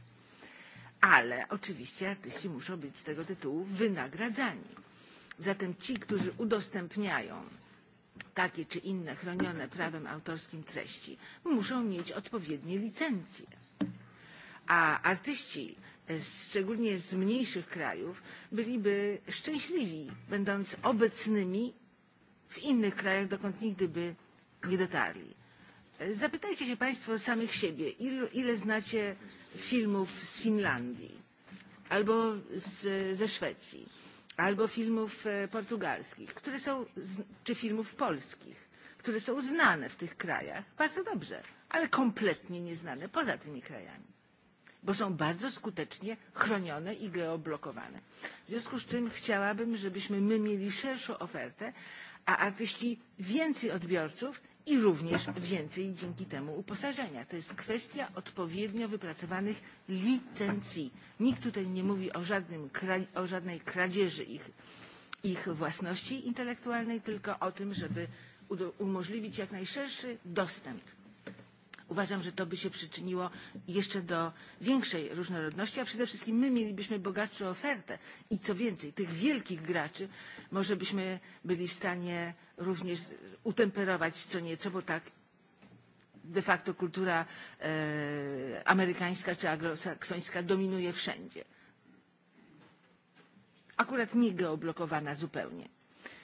Ale oczywiście artyści muszą być z tego tytułu wynagradzani. Zatem ci, którzy udostępniają takie czy inne chronione prawem autorskim treści, muszą mieć odpowiednie licencje. A artyści E, szczególnie z mniejszych krajów byliby szczęśliwi będąc obecnymi w innych krajach dokąd nigdy by nie dotarli. E, zapytajcie się państwo samych siebie ilu, ile znacie filmów z finlandii albo z, ze szwecji albo filmów e, portugalskich które są, czy filmów polskich które są znane w tych krajach bardzo dobrze ale kompletnie nieznane poza tymi krajami bo są bardzo skutecznie chronione i geoblokowane. W związku z czym chciałabym, żebyśmy my mieli szerszą ofertę, a artyści więcej odbiorców i również więcej dzięki temu uposażenia. To jest kwestia odpowiednio wypracowanych licencji. Nikt tutaj nie mówi o, żadnym, o żadnej kradzieży ich, ich własności intelektualnej, tylko o tym, żeby umożliwić jak najszerszy dostęp Uważam, że to by się przyczyniło jeszcze do większej różnorodności, a przede wszystkim my mielibyśmy bogatszą ofertę i co więcej, tych wielkich graczy może byśmy byli w stanie również utemperować co nieco, bo tak de facto kultura e, amerykańska czy anglosaksońska dominuje wszędzie. Akurat nie geoblokowana zupełnie.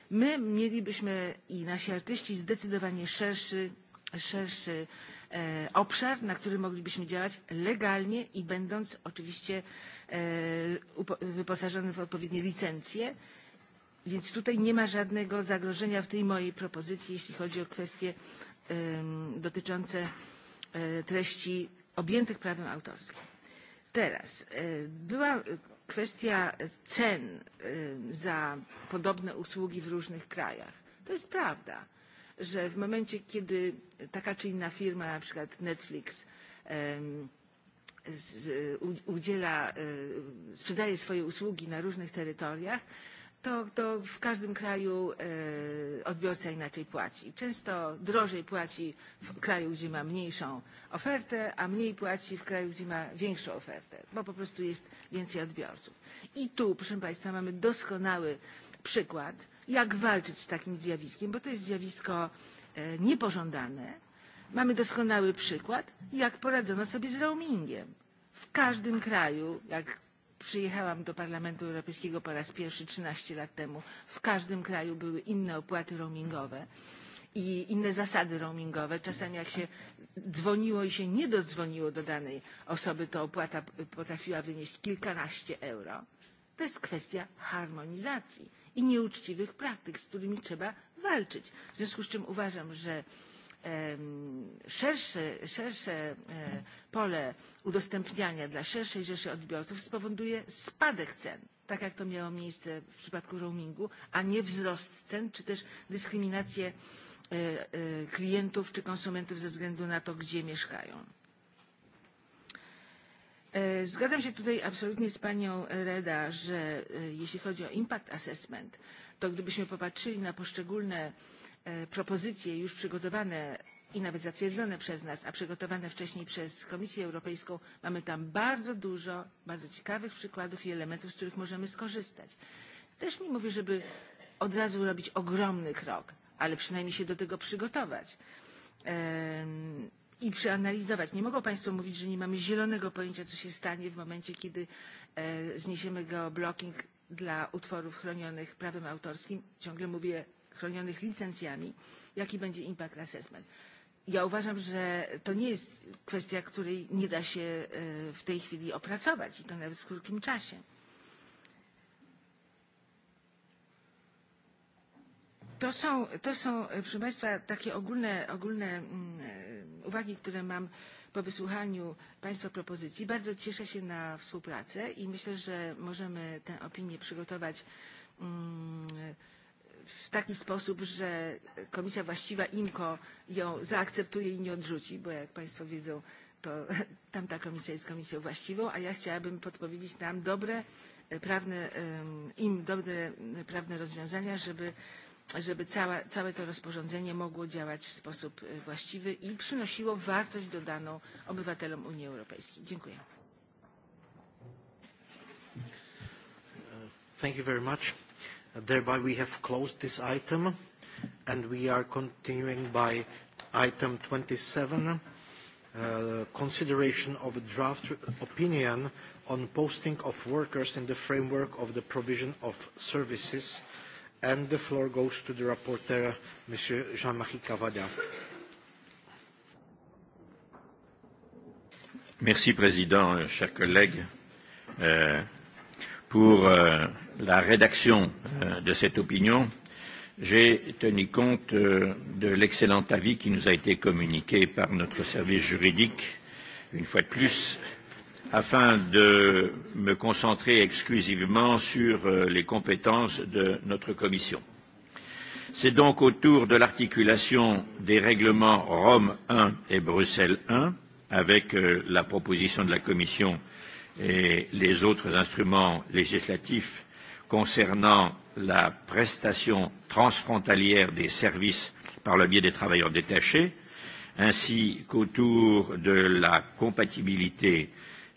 My mielibyśmy i nasi artyści zdecydowanie szerszy, szerszy E, obszar, na którym moglibyśmy działać legalnie i będąc oczywiście e, wyposażonym w odpowiednie licencje. Więc tutaj nie ma żadnego zagrożenia w tej mojej propozycji, jeśli chodzi o kwestie dotyczące e, treści objętych prawem autorskim. Teraz była kwestia cen za podobne usługi w różnych krajach. To jest prawda że w momencie kiedy taka czy inna firma na przykład netflix udziela e, sprzedaje swoje usługi na różnych terytoriach to, to w każdym kraju e, odbiorca inaczej płaci. Często drożej płaci w kraju, gdzie ma mniejszą ofertę, a mniej płaci w kraju, gdzie ma większą ofertę, bo po prostu jest więcej odbiorców. I tu, proszę Państwa, mamy doskonały przykład jak walczyć z takim zjawiskiem bo to jest zjawisko e, niepożądane mamy doskonały przykład jak poradzono sobie z roamingiem w każdym kraju jak przyjechałam do parlamentu europejskiego po raz pierwszy trzynaście lat temu w każdym kraju były inne opłaty roamingowe i inne zasady roamingowe czasami jak się dzwoniło i się nie dodzwoniło do danej osoby to opłata potrafiła wynieść kilkanaście euro to jest kwestia harmonizacji i nieuczciwych praktyk z którymi trzeba walczyć. w związku z czym uważam że szersze, szersze e, pole udostępniania dla szerszej rzeszy odbiorców spowoduje spadek cen tak jak to miało miejsce w przypadku roamingu a nie wzrost cen czy też dyskryminację e, e, klientów czy konsumentów ze względu na to gdzie mieszkają E, zgadzam się tutaj absolutnie z panią Reda, że e, jeśli chodzi o impact assessment, to gdybyśmy popatrzyli na poszczególne e, propozycje już przygotowane i nawet zatwierdzone przez nas, a przygotowane wcześniej przez Komisję Europejską, mamy tam bardzo dużo bardzo ciekawych przykładów i elementów, z których możemy skorzystać. Też nie mówię, żeby od razu robić ogromny krok, ale przynajmniej się do tego przygotować i przeanalizować. Nie mogą Państwo mówić, że nie mamy zielonego pojęcia, co się stanie w momencie, kiedy e, zniesiemy geoblocking dla utworów chronionych prawem autorskim. Ciągle mówię chronionych licencjami. Jaki będzie impact assessment? Ja uważam, że to nie jest kwestia, której nie da się e, w tej chwili opracować i to nawet w krótkim czasie. To są, to są, proszę Państwa, takie ogólne, ogólne mm, uwagi, które mam po wysłuchaniu Państwa propozycji. Bardzo cieszę się na współpracę i myślę, że możemy tę opinię przygotować mm, w taki sposób, że komisja właściwa IMCO ją zaakceptuje i nie odrzuci, bo jak Państwo wiedzą, to tamta komisja jest komisją właściwą, a ja chciałabym podpowiedzieć nam dobre e, prawne, im dobre prawne rozwiązania, żeby żeby całe to rozporządzenie mogło działać w sposób e, właściwy i przynosiło wartość dodaną obywatelom Unii Europejskiej. Dziękuję. Uh, thank you very much. Uh, thereby we have closed this item and we are continuing by item 27, uh, consideration of a draft opinion on posting of workers in the framework of the provision of services And the floor goes to the rapporteur, Monsieur Jean-Marie Cavada. Merci, Président, chers collègues. Euh, pour euh, la rédaction euh, de cette opinion, j'ai tenu compte euh, de l'excellent avis qui nous a été communiqué par notre service juridique, une fois de plus, euh, afin de me concentrer exclusivement sur euh, les compétences de notre commission. C'est donc autour de l'articulation des règlements Rome I et Bruxelles I, avec euh, la proposition de la Commission et les autres instruments législatifs concernant la prestation transfrontalière des services par le biais des travailleurs détachés, ainsi qu'autour de la compatibilité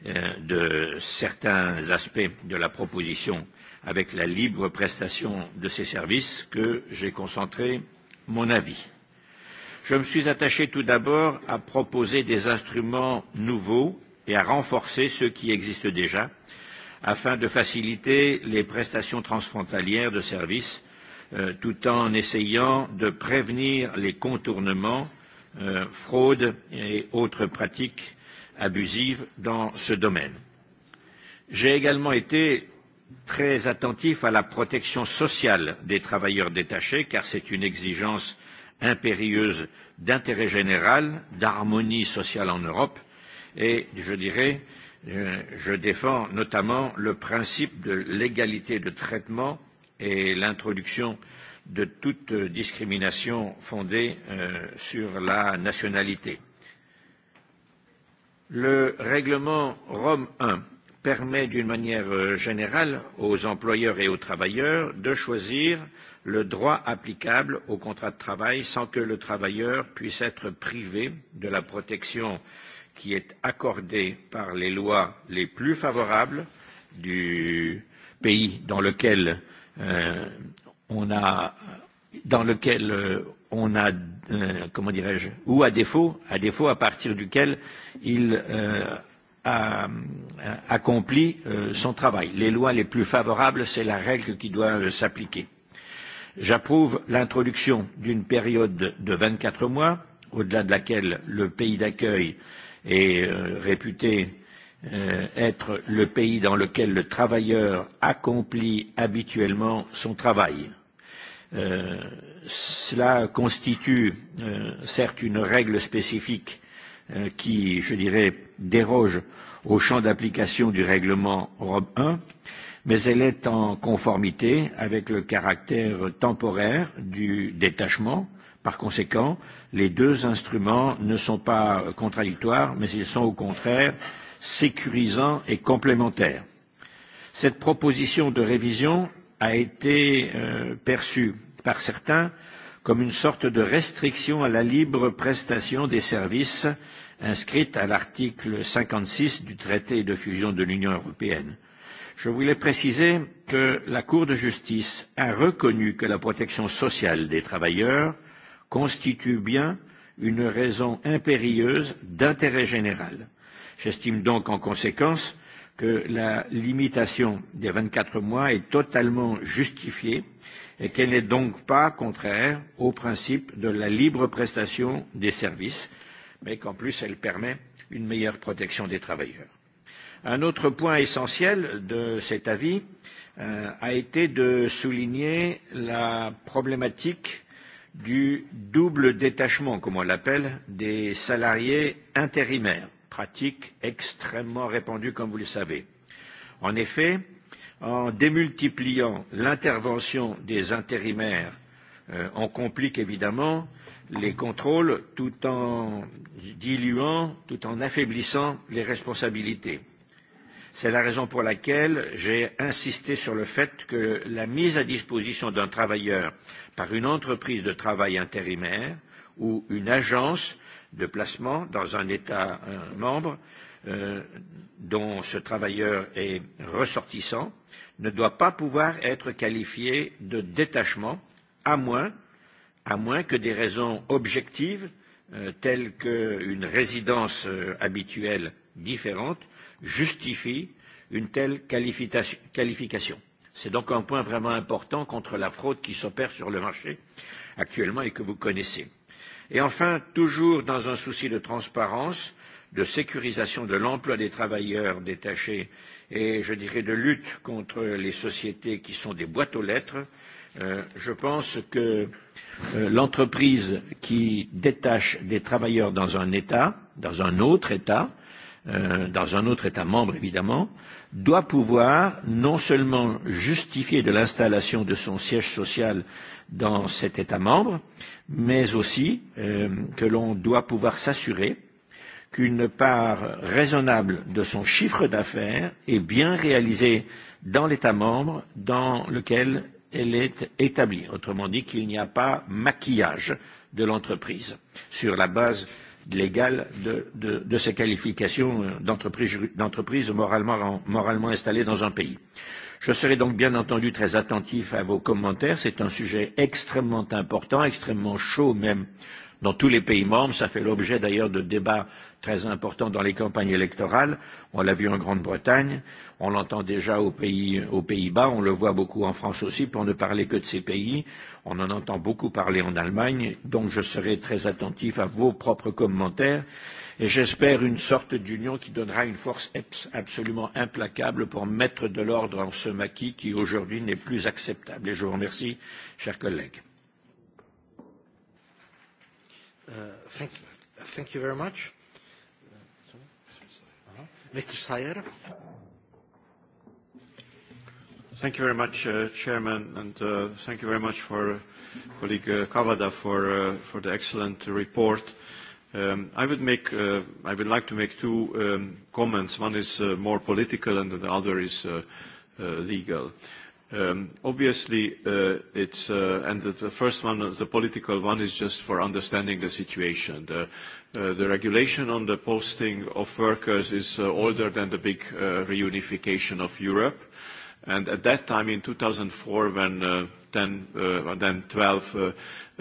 Euh, de certains aspects de la proposition avec la libre prestation de ces services que j'ai concentré mon avis. Je me suis attaché tout d'abord à proposer des instruments nouveaux et à renforcer ceux qui existent déjà afin de faciliter les prestations transfrontalières de services euh, tout en essayant de prévenir les contournements, euh, fraudes et autres pratiques abusives dans ce domaine. J'ai également été très attentif à la protection sociale des travailleurs détachés, car c'est une exigence impérieuse d'intérêt général, d'harmonie sociale en Europe, et je dirais, euh, je défends notamment le principe de l'égalité de traitement et l'introduction de toute discrimination fondée euh, sur la nationalité. Le règlement Rome 1 permet d'une manière euh, générale aux employeurs et aux travailleurs de choisir le droit applicable au contrat de travail sans que le travailleur puisse être privé de la protection qui est accordée par les lois les plus favorables du pays dans lequel euh, on a dans lequel euh, on a, euh, comment dirais-je, ou à défaut, à défaut à partir duquel il euh, a, a euh, accompli euh, son travail. Les lois les plus favorables, c'est la règle qui doit euh, s'appliquer. J'approuve l'introduction d'une période de 24 mois, au-delà de laquelle le pays d'accueil est euh, réputé euh, être le pays dans lequel le travailleur accomplit habituellement son travail. Euh, cela constitue euh, certes une règle spécifique euh, qui, je dirais, déroge au champ d'application du règlement Rome 1, mais elle est en conformité avec le caractère temporaire du détachement. Par conséquent, les deux instruments ne sont pas contradictoires, mais ils sont au contraire sécurisants et complémentaires. Cette proposition de révision a été euh, perçue par certains comme une sorte de restriction à la libre prestation des services inscrite à l'article 56 du traité de fusion de l'Union européenne. Je voulais préciser que la Cour de justice a reconnu que la protection sociale des travailleurs constitue bien une raison impérieuse d'intérêt général. J'estime donc en conséquence que la limitation des 24 mois est totalement justifiée et qu'elle n'est donc pas contraire au principe de la libre prestation des services, mais qu'en plus elle permet une meilleure protection des travailleurs. Un autre point essentiel de cet avis euh, a été de souligner la problématique du double détachement, comme on l'appelle, des salariés intérimaires, pratique extrêmement répandue, comme vous le savez. En effet, en démultipliant l'intervention des intérimaires, euh, on complique évidemment les contrôles tout en diluant, tout en affaiblissant les responsabilités. C'est la raison pour laquelle j'ai insisté sur le fait que la mise à disposition d'un travailleur par une entreprise de travail intérimaire ou une agence de placement dans un État un membre Euh, dont ce travailleur est ressortissant ne doit pas pouvoir être qualifié de détachement, à moins, à moins que des raisons objectives euh, telles qu'une résidence euh, habituelle différente justifient une telle qualifi qualification. C'est donc un point vraiment important contre la fraude qui s'opère sur le marché actuellement et que vous connaissez. Et enfin, toujours dans un souci de transparence, euh, de sécurisation de l'emploi des travailleurs détachés et, je dirais, de lutte contre les sociétés qui sont des boîtes aux lettres, euh, je pense que euh, l'entreprise qui détache des travailleurs dans un État, dans un autre État, euh, dans un autre État membre évidemment, doit pouvoir non seulement justifier de l'installation de son siège social dans cet État membre, mais aussi euh, que l'on doit pouvoir s'assurer euh, qu'une part raisonnable de son chiffre d'affaires est bien réalisée dans l'État membre dans lequel elle est établie. Autrement dit, qu'il n'y a pas maquillage de l'entreprise sur la base légale de, de, de ces qualifications d'entreprise moralement, moralement installée dans un pays. Je serai donc bien entendu très attentif à vos commentaires. C'est un sujet extrêmement important, extrêmement chaud même dans tous les pays membres. Ça fait l'objet d'ailleurs de débats très important dans les campagnes électorales. On l'a vu en Grande-Bretagne, on l'entend déjà aux Pays, bas aux pays on le voit beaucoup en France aussi, pour ne parler que de ces pays. On en entend beaucoup parler en Allemagne, donc je serai très attentif à vos propres commentaires et j'espère une sorte d'union qui donnera une force absolument implacable pour mettre de l'ordre en ce maquis qui aujourd'hui n'est plus acceptable. Et je vous remercie, chers collègues. Uh, thank, thank you very much. Mr. Sayer. Thank you very much, uh, Chairman, and uh, thank you very much for uh, colleague uh, Kavada for, uh, for the excellent report. Um, I would make, uh, I would like to make two um, comments. One is uh, more political and the other is uh, uh, legal. Um, obviously, uh, it's, uh, and the, the first one, the political one, is just for understanding the situation. The Uh, the regulation on the posting of workers is uh, older than the big uh, reunification of Europe. And at that time, in 2004, when uh, 10, uh, then 12 uh,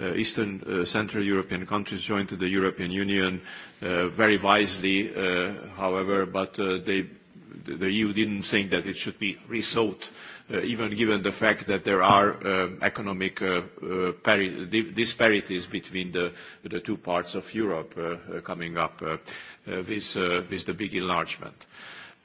uh, Eastern uh, Central European countries joined the European Union, uh, very wisely, uh, however, but uh, they, the EU didn't think that it should be resought uh, uh, even given the fact that there are uh, economic uh, uh, pari disparities between the, the two parts of Europe uh, uh, coming up uh, uh, with, uh, with the big enlargement.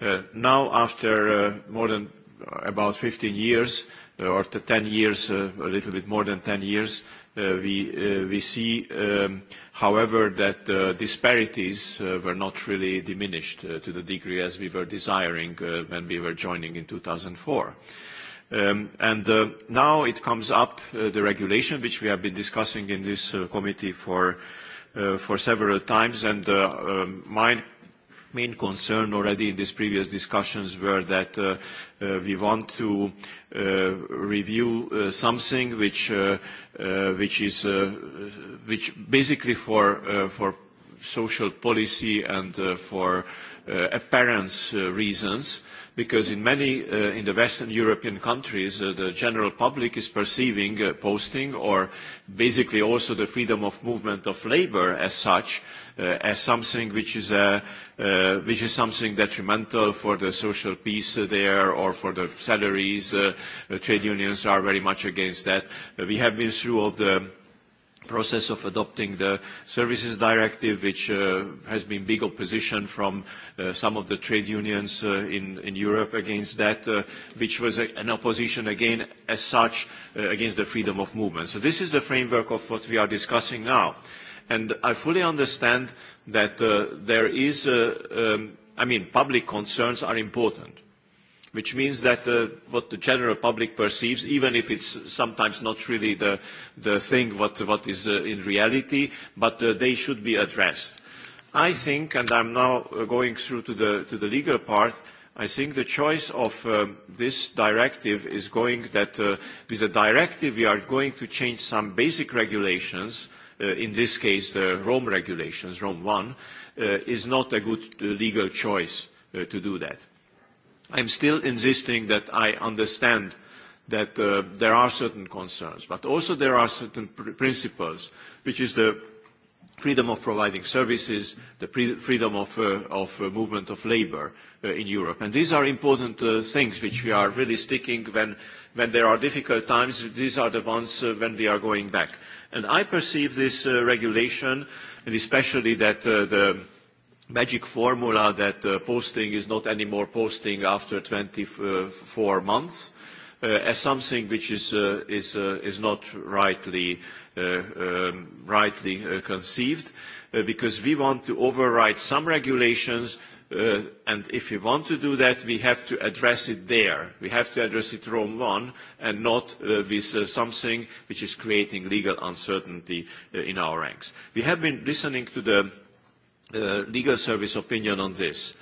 Uh, now, after uh, more than uh, about 15 years, uh, or 10 years, uh, a little bit more than 10 years, Uh, we, uh, we see, um, however, that uh, disparities uh, were not really diminished uh, to the degree as we were desiring uh, when we were joining in 2004. Um, and uh, now it comes up, uh, the regulation, which we have been discussing in this uh, committee for, for several times, and um, my main concern already in these previous discussions were that we want to review something which, which is, which basically for, for social policy and for appearance reasons, because in many uh, in the Western European countries, uh, the general public is perceiving uh, posting or basically also the freedom of movement of labor as such uh, as something which is, a uh, uh, which is something detrimental for the social peace uh, there or for the salaries. Uh, uh, trade unions are very much against that. Uh, we have been through of the process of adopting the Services Directive, which uh, has been big opposition from uh, some of the trade unions uh, in, in Europe against that, uh, which was a, an opposition again as such uh, against the freedom of movement. So this is the framework of what we are discussing now. And I fully understand that uh, there is, uh, um, I mean, public concerns are important which means that uh, what the general public perceives, even if it's sometimes not really the, the thing what, what is uh, in reality, but uh, they should be addressed. I think, and I'm now uh, going through to the, to the legal part, I think the choice of um, this directive is going that uh, with a directive we are going to change some basic regulations, uh, in this case the Rome regulations, Rome 1, uh, is not a good uh, legal choice uh, to do that. I'm still insisting that I understand that uh, there are certain concerns, but also there are certain pr principles, which is the freedom of providing services, the freedom of, uh, of uh, movement of labor uh, in Europe. And these are important uh, things which we are really sticking when, when there are difficult times. These are the ones uh, when we are going back. And I perceive this uh, regulation, and especially that uh, the magic formula that uh, posting is not any more posting after 24 months uh, as something which is, uh, is, uh, is not rightly, uh, um, rightly uh, conceived uh, because we want to override some regulations uh, and if we want to do that, we have to address it there. We have to address it Rome 1 and not uh, with uh, something which is creating legal uncertainty uh, in our ranks. We have been listening to the Uh, legal service opinion on this.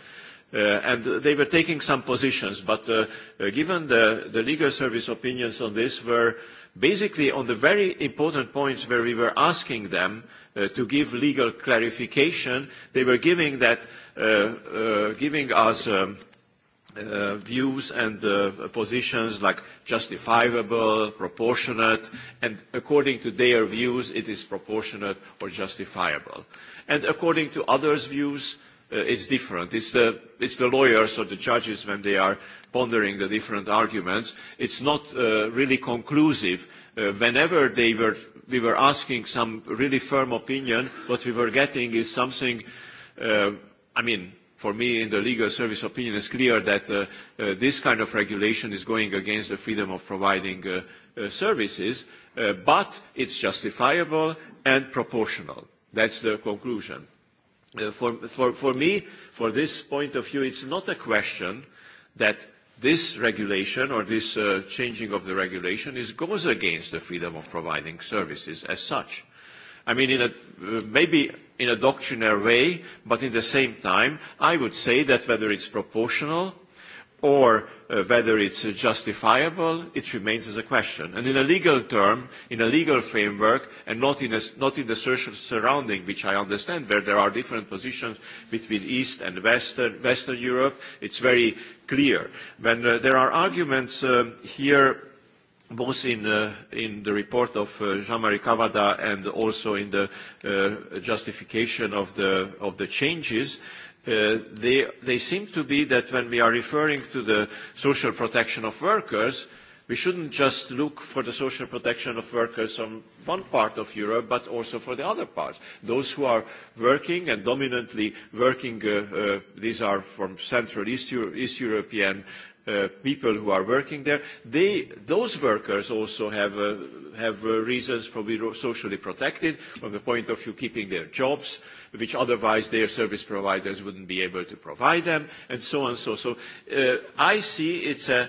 Uh, and they were taking some positions, but uh, uh, given the, the legal service opinions on this were basically on the very important points where we were asking them uh, to give legal clarification, they were giving, that, uh, uh, giving us um, uh, views and uh, positions like justifiable, proportionate, and according to their views, it is proportionate or justifiable. And according to others' views, uh, it's different. It's the, it's the lawyers or the judges when they are pondering the different arguments. It's not uh, really conclusive. Uh, whenever they were, we were asking some really firm opinion, what we were getting is something, uh, I mean, for me in the legal service opinion is clear that uh, uh, this kind of regulation is going against the freedom of providing uh, uh, services, uh, but it's justifiable and proportional. That's the conclusion. Uh, for, for, for me, for this point of view, it's not a question that this regulation or this uh, changing of the regulation is, goes against the freedom of providing services as such. Uh, I mean, in a, maybe in a doctrinaire way, but in the same time, I would say that whether it's proportional or uh, whether it's uh, justifiable, it remains as a question. And in a legal term, in a legal framework, and not in, a, not in the social surrounding, which I understand, where there are different positions between East and Western, Western Europe, it's very clear. When uh, there are arguments uh, here both in, uh, in the report of uh, Jean-Marie Cavada and also in the uh, justification of the, of the changes, uh, they, they seem to be that when we are referring to the social protection of workers, we shouldn't just look for the social protection of workers on one part of Europe, but also for the other part. Those who are working and dominantly working, uh, uh, these are from Central East, Euro East European Uh, people who are working there, they, those workers also have, uh, have uh, reasons for being socially protected from the point of view keeping their jobs, which otherwise their service providers wouldn't be able to provide them, and so on and so. So uh, I see it's a, uh,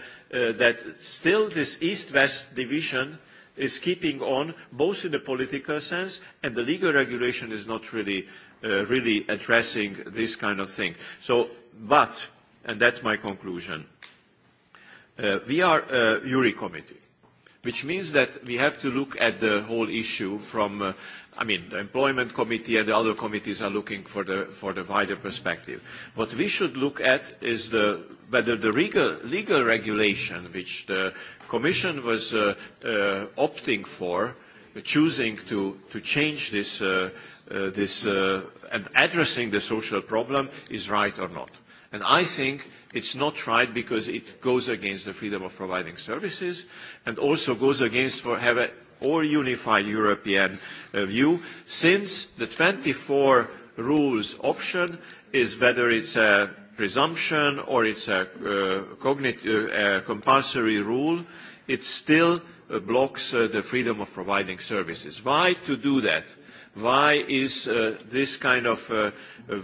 that still this East-West division is keeping on, both in the political sense and the legal regulation is not really, uh, really addressing this kind of thing. So, but, and that's my conclusion Uh, we are a jury committee, which means that we have to look at the whole issue from, uh, I mean, the employment committee and the other committees are looking for the, for the wider perspective. What we should look at is the, whether the legal, legal regulation which the Commission was uh, uh, opting for, choosing to, to change this, uh, uh, this uh, and addressing the social problem is right or not. And I think it's not right because it goes against the freedom of providing services and also goes against for have a or unified European uh, view since the 24 rules option is whether it's a presumption or it's a uh, cognitive, uh, compulsory rule, it still uh, blocks uh, the freedom of providing services. Why to do that? Why is uh, this kind of uh,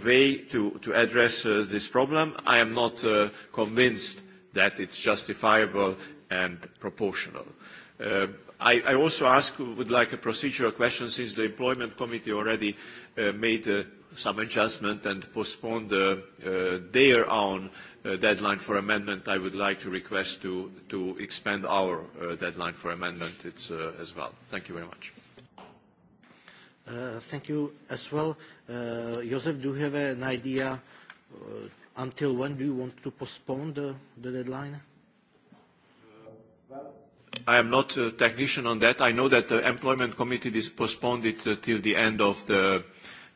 way to, to address uh, this problem? I am not uh, convinced that it's justifiable and proportional. Uh, I, I also ask, would like a procedural question, since the Employment Committee already uh, made uh, some adjustment and postponed uh, uh, their own uh, deadline for amendment, I would like to request to, to expand our uh, deadline for amendment it's, uh, as well. Thank you very much. Uh, thank you as well. Uh, Josef, do you have an idea uh, until when do you want to postpone the, the deadline? Uh, I am not a technician on that. I know that the employment committee is postponed it uh, till the end of the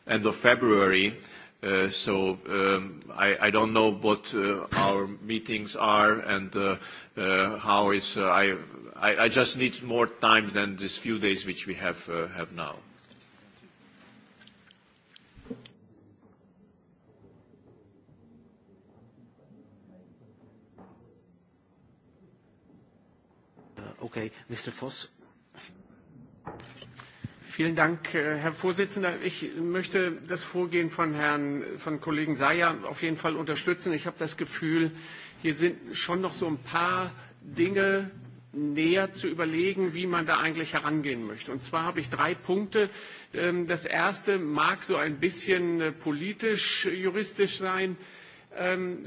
end of February. Uh, so um, I, I don't know what uh, our meetings are and uh, uh, how it's. Uh, I, I I just need more time than these few days which we have uh, have now. Okay, Mr. Voss. Vielen Dank, äh, Herr Vorsitzender. Ich möchte das Vorgehen von Herrn von Kollegen Seyer auf jeden Fall unterstützen. Ich habe das Gefühl, hier sind schon noch so ein paar Dinge näher zu überlegen, wie man da eigentlich herangehen möchte. Und zwar habe ich drei Punkte. Ähm, das erste mag so ein bisschen äh, politisch, juristisch sein. Ähm,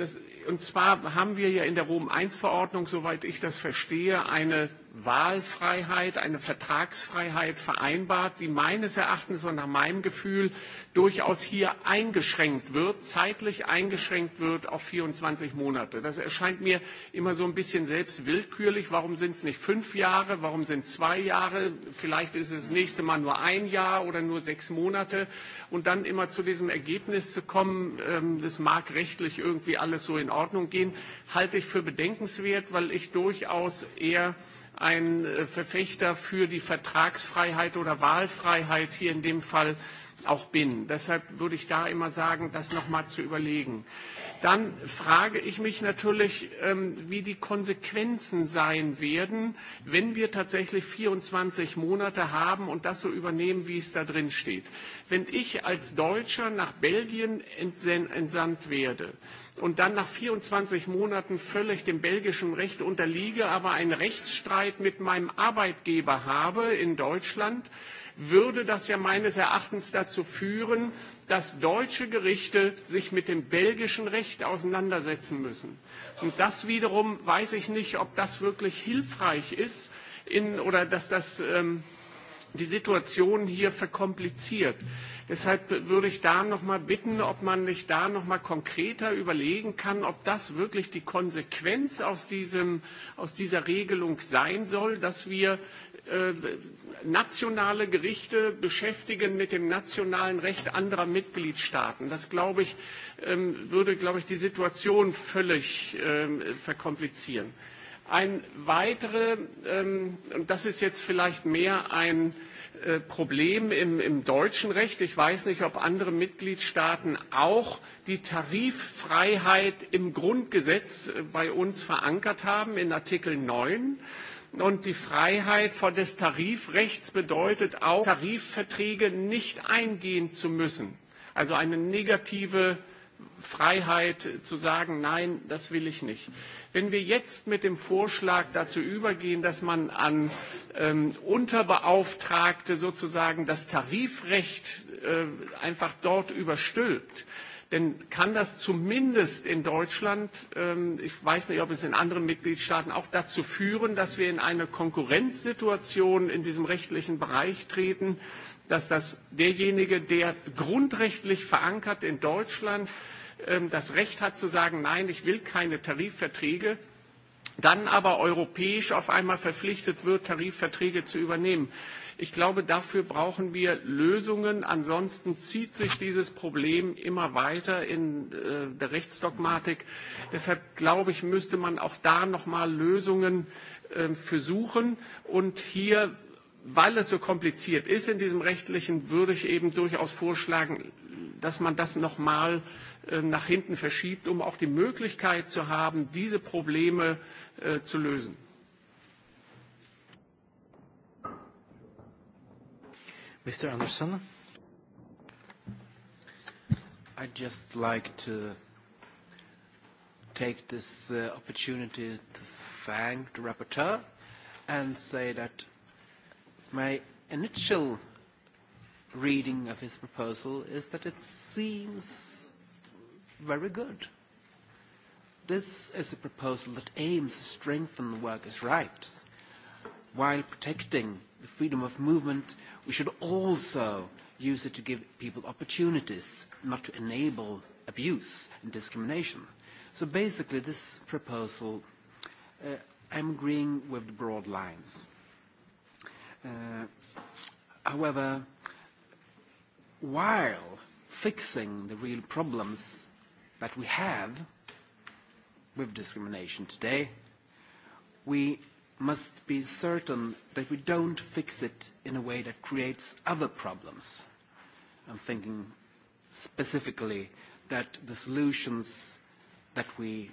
und zwar haben wir ja in der Rom I Verordnung, soweit ich das verstehe, eine Wahlfreiheit, eine Vertragsfreiheit vereinbart, die meines Erachtens und nach meinem Gefühl durchaus hier eingeschränkt wird, zeitlich eingeschränkt wird auf 24 Monate. Das erscheint mir immer so ein bisschen selbst willkürlich. Warum sind es nicht fünf Jahre? Warum sind es zwei Jahre? Vielleicht ist es das nächste Mal nur ein Jahr oder nur sechs Monate. Und dann immer zu diesem Ergebnis zu kommen, ähm, das mag rechtlich irgendwie alles so in Ordnung gehen, halte ich für bedenkenswert, weil ich durchaus eher ein äh, Verfechter für die Vertragsfreiheit oder Wahlfreiheit hier in dem Fall auch bin. Deshalb würde ich da immer sagen, das nochmal zu überlegen. Dann frage ich mich natürlich, ähm, wie die Konsequenzen sein werden, wenn wir tatsächlich 24 Monate haben und das so übernehmen, wie es da drin steht. Wenn ich als Deutscher nach Belgien entsandt werde, und dann nach 24 Monaten völlig dem belgischen Recht unterliege, aber einen Rechtsstreit mit meinem Arbeitgeber habe in Deutschland, würde das ja meines Erachtens dazu führen, dass deutsche Gerichte sich mit dem belgischen Recht auseinandersetzen müssen. Und das wiederum weiß ich nicht, ob das wirklich hilfreich ist in, oder dass das ähm, die Situation hier verkompliziert. Deshalb würde ich da noch mal bitten, ob man nicht da noch mal konkreter überlegen kann, ob das wirklich die Konsequenz aus, diesem, aus dieser Regelung sein soll, dass wir äh, nationale Gerichte beschäftigen mit dem nationalen Recht anderer Mitgliedstaaten. Das, glaube ich, ähm, würde, glaube ich, die Situation völlig ähm, verkomplizieren. Ein weitere, ähm, und das ist jetzt vielleicht mehr ein äh, Problem im, im deutschen Recht. Ich weiß nicht, ob andere Mitgliedstaaten auch die Tariffreiheit im Grundgesetz äh, bei uns verankert haben, in Artikel 9. Und die Freiheit von des Tarifrechts bedeutet auch, Tarifverträge nicht eingehen zu müssen. Also eine negative Freiheit zu sagen, nein, das will ich nicht. Wenn wir jetzt mit dem Vorschlag dazu übergehen, dass man an ähm, Unterbeauftragte sozusagen das Tarifrecht äh, einfach dort überstülpt, dann kann das zumindest in Deutschland, ähm, ich weiß nicht, ob es in anderen Mitgliedstaaten auch dazu führen, dass wir in eine Konkurrenzsituation in diesem rechtlichen Bereich treten, dass das derjenige, der grundrechtlich verankert in Deutschland ähm, das Recht hat zu sagen, nein, ich will keine Tarifverträge, dann aber europäisch auf einmal verpflichtet wird, Tarifverträge zu übernehmen. Ich glaube, dafür brauchen wir Lösungen. Ansonsten zieht sich dieses Problem immer weiter in äh, der Rechtsdogmatik. Deshalb glaube ich, müsste man auch da nochmal Lösungen ähm, für suchen und hier weil es so kompliziert ist in diesem rechtlichen, würde ich eben durchaus vorschlagen, dass man das noch mal äh, nach hinten verschiebt, um auch die Möglichkeit zu haben, diese Probleme äh, zu lösen. Mr. Anderson. I'd just like to take this uh, opportunity to thank the rapporteur and say that My initial reading of his proposal is that it seems very good. This is a proposal that aims to strengthen workers' rights. While protecting the freedom of movement, we should also use it to give people opportunities, not to enable abuse and discrimination. So basically, this proposal, uh, I'm agreeing with the broad lines. Uh, however, while fixing the real problems that we have with discrimination today, we must be certain that we don't fix it in a way that creates other problems. I'm thinking specifically that the solutions that we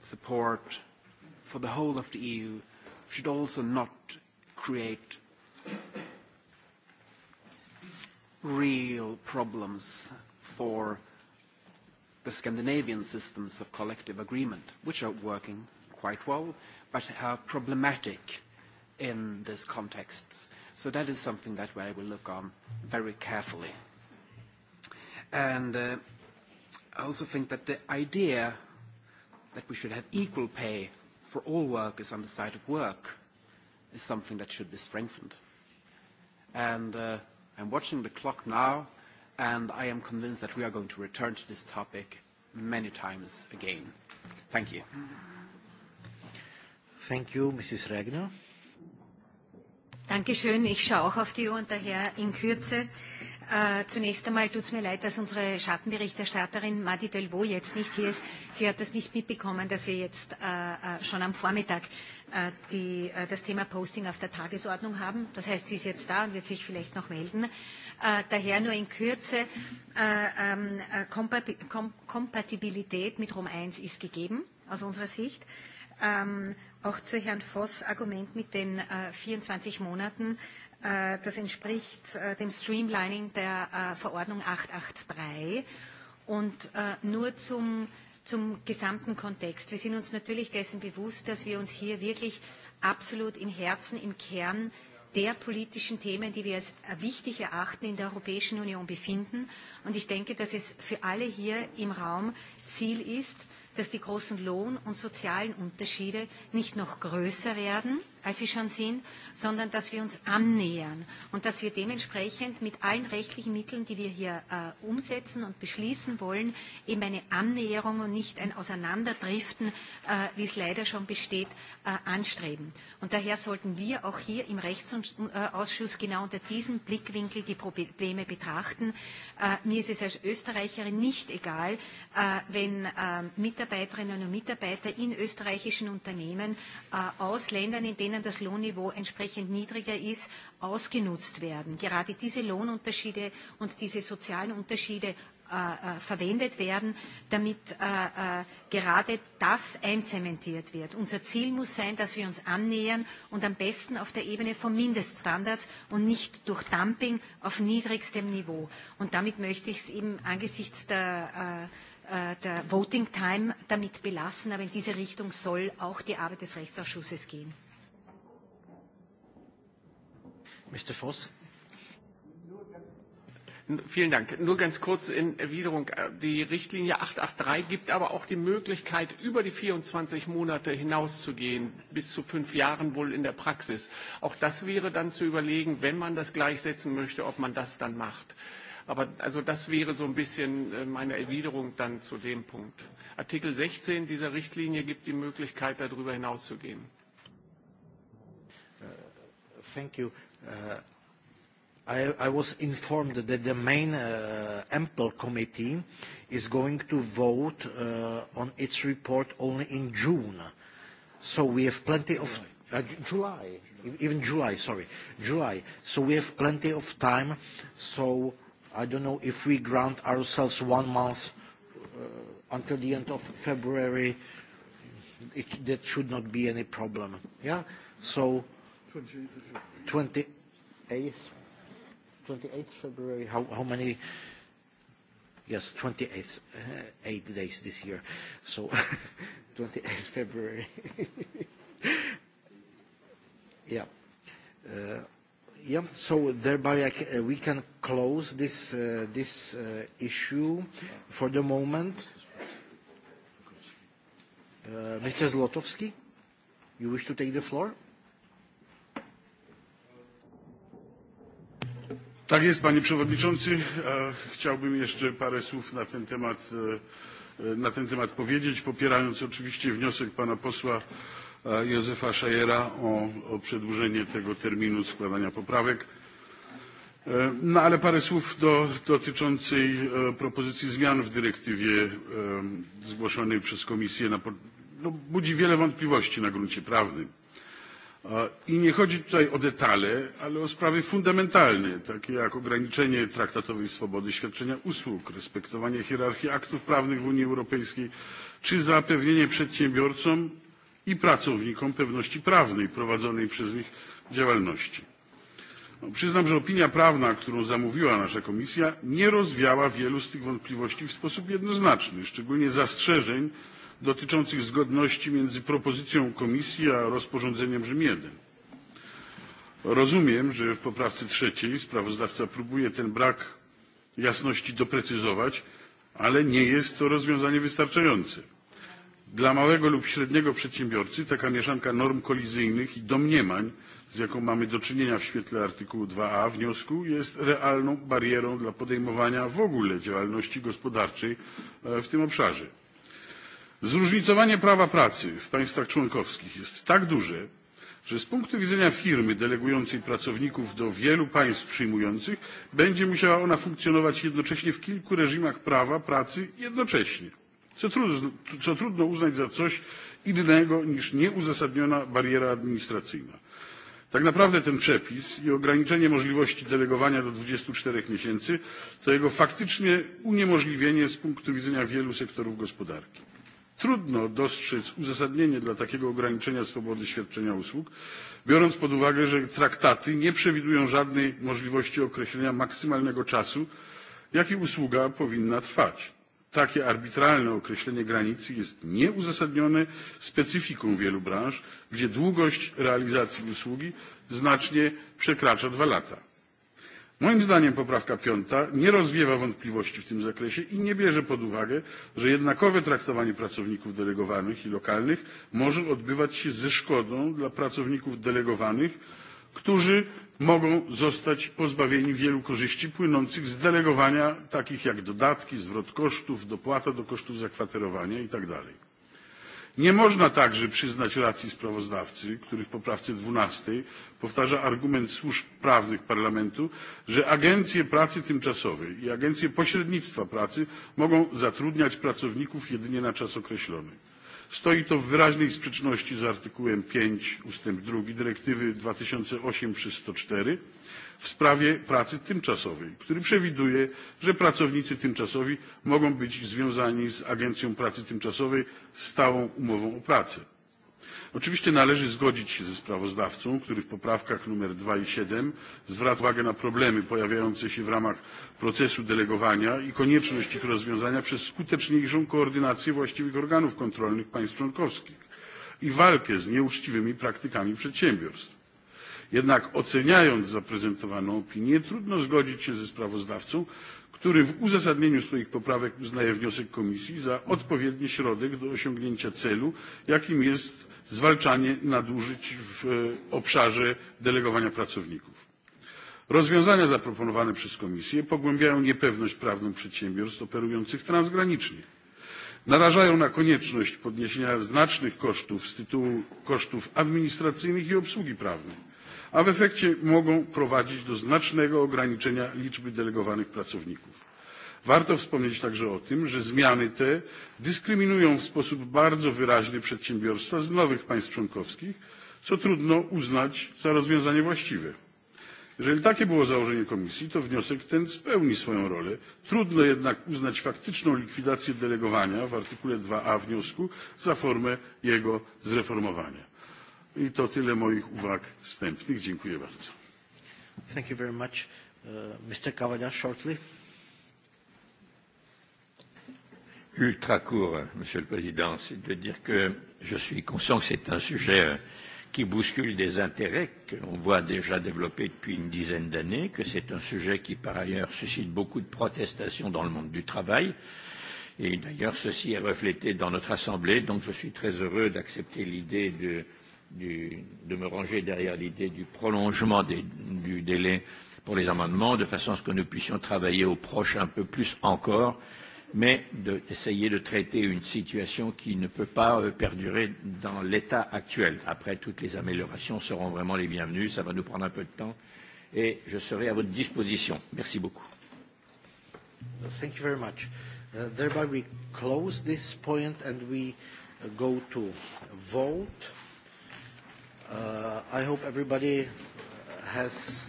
support for the whole of the EU should also not create real problems for the Scandinavian systems of collective agreement, which are working quite well, but are problematic in this context. So that is something that I will look on very carefully. And uh, I also think that the idea that we should have equal pay for all workers on the side of work is something that should be strengthened. And uh, I'm watching the clock now, and I am convinced that we are going to return to this topic many times again. Thank you. Thank you, Mrs. Regner. Dankeschön. Ich schaue auch auf die Uhr und daher in Kürze. Äh, zunächst einmal tut es mir leid, dass unsere Schattenberichterstatterin Madi Delvaux jetzt nicht hier ist. Sie hat es nicht mitbekommen, dass wir jetzt äh, äh, schon am Vormittag äh, die, äh, das Thema Posting auf der Tagesordnung haben. Das heißt, sie ist jetzt da und wird sich vielleicht noch melden. Äh, daher nur in Kürze, äh, ähm, äh, Kompati Kom Kompatibilität mit Rom 1 ist gegeben aus unserer Sicht. Ähm, auch zu Herrn Voss Argument mit den äh, 24 Monaten. Äh, das entspricht äh, dem Streamlining der äh, Verordnung 883. Und äh, nur zum, zum gesamten Kontext. Wir sind uns natürlich dessen bewusst, dass wir uns hier wirklich absolut im Herzen, im Kern der politischen Themen, die wir als äh, wichtig erachten, in der Europäischen Union befinden. Und ich denke, dass es für alle hier im Raum Ziel ist, dass die großen Lohn- und sozialen Unterschiede nicht noch größer werden – als sie schon sind, sondern dass wir uns annähern und dass wir dementsprechend mit allen rechtlichen Mitteln, die wir hier äh, umsetzen und beschließen wollen, eben eine Annäherung und nicht ein Auseinanderdriften, äh, wie es leider schon besteht, äh, anstreben. Und daher sollten wir auch hier im Rechtsausschuss genau unter diesem Blickwinkel die Probleme betrachten. Äh, mir ist es als Österreicherin nicht egal, äh, wenn äh, Mitarbeiterinnen und Mitarbeiter in österreichischen Unternehmen äh, Ländern, in denen denen das Lohnniveau entsprechend niedriger ist, ausgenutzt werden. Gerade diese Lohnunterschiede und diese sozialen Unterschiede äh, äh, verwendet werden, damit äh, äh, gerade das einzementiert wird. Unser Ziel muss sein, dass wir uns annähern und am besten auf der Ebene von Mindeststandards und nicht durch Dumping auf niedrigstem Niveau. Und damit möchte ich es eben angesichts der, äh, äh der Voting Time damit belassen, aber in diese Richtung soll auch die Arbeit des Rechtsausschusses gehen. Mr. Voss? Vielen Dank. Nur ganz kurz in Erwiderung. Äh, die Richtlinie 883 gibt aber auch die Möglichkeit, über die 24 Monate hinauszugehen, bis zu fünf Jahren wohl in der Praxis. Auch das wäre dann zu überlegen, wenn man das gleichsetzen möchte, ob man das dann macht. Aber also das wäre so ein bisschen äh, meine Erwiderung dann zu dem Punkt. Artikel 16 dieser Richtlinie gibt die Möglichkeit, darüber hinauszugehen. Uh, thank you. Uh, I, I was informed that the main uh, ample committee is going to vote uh, on its report only in June. So we have plenty of uh, July, even July, sorry, July. So we have plenty of time. So I don't know if we grant ourselves one month uh, until the end of February. It, that should not be any problem. Yeah. So. 28th, February, how, how many? Yes, 28th, uh, eight days this year. So 28th February. yeah. Uh, yeah, so thereby I can, uh, we can close this, uh, this uh, issue for the moment. Uh, Mr. Zlotowski, you wish to take the floor? Tak jest, panie przewodniczący. E, chciałbym jeszcze parę słów na ten temat, e, na ten temat powiedzieć, popierając oczywiście wniosek pana posła e, Józefa Szajera o, o przedłużenie tego terminu składania poprawek. No ale parę słów do, dotyczącej propozycji zmian w dyrektywie zgłoszonej przez Komisję na, no, budzi wiele wątpliwości na gruncie prawnym. I nie chodzi tutaj o detale, ale o sprawy fundamentalne, takie jak ograniczenie traktatowej swobody świadczenia usług, respektowanie hierarchii aktów prawnych w Unii Europejskiej, czy zapewnienie przedsiębiorcom i pracownikom pewności prawnej prowadzonej przez nich działalności. No, przyznam, że opinia prawna, którą zamówiła nasza komisja, nie rozwiała wielu z tych wątpliwości w sposób jednoznaczny, szczególnie zastrzeżeń dotyczących zgodności między propozycją Komisji a rozporządzeniem Rzym I. Rozumiem, że w poprawce trzeciej sprawozdawca próbuje ten brak jasności doprecyzować, ale nie jest to rozwiązanie wystarczające. Dla małego lub średniego przedsiębiorcy taka mieszanka norm kolizyjnych i domniemań, z jaką mamy do czynienia w świetle artykułu dwa a wniosku, jest realną barierą dla podejmowania w ogóle działalności gospodarczej e, w tym obszarze. Zróżnicowanie prawa pracy w państwach członkowskich jest tak duże, że z punktu widzenia firmy delegującej pracowników do wielu państw przyjmujących będzie musiała ona funkcjonować jednocześnie w kilku reżimach prawa pracy jednocześnie, co trudno, co trudno uznać za coś innego niż nieuzasadniona bariera administracyjna. Tak naprawdę ten przepis i ograniczenie możliwości delegowania do 24 miesięcy to jego faktyczne uniemożliwienie z punktu widzenia wielu sektorów gospodarki. Trudno dostrzec uzasadnienie dla takiego ograniczenia swobody świadczenia usług, biorąc pod uwagę, że traktaty nie przewidują żadnej możliwości określenia maksymalnego czasu, jaki usługa powinna trwać. Takie arbitralne określenie granicy jest nieuzasadnione specyfiką wielu branż, gdzie długość realizacji usługi znacznie przekracza dwa lata. Moim zdaniem poprawka pięć nie rozwiewa wątpliwości w tym zakresie i nie bierze pod uwagę, że jednakowe traktowanie pracowników delegowanych i lokalnych może odbywać się ze szkodą dla pracowników delegowanych, którzy mogą zostać pozbawieni wielu korzyści płynących z delegowania, takich jak dodatki, zwrot kosztów, dopłata do kosztów zakwaterowania itd. Nie można także przyznać racji sprawozdawcy, który w poprawce 12 powtarza argument służb prawnych Parlamentu, że agencje pracy tymczasowej i agencje pośrednictwa pracy mogą zatrudniać pracowników jedynie na czas określony. Stoi to w wyraźnej sprzeczności z artykułem 5 ustęp 2 dyrektywy 2008 104 w sprawie pracy tymczasowej, który przewiduje, że pracownicy tymczasowi mogą być związani z Agencją Pracy Tymczasowej stałą umową o pracę. Oczywiście należy zgodzić się ze sprawozdawcą, który w poprawkach nr dwa i siedem zwraca uwagę na problemy pojawiające się w ramach procesu delegowania i konieczność ich rozwiązania przez skuteczniejszą koordynację właściwych organów kontrolnych państw członkowskich i walkę z nieuczciwymi praktykami przedsiębiorstw. Jednak oceniając zaprezentowaną opinię, trudno zgodzić się ze sprawozdawcą, który w uzasadnieniu swoich poprawek uznaje wniosek Komisji za odpowiedni środek do osiągnięcia celu, jakim jest zwalczanie nadużyć w e, obszarze delegowania pracowników. Rozwiązania zaproponowane przez Komisję pogłębiają niepewność prawną przedsiębiorstw operujących transgranicznie. Narażają na konieczność podniesienia znacznych kosztów z tytułu kosztów administracyjnych i obsługi prawnej a w efekcie mogą prowadzić do znacznego ograniczenia liczby delegowanych pracowników. Warto wspomnieć także o tym, że zmiany te dyskryminują w sposób bardzo wyraźny przedsiębiorstwa z nowych państw członkowskich, co trudno uznać za rozwiązanie właściwe. Jeżeli takie było założenie komisji, to wniosek ten spełni swoją rolę. Trudno jednak uznać faktyczną likwidację delegowania w artykule dwa a wniosku za formę jego zreformowania. I to tyle moich uwag wstępnych. Dziękuję bardzo. Thank you very much. Uh, Mr. Cavada, shortly. Ultra court, Monsieur le Président, c'est de dire que je suis conscient que c'est un sujet euh, qui bouscule des intérêts que l'on voit déjà développer depuis une dizaine d'années, que c'est un sujet qui par ailleurs suscite beaucoup de protestations dans le monde du travail. Et d'ailleurs, ceci est reflété dans notre Assemblée, donc je suis très heureux d'accepter l'idée de, du, de me ranger derrière l'idée du prolongement des, du délai pour les amendements, de façon à ce que nous puissions travailler au proche un peu plus encore, mais d'essayer de, de traiter une situation qui ne peut pas euh, perdurer dans l'état actuel. Après, toutes les améliorations seront vraiment les bienvenues. Ça va nous prendre un peu de temps et je serai à votre disposition. Merci beaucoup. Thank you very much. Uh, thereby we close this point and we uh, go to vote. Uh, I hope everybody has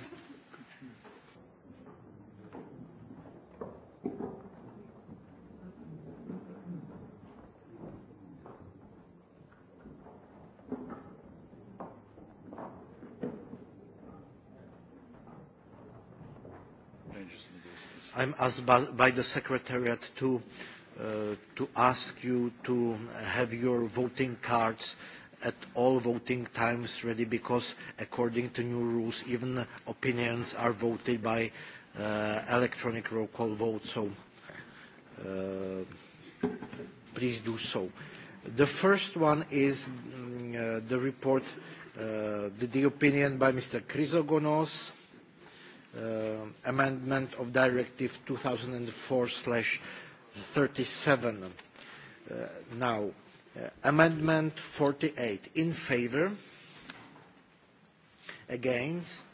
I'm asked by, by the Secretariat to, uh, to ask you to have your voting cards uh, at all voting times ready because according to new rules even opinions are voted by uh, electronic roll call vote so uh, please do so. The first one is mm, uh, the report, uh, the, the opinion by Mr. Chrysogonos, uh, amendment of Directive 2004-37. Uh, now, Uh, amendment 48 in favor, against,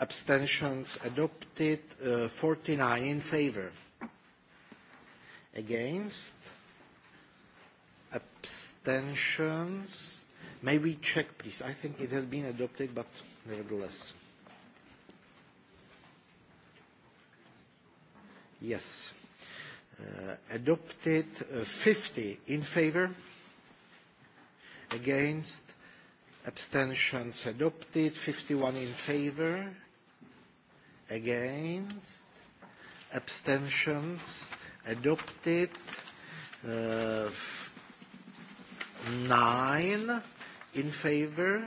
abstentions adopted, uh, 49 in favor, against, abstentions. May we check, please? I think it has been adopted, but nevertheless. Yes. Uh, adopted 50 uh, in favor against abstentions adopted 51 in favor against abstentions adopted 9 uh, in favor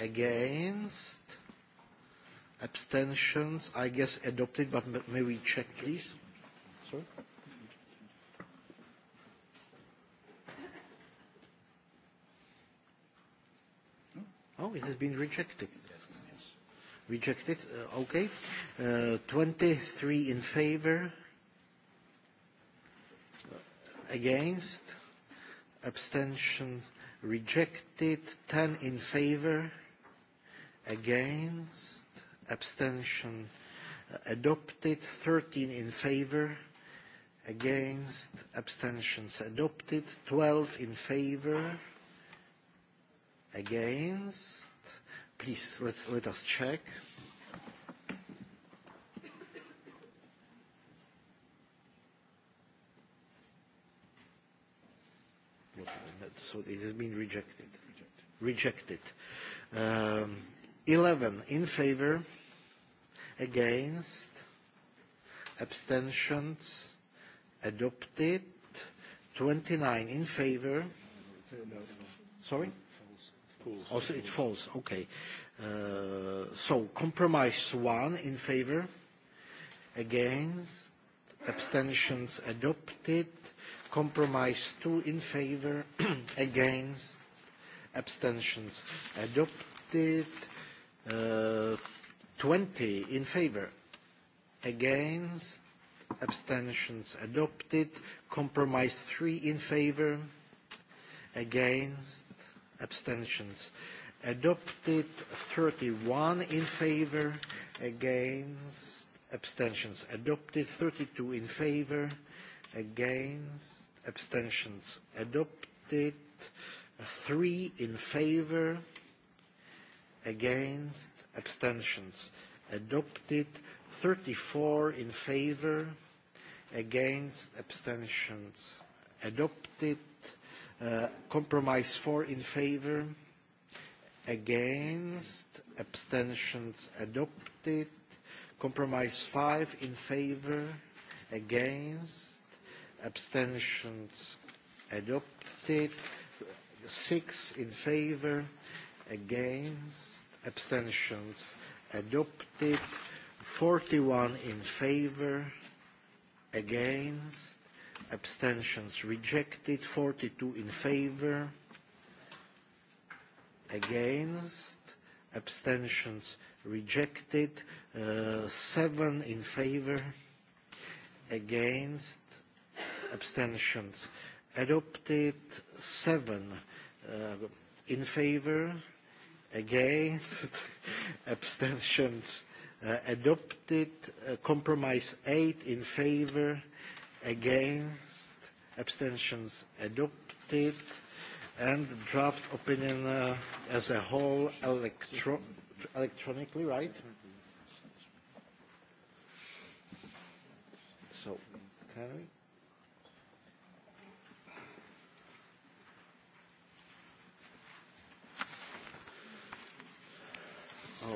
against abstentions, I guess adopted, but may we check, please? Sorry? Oh, it has been rejected. Rejected, uh, okay. Uh, 23 uh, in favor, against, abstention rejected, 10 in favor, against, abstention uh, adopted 13 in favor against abstentions adopted 12 in favor against please let's let us check so it has been rejected rejected um, 11 in favor against abstentions adopted 29 in favor sorry also oh, it falls okay uh, so compromise one in favor against abstentions adopted compromise two in favor against abstentions adopted uh, 20 in favour against abstentions adopted compromise 3 in favour against abstentions adopted 31 in favour against abstentions adopted 32 in favour against abstentions adopted 3 in favour against abstentions adopted 34 in favor against abstentions adopted uh, compromise 4 in favor against abstentions adopted compromise 5 in favor against abstentions adopted 6 in favor against abstentions adopted 41 in favor against abstentions rejected 42 in favor against abstentions rejected uh, 7 in favor against abstentions adopted 7 uh, in favor against, abstentions uh, adopted. Uh, compromise 8 in favor, against, abstentions adopted. And draft opinion uh, as a whole electro electronically, right? So, can we?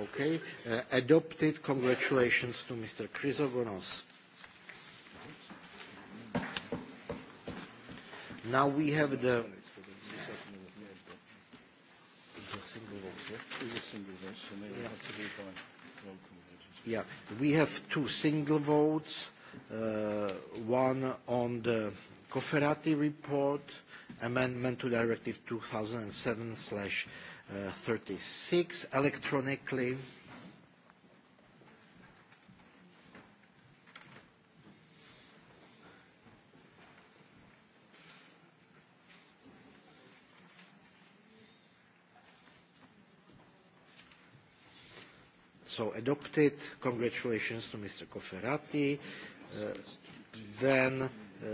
Okay. Uh, adopted. Congratulations to Mr. Chrysogonos. Now we have the Yeah, we have two single votes, uh, one on the Cofferati report, amendment to Directive 2007 slash 36 electronically. So adopted. Congratulations to Mr. Cofferati. Uh, then uh,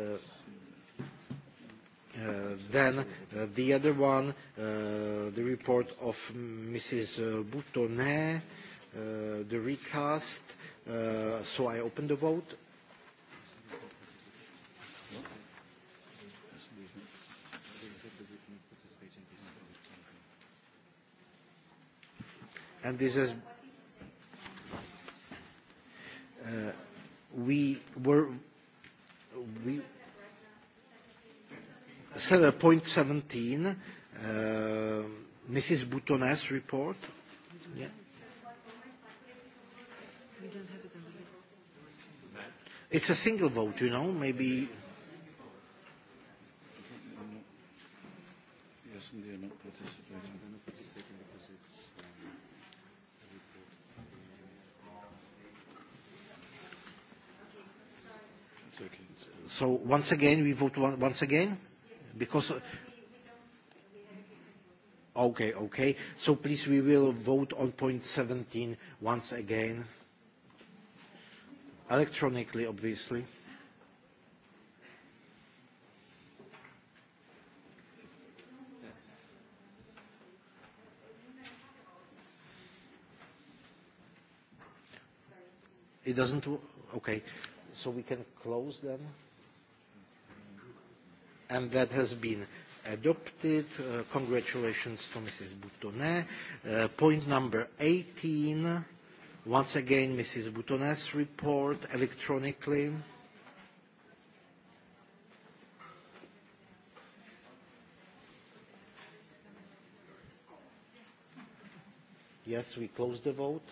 Uh, then uh, the other one, uh, the report of Mrs. Uh, Boutonnet, uh, the recast. Uh, so I open the vote. And this is, uh, we were, we, So, point 17, uh, Mrs. Boutonna's report. Yeah. We don't have it on the list. It's a single vote, you know, maybe. Yes, and they're not participating. They're not participating because it's. So once again, we vote once again? because okay okay so please we will vote on point 17 once again electronically obviously it doesn't okay so we can close then and that has been adopted. Uh, congratulations to Mrs. Boutonnet. Uh, point number 18, once again, Mrs. Boutonnet's report electronically. Yes, we close the vote.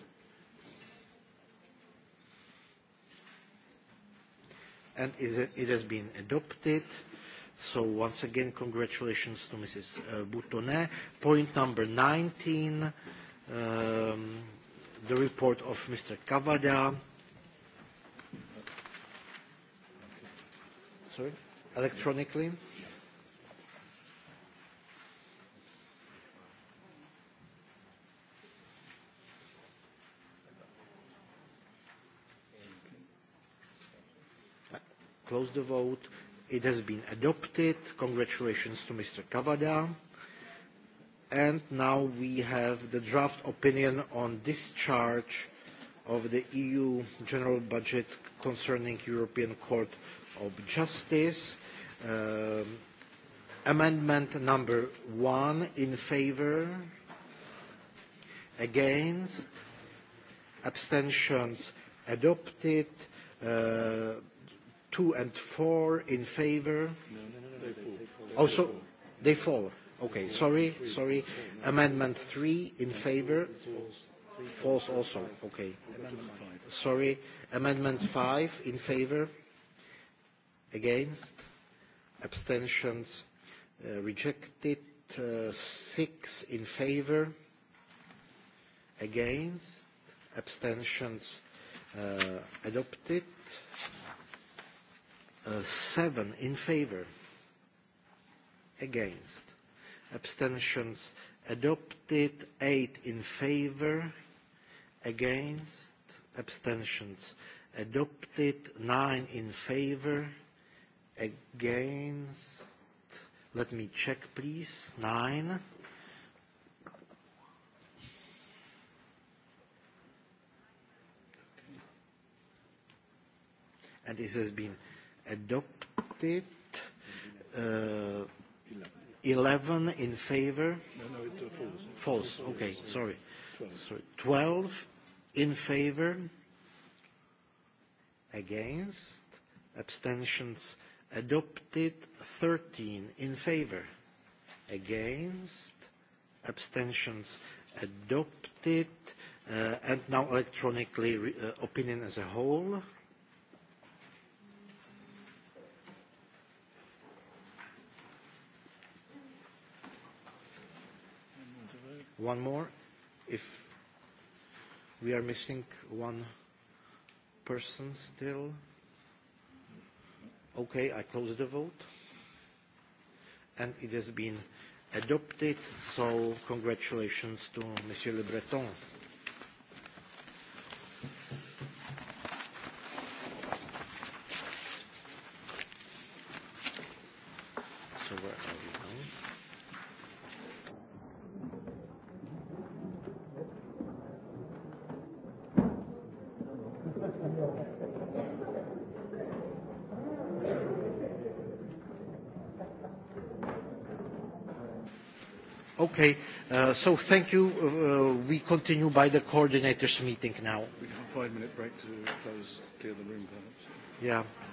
And it has been adopted. So once again, congratulations to Mrs. Uh, Boutonnet. Point number 19, um, the report of Mr. Cavada. Sorry? Electronically? Close the vote It has been adopted. Congratulations to Mr. Cavada. And now we have the draft opinion on discharge of the EU general budget concerning European Court of Justice. Uh, amendment number one in favor, against, abstentions adopted. Uh, two and four in favor? No, oh, no, no, no they fall. Also, they fall. Okay, sorry, sorry. Amendment three in favor? False also, okay. Sorry. Amendment five in favor? Against? Abstentions? Uh, rejected. Uh, six in favor? Against? Abstentions? Uh, adopted. Uh, seven in favor, against, abstentions adopted, eight in favor, against, abstentions adopted, nine in favor, against, let me check please, nine. And this has been adopted. Uh, 11 in favor. No, no, it uh, False. Okay, sorry. 12. 12 in favor. Against. Abstentions adopted. 13 in favor. Against. Abstentions adopted. Uh, and now electronically, uh, opinion as a whole. one more if we are missing one person still. Okay, I close the vote. And it has been adopted, so congratulations to Monsieur Le Breton. Uh, so thank you. Uh, we continue by the coordinators meeting now. We have a five-minute break to close, clear the room, perhaps. Yeah.